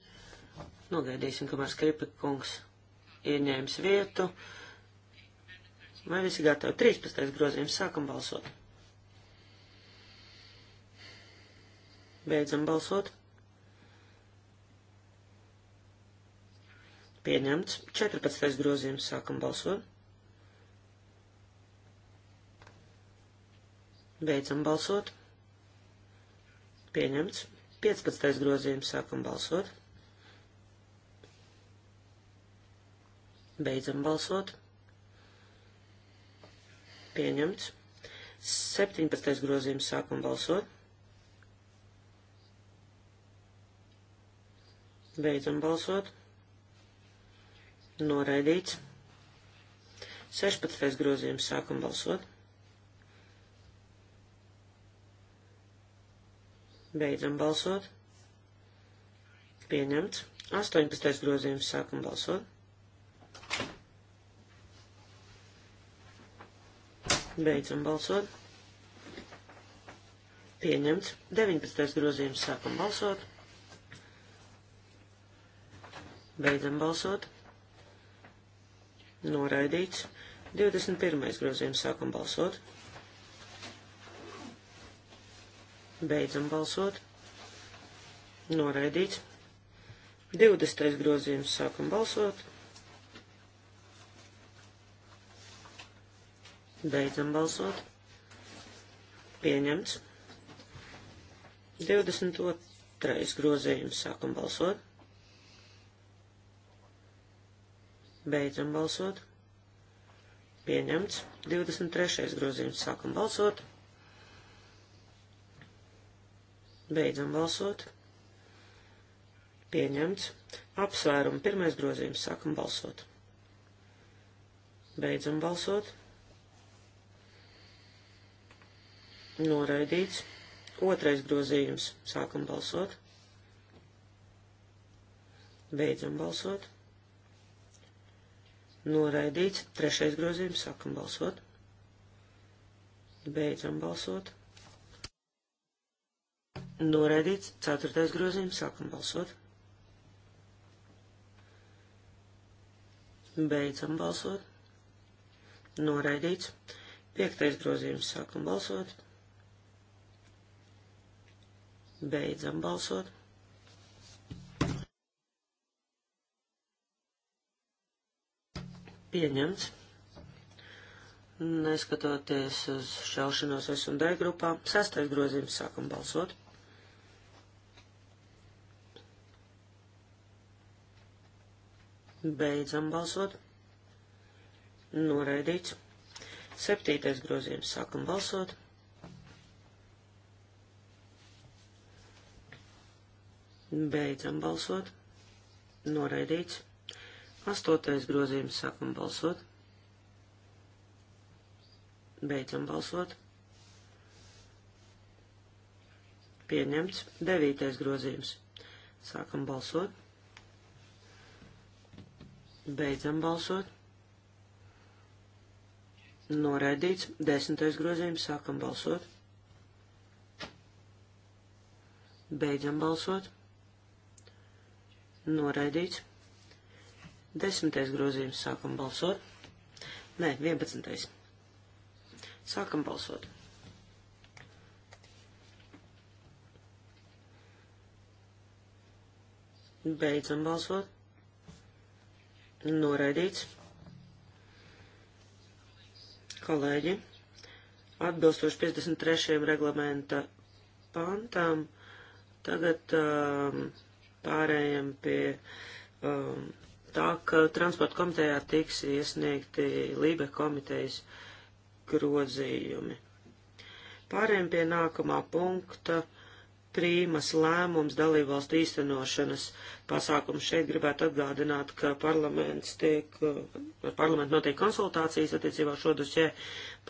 Nogaidīsim, kamēr Skripek kungs ieņēmis vietu. Vai visi gatavi? 13. grozījums. Sākam balsot. Beidzam balsot. Pieņemts. 14. grozījums. Sākam balsot. Beidzam balsot. Pieņemts. 15. grozījums. Sākam balsot. Beidzam balsot. Pieņemts. 17. grozījums. Sākam balsot. Beidzam balsot. Noraidīts. 16. grozījums. Sākam balsot. Beidzam balsot. Pieņemts. 18. grozījums sākam balsot. Beidzam balsot. Pieņemts. 19. grozījums sākam balsot. Beidzam balsot. Noraidīts. 21. grozījums sākam balsot. Balsot. Beidzam balsot. Noraidīts. 20. grozījums sākam balsot. Beidzam balsot. Pieņemts. 22. grozījums sākam balsot. Beidzam balsot. Pieņemts. 23. grozījums sākam balsot. Beidzam balsot. Pieņemts. Apsvērumu pirmais grozījums. Sākam balsot. Beidzam balsot. Noraidīts. Otrais grozījums. Sākam balsot. Beidzam balsot. Noraidīts. Trešais grozījums. Sākam balsot. Beidzam balsot. Noraidīts. Ceturtais grozījums. Sākam balsot. Beidzam balsot. Noraidīts. Piektais grozījums. Sākam balsot. Beidzam balsot. Pieņemts neskatoties uz šaušanos S un D grupā, sastais grozījums sākam balsot. Beidzam balsot. Noraidīts. Septītais grozījums. Sākam balsot. Beidzam balsot. Noraidīts. Astotais grozījums. Sākam balsot. Beidzam balsot. Pieņemts. Devītais grozījums. Sākam balsot. Beidzam balsot. Noraidīts. Desmitais grozījums. Sākam balsot. Beidzam balsot. Noraidīts. Desmitais grozījums. Sākam balsot. Nē, vienpadsmitais. Sākam balsot. Beidzam balsot. Noraidīts. Kolēģi, atbilstoši 53. reglamenta pantam, tagad um, pārējiem pie um, tā, ka transporta komitejā tiks iesniegti Lībe komitejas grozījumi. Pārējiem pie nākamā punkta trīmas lēmums dalībvalstu īstenošanas pasākums. Šeit gribētu atgādināt, ka parlaments tiek, ar parlamentu notiek konsultācijas attiecībā šo dosē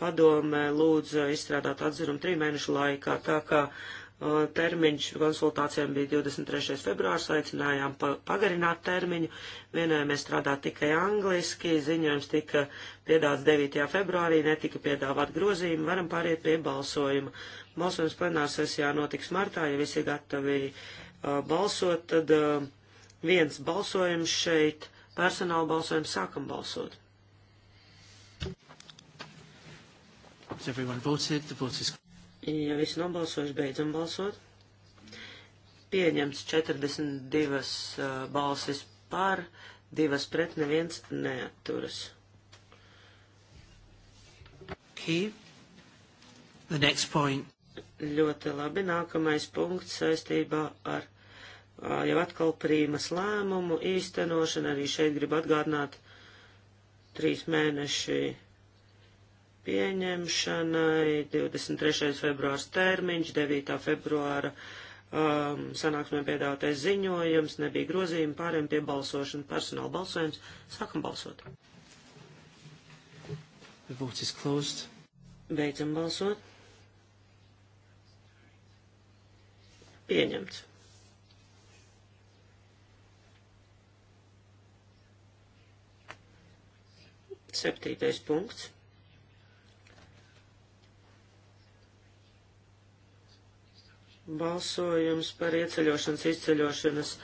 padomē lūdz izstrādāt atzinumu trī mēnešu laikā, tā kā uh, termiņš konsultācijām bija 23. februārs, aicinājām pa pagarināt termiņu, vienojāmies strādāt tikai angliski, ziņojums tika piedāts 9. februārī, netika piedāvāt grozījumi, varam pāriet pie balsojuma. Uh, Balsojums plenārsesijā notiks martā, ja visi gatavi uh, balsot, tad uh, viens balsojums šeit, personāla balsojums, sākam balsot. Ja visi nobalsojuši, beidzam balsot. Pieņemts 42 uh, balsis pār, divas pret, neviens neaturas. Okay. The next point. Ļoti labi. Nākamais punkts saistībā ar jau atkal prīmas lēmumu īstenošanu. Arī šeit gribu atgādināt trīs mēneši pieņemšanai, 23. februārs termiņš, 9. februāra um, sanāksmē piedāvātais ziņojums, nebija grozījumi, pārējiem pie balsošana, personāla balsojums. Sākam balsot. Beidzam balsot. Pieņemts. Septītais punkts. Balsojums par ieceļošanas izceļošanas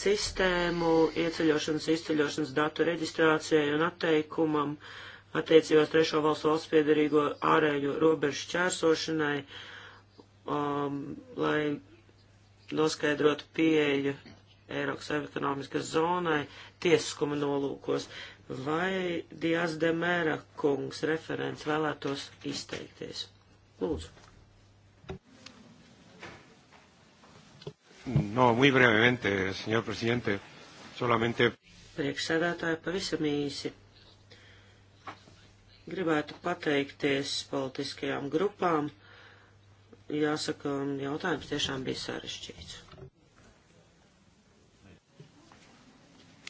sistēmu, ieceļošanas izceļošanas datu reģistrācijai un atteikumam attiecībās trešo valstu valsts piedarīgo ārēju robežu šķērsošanai, um, lai noskaidrot pieeju Eiropas ekonomiskas zonai tiesiskuma nolūkos. Vai Dias de Mera kungs referents vēlētos izteikties? Lūdzu. No, muy brevemente, señor presidente, solamente. Priekšsēdētāji pavisam īsi. Gribētu pateikties politiskajām grupām jāsaka, jautājums tiešām bija sarežģīts.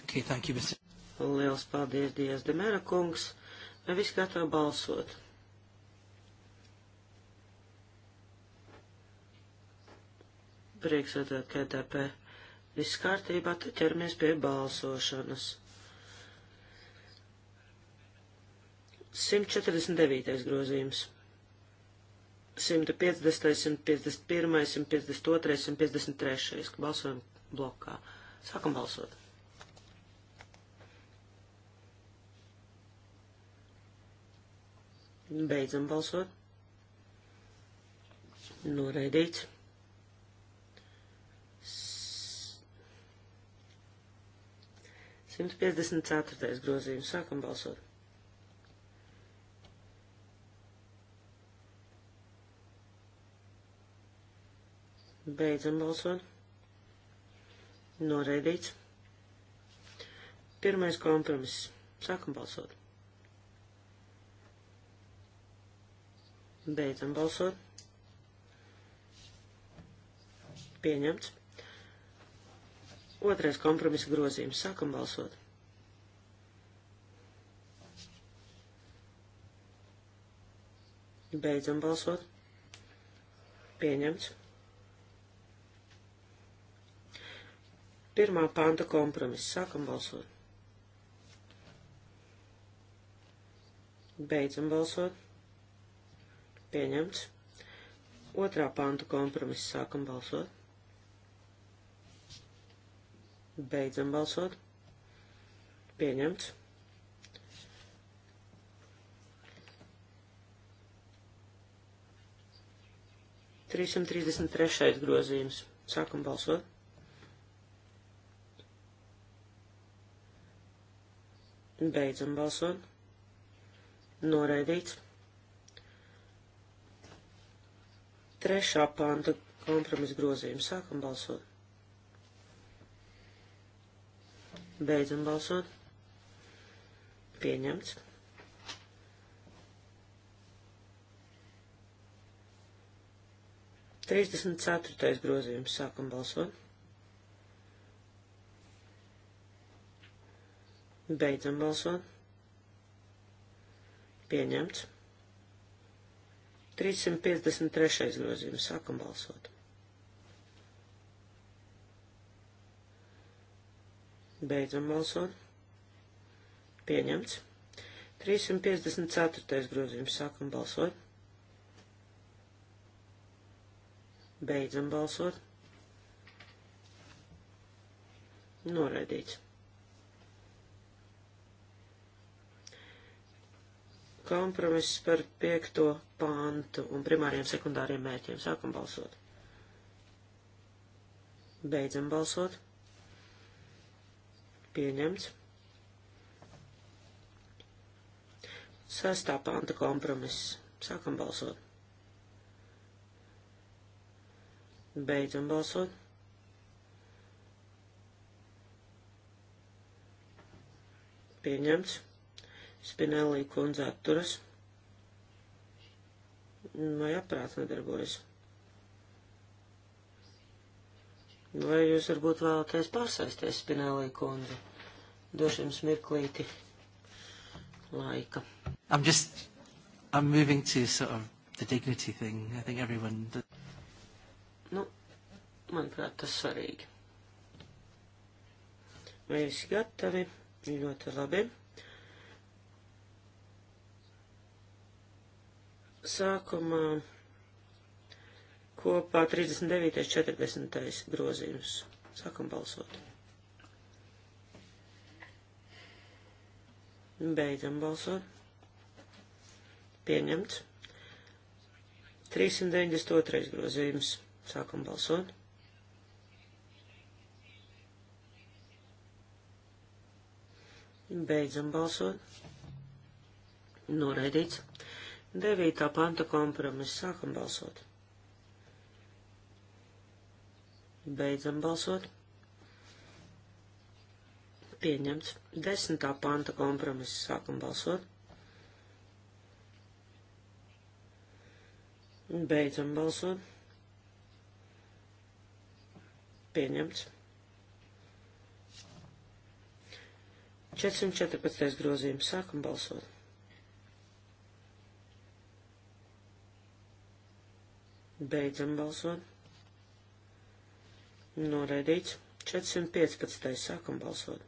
Okay, thank you, Mr. Liels paldies, Dievs, Demēra kungs. Vai viss gatavo balsot? Priekšsēdēt KDP. Viss kārtībā, tad ķeramies pie balsošanas. 149. grozījums. 150, 151, 152, 153. Balsojam blokā. Sākam balsot. Beidzam balsot. Noraidīts. Simts piecdesmit ceturtais grozījums. Sākam balsot. Beidzam balsot. Noraidīts. Pirmais kompromiss. Sākam balsot. Beidzam balsot. Pieņemts. Otrais kompromisa grozījums. Sākam balsot. Beidzam balsot. Pieņemts. Pirmā panta kompromiss. Sākam balsot. Beidzam balsot. Pieņemts. Otrā panta kompromiss. Sākam balsot. Beidzam balsot. Pieņemts. Trīsim trīsdesmit trešais grozījums. Sākam balsot. Beidzam balsot. Noraidīts. Trešā panta kompromisa grozījums. Sākam balsot. Beidzam balsot. Pieņemts. Trīsdesmit ceturtais grozījums. Sākam balsot. Beidzam balsot. Pieņemts. 353. grozījums. Sākam balsot. Beidzam balsot. Pieņemts. 354. grozījums. Sākam balsot. Beidzam balsot. Noraidīts. Kompromiss par piekto pantu un primāriem sekundāriem mērķiem. Sākam balsot. Beidzam balsot. Pieņemts. Sestā panta kompromiss. Sākam balsot. Beidzam balsot. Pieņemts. Spinelli kundze atturas. Vai apprāts nedarbojas? Vai jūs varbūt vēlaties pārsaisties Spinelli kundze? Došu jums mirklīti laika. I'm just, I'm moving to sort of the dignity thing. I think everyone... Did. Nu, manuprāt, tas svarīgi. Vai visi gatavi? Ļoti labi. sākumā kopā 39. 40. grozījums. Sākam balsot. Beidzam balsot. Pieņemts. 392. grozījums. Sākam balsot. Beidzam balsot. Noraidīts. Devītā panta kompromiss. Sākam balsot. Beidzam balsot. Pieņemts. Desmitā panta kompromiss. Sākam balsot. Beidzam balsot. Pieņemts. 414. grozījums. Sākam balsot. Beidzam balsot. Noraidīts. 415. Sākam balsot.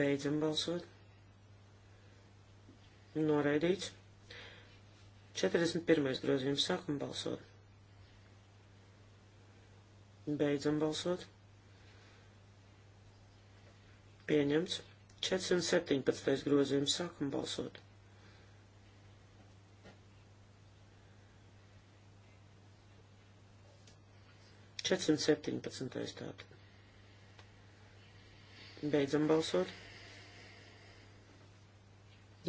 Beidzam balsot. Noraidīts. 41. grozījums. Sākam balsot. Beidzam balsot. Pieņemts. 417. grozījums. Sākam balsot. 417. tātad. Beidzam balsot.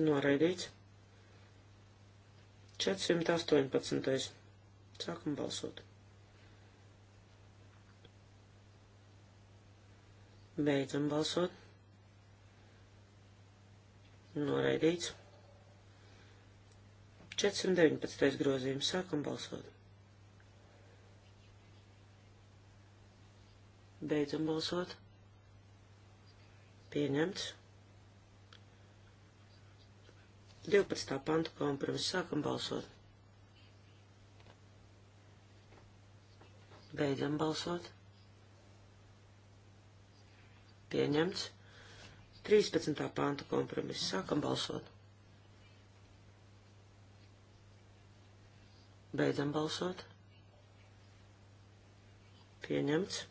Noraidīts. 418. Sākam balsot. Beidzam balsot. Noraidīts. 419. grozījums. Sākam balsot. Beidzam balsot. Pieņemts. 12. pantu kompromiss. Sākam balsot. Beidzam balsot. Pieņemts. 13. pantu kompromiss. Sākam balsot. Beidzam balsot. Pieņemts.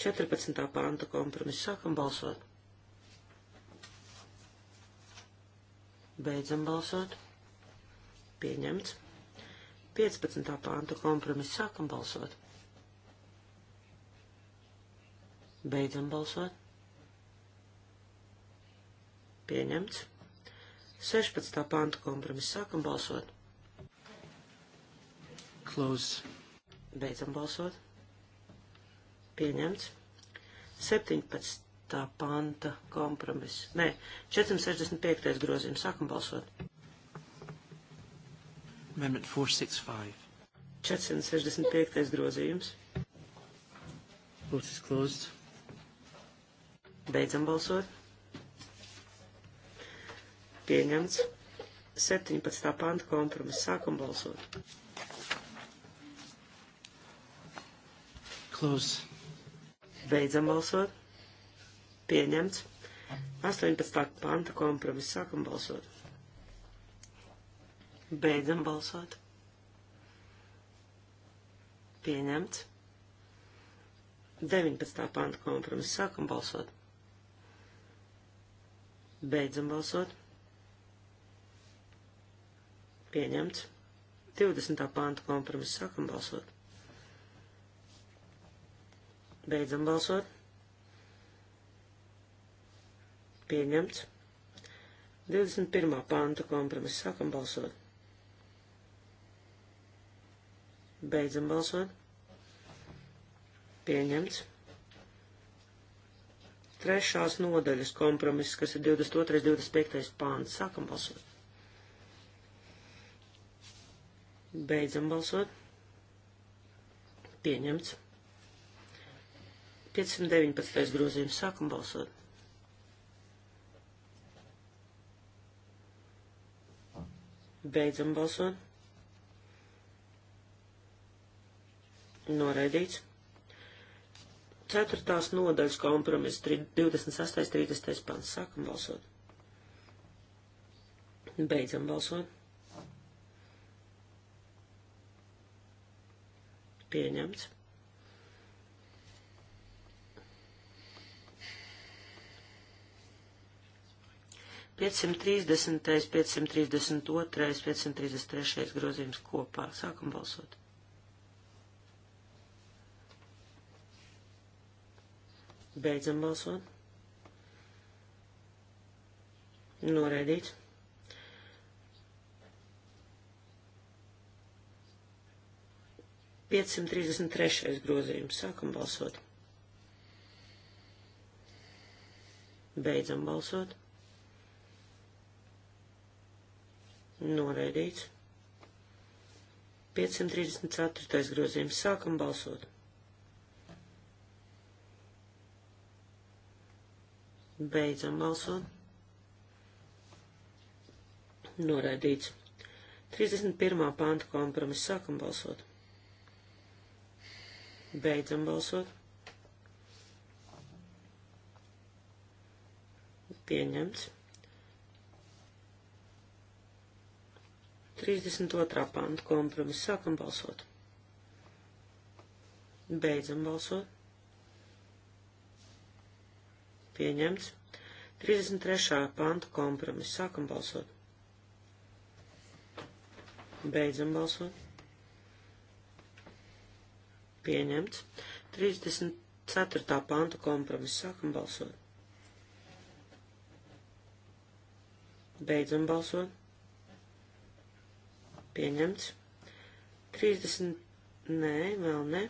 14. pānta kompromiss. Sākam balsot. Beidzam balsot. Pieņemts. 15. pānta kompromiss. Sākam balsot. Beidzam balsot. Pieņemts. 16. pānta kompromiss. Sākam balsot. Close. Beidzam balsot pieņemts. 17. panta kompromiss. Nē, 465. grozījums. Sākam balsot. Amendment 465. 465. grozījums. Vote is closed. Beidzam balsot. Pieņemts. 17. panta kompromiss. Sākam balsot. Close. Beidzam balsot. Pieņemts. 18. panta kompromiss. Sākam balsot. Beidzam balsot. Pieņemts. 19. panta kompromiss. Sākam balsot. Beidzam balsot. Pieņemts. 20. panta kompromiss. Sākam balsot. Beidzam balsot. Pieņemts. 21. pānta kompromiss. Sākam balsot. Beidzam balsot. Pieņemts. Trešās nodaļas kompromiss, kas ir 22. 25. pāns. Sākam balsot. Beidzam balsot. Pieņemts. 519. grozījums. Sākam balsot. Beidzam balsot. Noraidīts. Ceturtās nodaļas kompromiss 26. 30. pants. Sākam balsot. Beidzam balsot. Pieņemts. 530, 532, 533 grozījums kopā. Sākam balsot. Beidzam balsot. Noraidīts. Piecsimt trīsdesmit trešais grozījums. Sākam balsot. Beidzam balsot. Noraidīts. 534. grozījums. Sākam balsot. Beidzam balsot. Noraidīts. 31. pānta kompromiss. Sākam balsot. Beidzam balsot. Pieņemts. 32. pānta kompromiss. Sākam balsot. Beidzam balsot. Pieņemts. 33. pānta kompromiss. Sākam balsot. Beidzam balsot. Pieņemts. 34. pānta kompromiss. Sākam balsot. Beidzam balsot. Pieņemts. 30. Nē, vēl ne.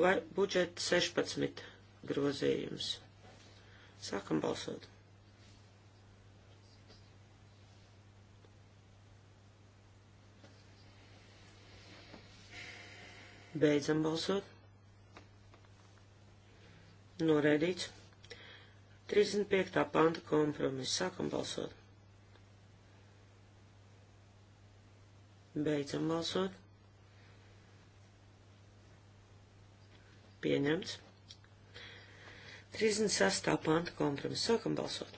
Budžeta 16 grozījums. Sākam balsot. Beidzam balsot. Noraidīts. 35. panta kompromiss. Sākam balsot. Beidzam balsot. Pieņemts. 36. panta kompromis. Sākam balsot.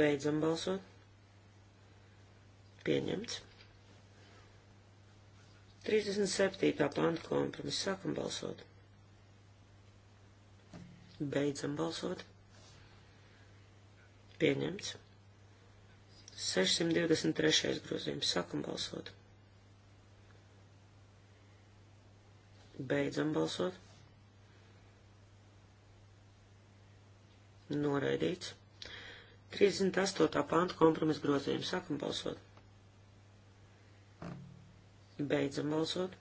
Beidzam balsot. Pieņemts. 37. panta kompromis. Sākam balsot. Beidzam balsot. Pieņemts. 623. grozījums. Sākam balsot. Beidzam balsot. Noraidīts. 38. pānta kompromisa grozījums. Sākam balsot. Beidzam balsot.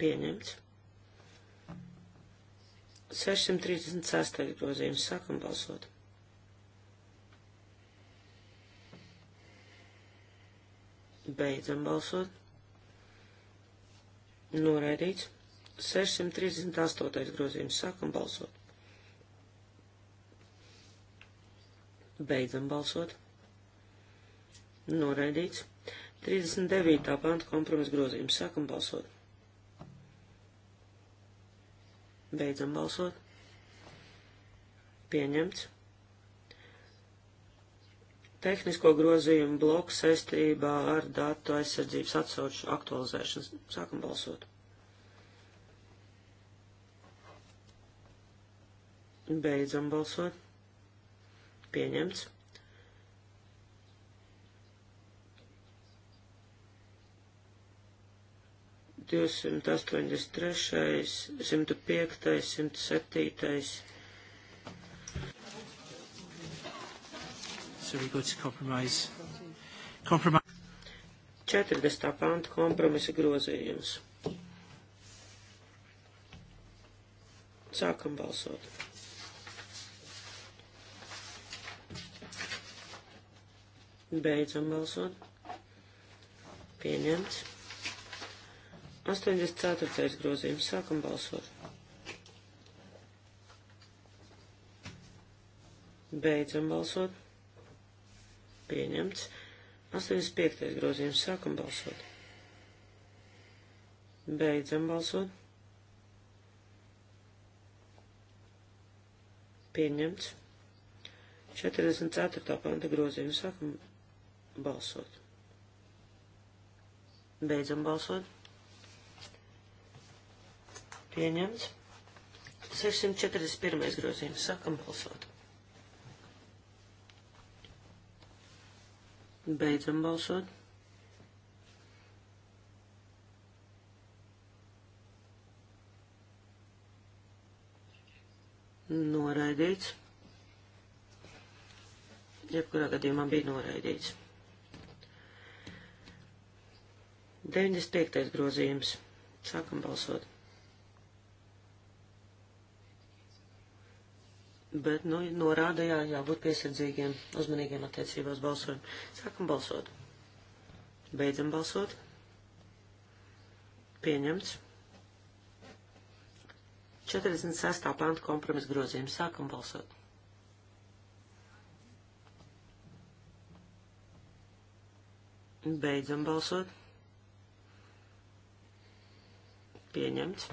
Pieņemts. 636. grozījums. Sākam balsot. Beidzam balsot. Noraidīts. 638. grozījums. Sākam balsot. Beidzam balsot. Noraidīts. 39. panta kompromisa grozījums. Sākam balsot. Beidzam balsot. Pieņemts tehnisko grozījumu bloku saistībā ar datu aizsardzības atsauču aktualizēšanu. Sākam balsot. Beidzam balsot. Pieņemts. Divsimt astoņdesmit trešais, simt piektais, simt septītais. so we go to compromise. Compromise. 40. panta kompromisa grozījums. Sākam balsot. Beidzam balsot. Pieņemts. 84. grozījums. Sākam balsot. Beidzam balsot pieņemts. 85. grozījums sākam balsot. Beidzam balsot. Pieņemts. 44. panta grozījums sākam balsot. Beidzam balsot. Pieņemts. 641. grozījums sākam balsot. Beidzam balsot. Noraidīts. Jebkurā gadījumā bija noraidīts. 95. grozījums. Sākam balsot. bet, nu, norāda jā, jābūt piesardzīgiem, uzmanīgiem attiecībās balsojumu. Sākam balsot. Beidzam balsot. Pieņemts. 46. pānta kompromisa grozījums. Sākam balsot. Beidzam balsot. Pieņemts.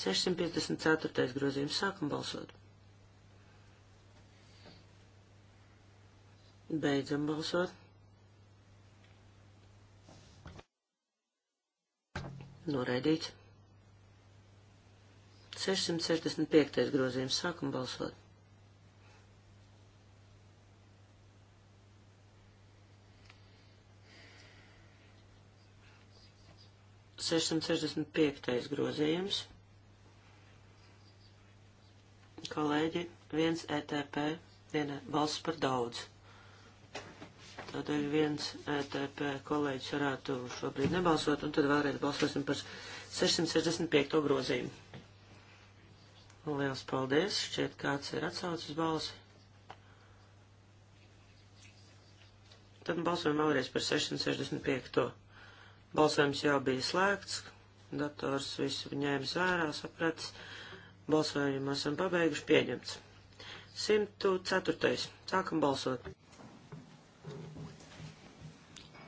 654. grozījums sākam balsot. Beidzam balsot. Noraidīts. 665. grozījums sākam balsot. Sešsimt sešdesmit piektais grozījums. Kolēģi, viens ETP, viena balss par daudz. Tādēļ viens ETP kolēģis varētu šobrīd nebalsot, un tad vēlreiz balsosim par 665. grozījumu. Liels paldies! Šķiet, kāds ir atsaucis balsi. Tad balsojam vēlreiz par 665. Balsojums jau bija slēgts, dators visu ņēmis vērā, sapratis. Balsojumu esam pabeiguši pieņemts. 104. Sākam balsot.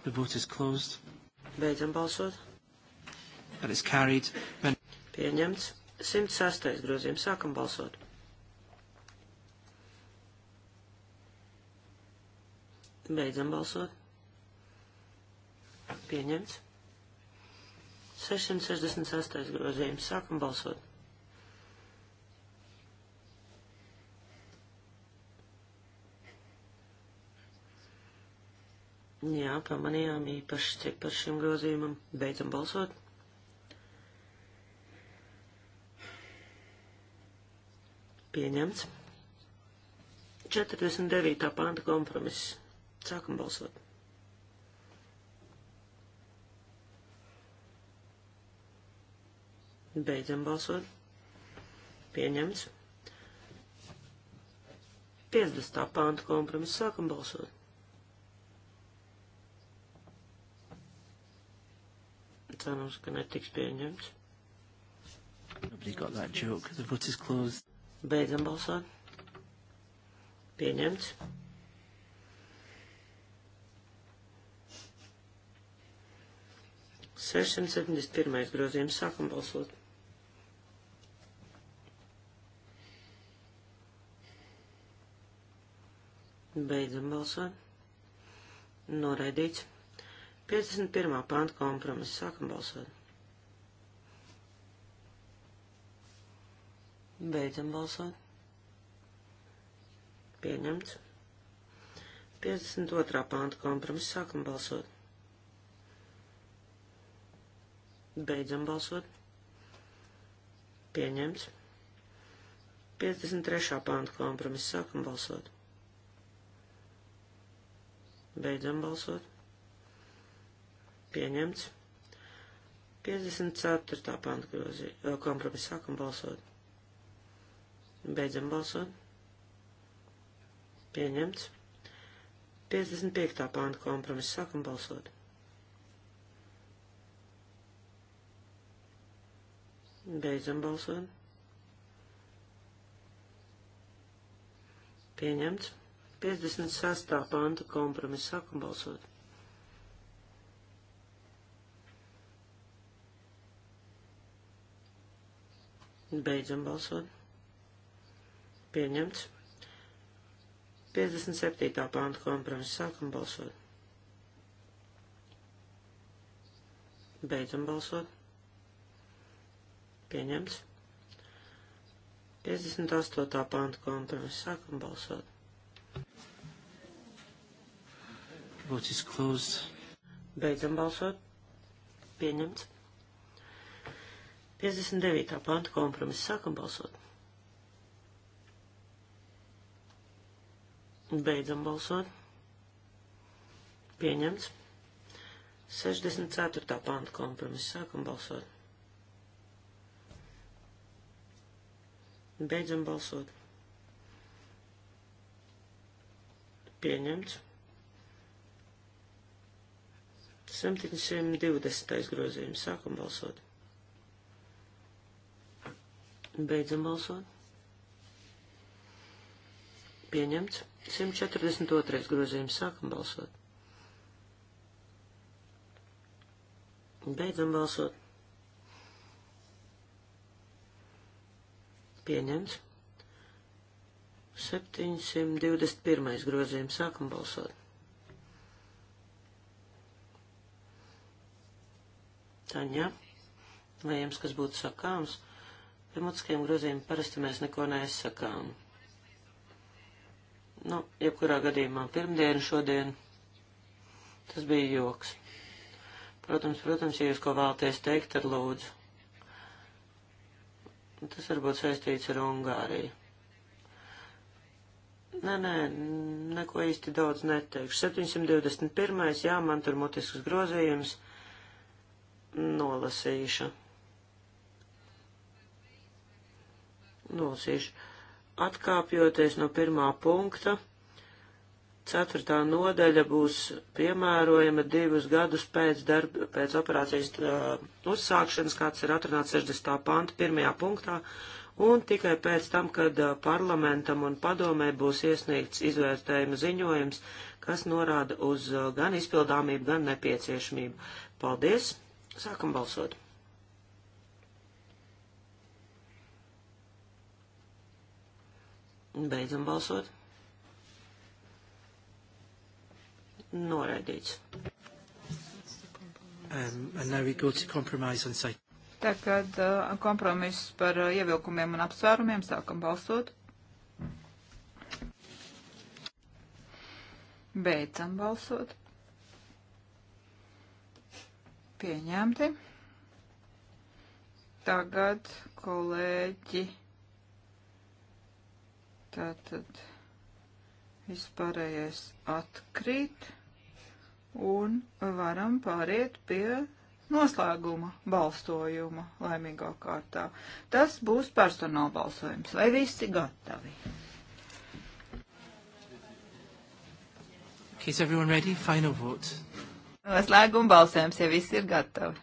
The vote is closed. Beidzam balsot. That is carried. Ben... Pieņemts. 106. grozījums. Sākam balsot. Beidzam balsot. Pieņemts. 668. grozījums. Sākam balsot. Jā, pamanījām īpaši cik par šim grozījumam. Beidzam balsot. Pieņemts. 49. panta kompromiss. Sākam balsot. Beidzam balsot. Pieņemts. 50. panta kompromiss. Sākam balsot. cerams, ka netiks pieņemts. Beidzam balsot. Pieņemts. Sešsimt septiņdesmit pirmais grozījums. Sākam balsot. Beidzam balsot. Noraidīts. 51. pānta kompromiss. Sākam balsot. Beidzam balsot. Pieņemts. 52. pānta kompromiss. Sākam balsot. Beidzam balsot. Pieņemts. 53. pānta kompromiss. Sākam balsot. Beidzam balsot pieņemts. 54. panta grozi, eh, kompromiss sākam balsot. Beidzam balsot. Pieņemts. 55. panta kompromiss sākam balsot. Beidzam balsot. Pieņemts. 56. panta kompromiss sākam balsot. Beidzam balsot. Pieņemts. 57. pānta kompromiss. Sākam balsot. Beidzam balsot. Pieņemts. 58. pānta kompromiss. Sākam balsot. Vote is closed. Beidzam balsot. Pieņemts. 59. panta kompromiss. Sākam balsot. Beidzam balsot. Pieņemts. 64. panta kompromiss. Sākam balsot. Beidzam balsot. Pieņemts. 720. grozījums. Sākam balsot. Beidzam balsot. Pieņemts. 142. grozījums. Sākam balsot. Beidzam balsot. Pieņemts. 721. grozījums. Sākam balsot. Taņa, vai jums kas būtu sakāms? Par mutiskiem grozījumiem parasti mēs neko nesakām. Nu, jebkurā gadījumā pirmdien, šodien tas bija joks. Protams, protams, ja jūs ko vēlaties teikt, tad lūdzu. Tas varbūt saistīts ar Ungāriju. Nē, nē, neko īsti daudz neteikšu. 721. jā, man tur mutisks grozījums nolasīšu. nolasīšu. Atkāpjoties no pirmā punkta, ceturtā nodaļa būs piemērojama divus gadus pēc, darba, pēc operācijas uh, uzsākšanas, kāds ir atrunāts 60. panta pirmajā punktā, un tikai pēc tam, kad uh, parlamentam un padomē būs iesniegts izvērtējuma ziņojums, kas norāda uz uh, gan izpildāmību, gan nepieciešamību. Paldies! Sākam balsot! Beidzam balsot. Noraidīts. Um, and now we go to compromise on site. Tagad uh, kompromiss par uh, ievilkumiem un apsvērumiem. Sākam balsot. Beidzam balsot. Pieņemti. Tagad kolēģi Tātad vispārējais atkrīt un varam pāriet pie noslēguma balsojuma laimīgā kārtā. Tas būs personāla balsojums. Vai visi gatavi? Okay, is everyone ready? Final vote. Noslēguma balsojums, ja visi ir gatavi.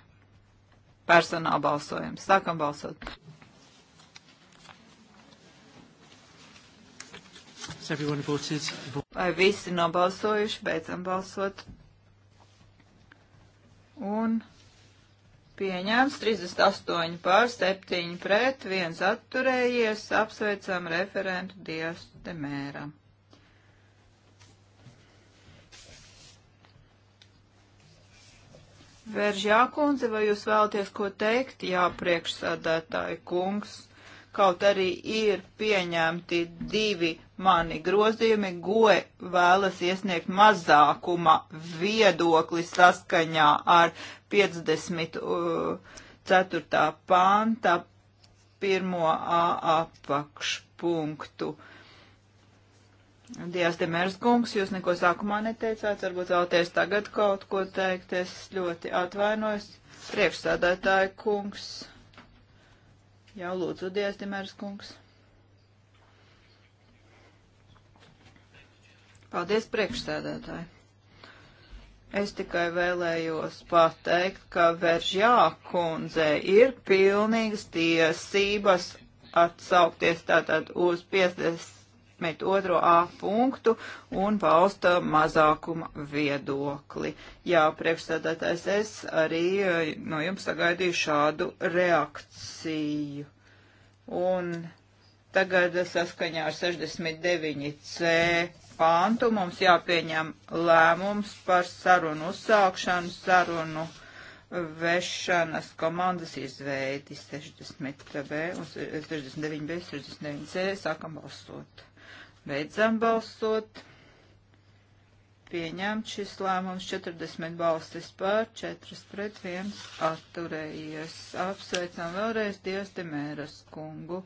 Personāla balsojums. Sākam balsot. Vai visi nobalsojuši? Beidzam balsot. Un pieņēmts 38 pār 7 pret, viens atturējies, apsveicam referentu Dievs Demēra. Veržjā kundze, vai jūs vēlaties ko teikt? Jā, priekšsādātāji kungs, kaut arī ir pieņemti divi mani grozījumi. Goe vēlas iesniegt mazākuma viedokli saskaņā ar 54. Uh, pānta pirmo A apakšpunktu. Dijas Demers kungs, jūs neko sākumā neteicāt, varbūt vēlaties tagad kaut ko teikt, es ļoti atvainojos. Priekšsādātāja kungs, jau lūdzu, Dijas Demers kungs. Paldies, priekšsēdētāji. Es tikai vēlējos pateikt, ka Veržjā kundze ir pilnīgas tiesības atsaukties tātad uz 52. A punktu un valsta mazākuma viedokli. Jā, priekšsēdētājs, es arī eh, no jums sagaidīju šādu reakciju. Un tagad saskaņā ar 69C pāntu mums jāpieņem lēmums par sarunu uzsākšanu, sarunu vešanas komandas izveidi 60B un 69B, 69C. Sākam balsot. Beidzam balsot. Pieņemt šis lēmums 40 balstis pār, 4 pret 1 atturējies. Apsveicam vēlreiz Dievs Demēras kungu.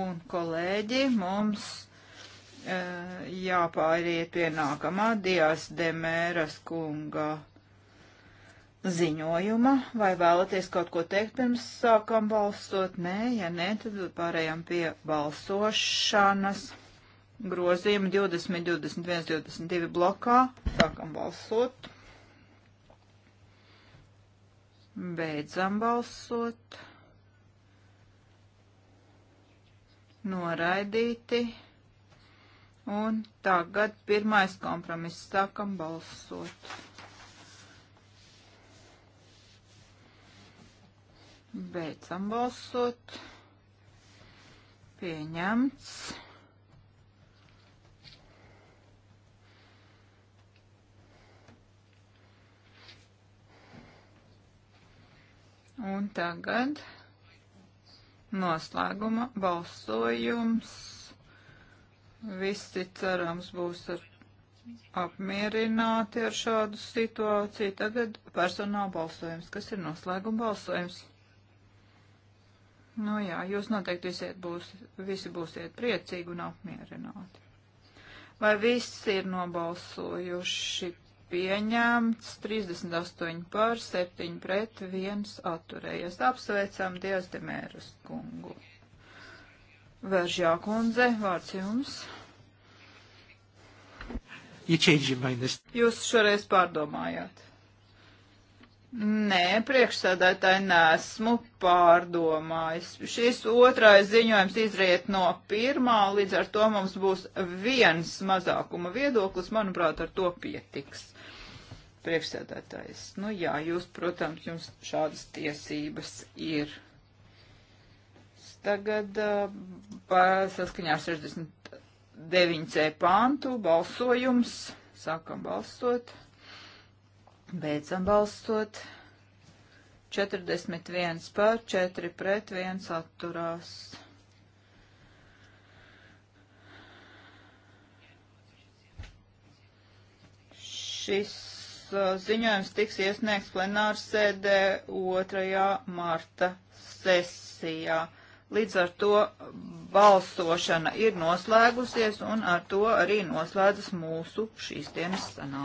Un kolēģi, mums Eh, jāpāriet pie nākamā Dijas Demēras kunga ziņojuma. Vai vēlaties kaut ko teikt pirms sākam balsot? Nē, ja nē, tad pārējām pie balsošanas. Grozījumi 20, 21, 22 blokā. Sākam balsot. Beidzam balsot. Noraidīti. Un tagad pirmais kompromiss. Sākam balsot. Beidzam balsot. Pieņemts. Un tagad noslēguma balsojums. Visi cerams būs ar apmierināti ar šādu situāciju. Tagad personāla balsojums, kas ir noslēguma balsojums. Nu jā, jūs noteikti visiet būs, visi būsiet priecīgi un apmierināti. Vai viss ir nobalsojuši pieņemts 38 pār 7 pret 1 atturējies? Apsveicam Dievs Demērus kungu. Veržjā kundze, vārds jums. Jūs šoreiz pārdomājāt. Nē, priekšsēdētāji nesmu pārdomājis. Šis otrais ziņojums izriet no pirmā, līdz ar to mums būs viens mazākuma viedoklis, manuprāt, ar to pietiks. Priekšsēdētājs, nu jā, jūs, protams, jums šādas tiesības ir. Tagad uh, saskaņā ar 69c pāntu balsojums. Sākam balsot. Beidzam balsot. 41 pār 4 pret 1 atturās. Šis uh, ziņojums tiks iesniegts plenārsēdē 2. marta sesijā. Līdz ar to balsošana ir noslēgusies un ar to arī noslēdzas mūsu šīs dienas sanāk.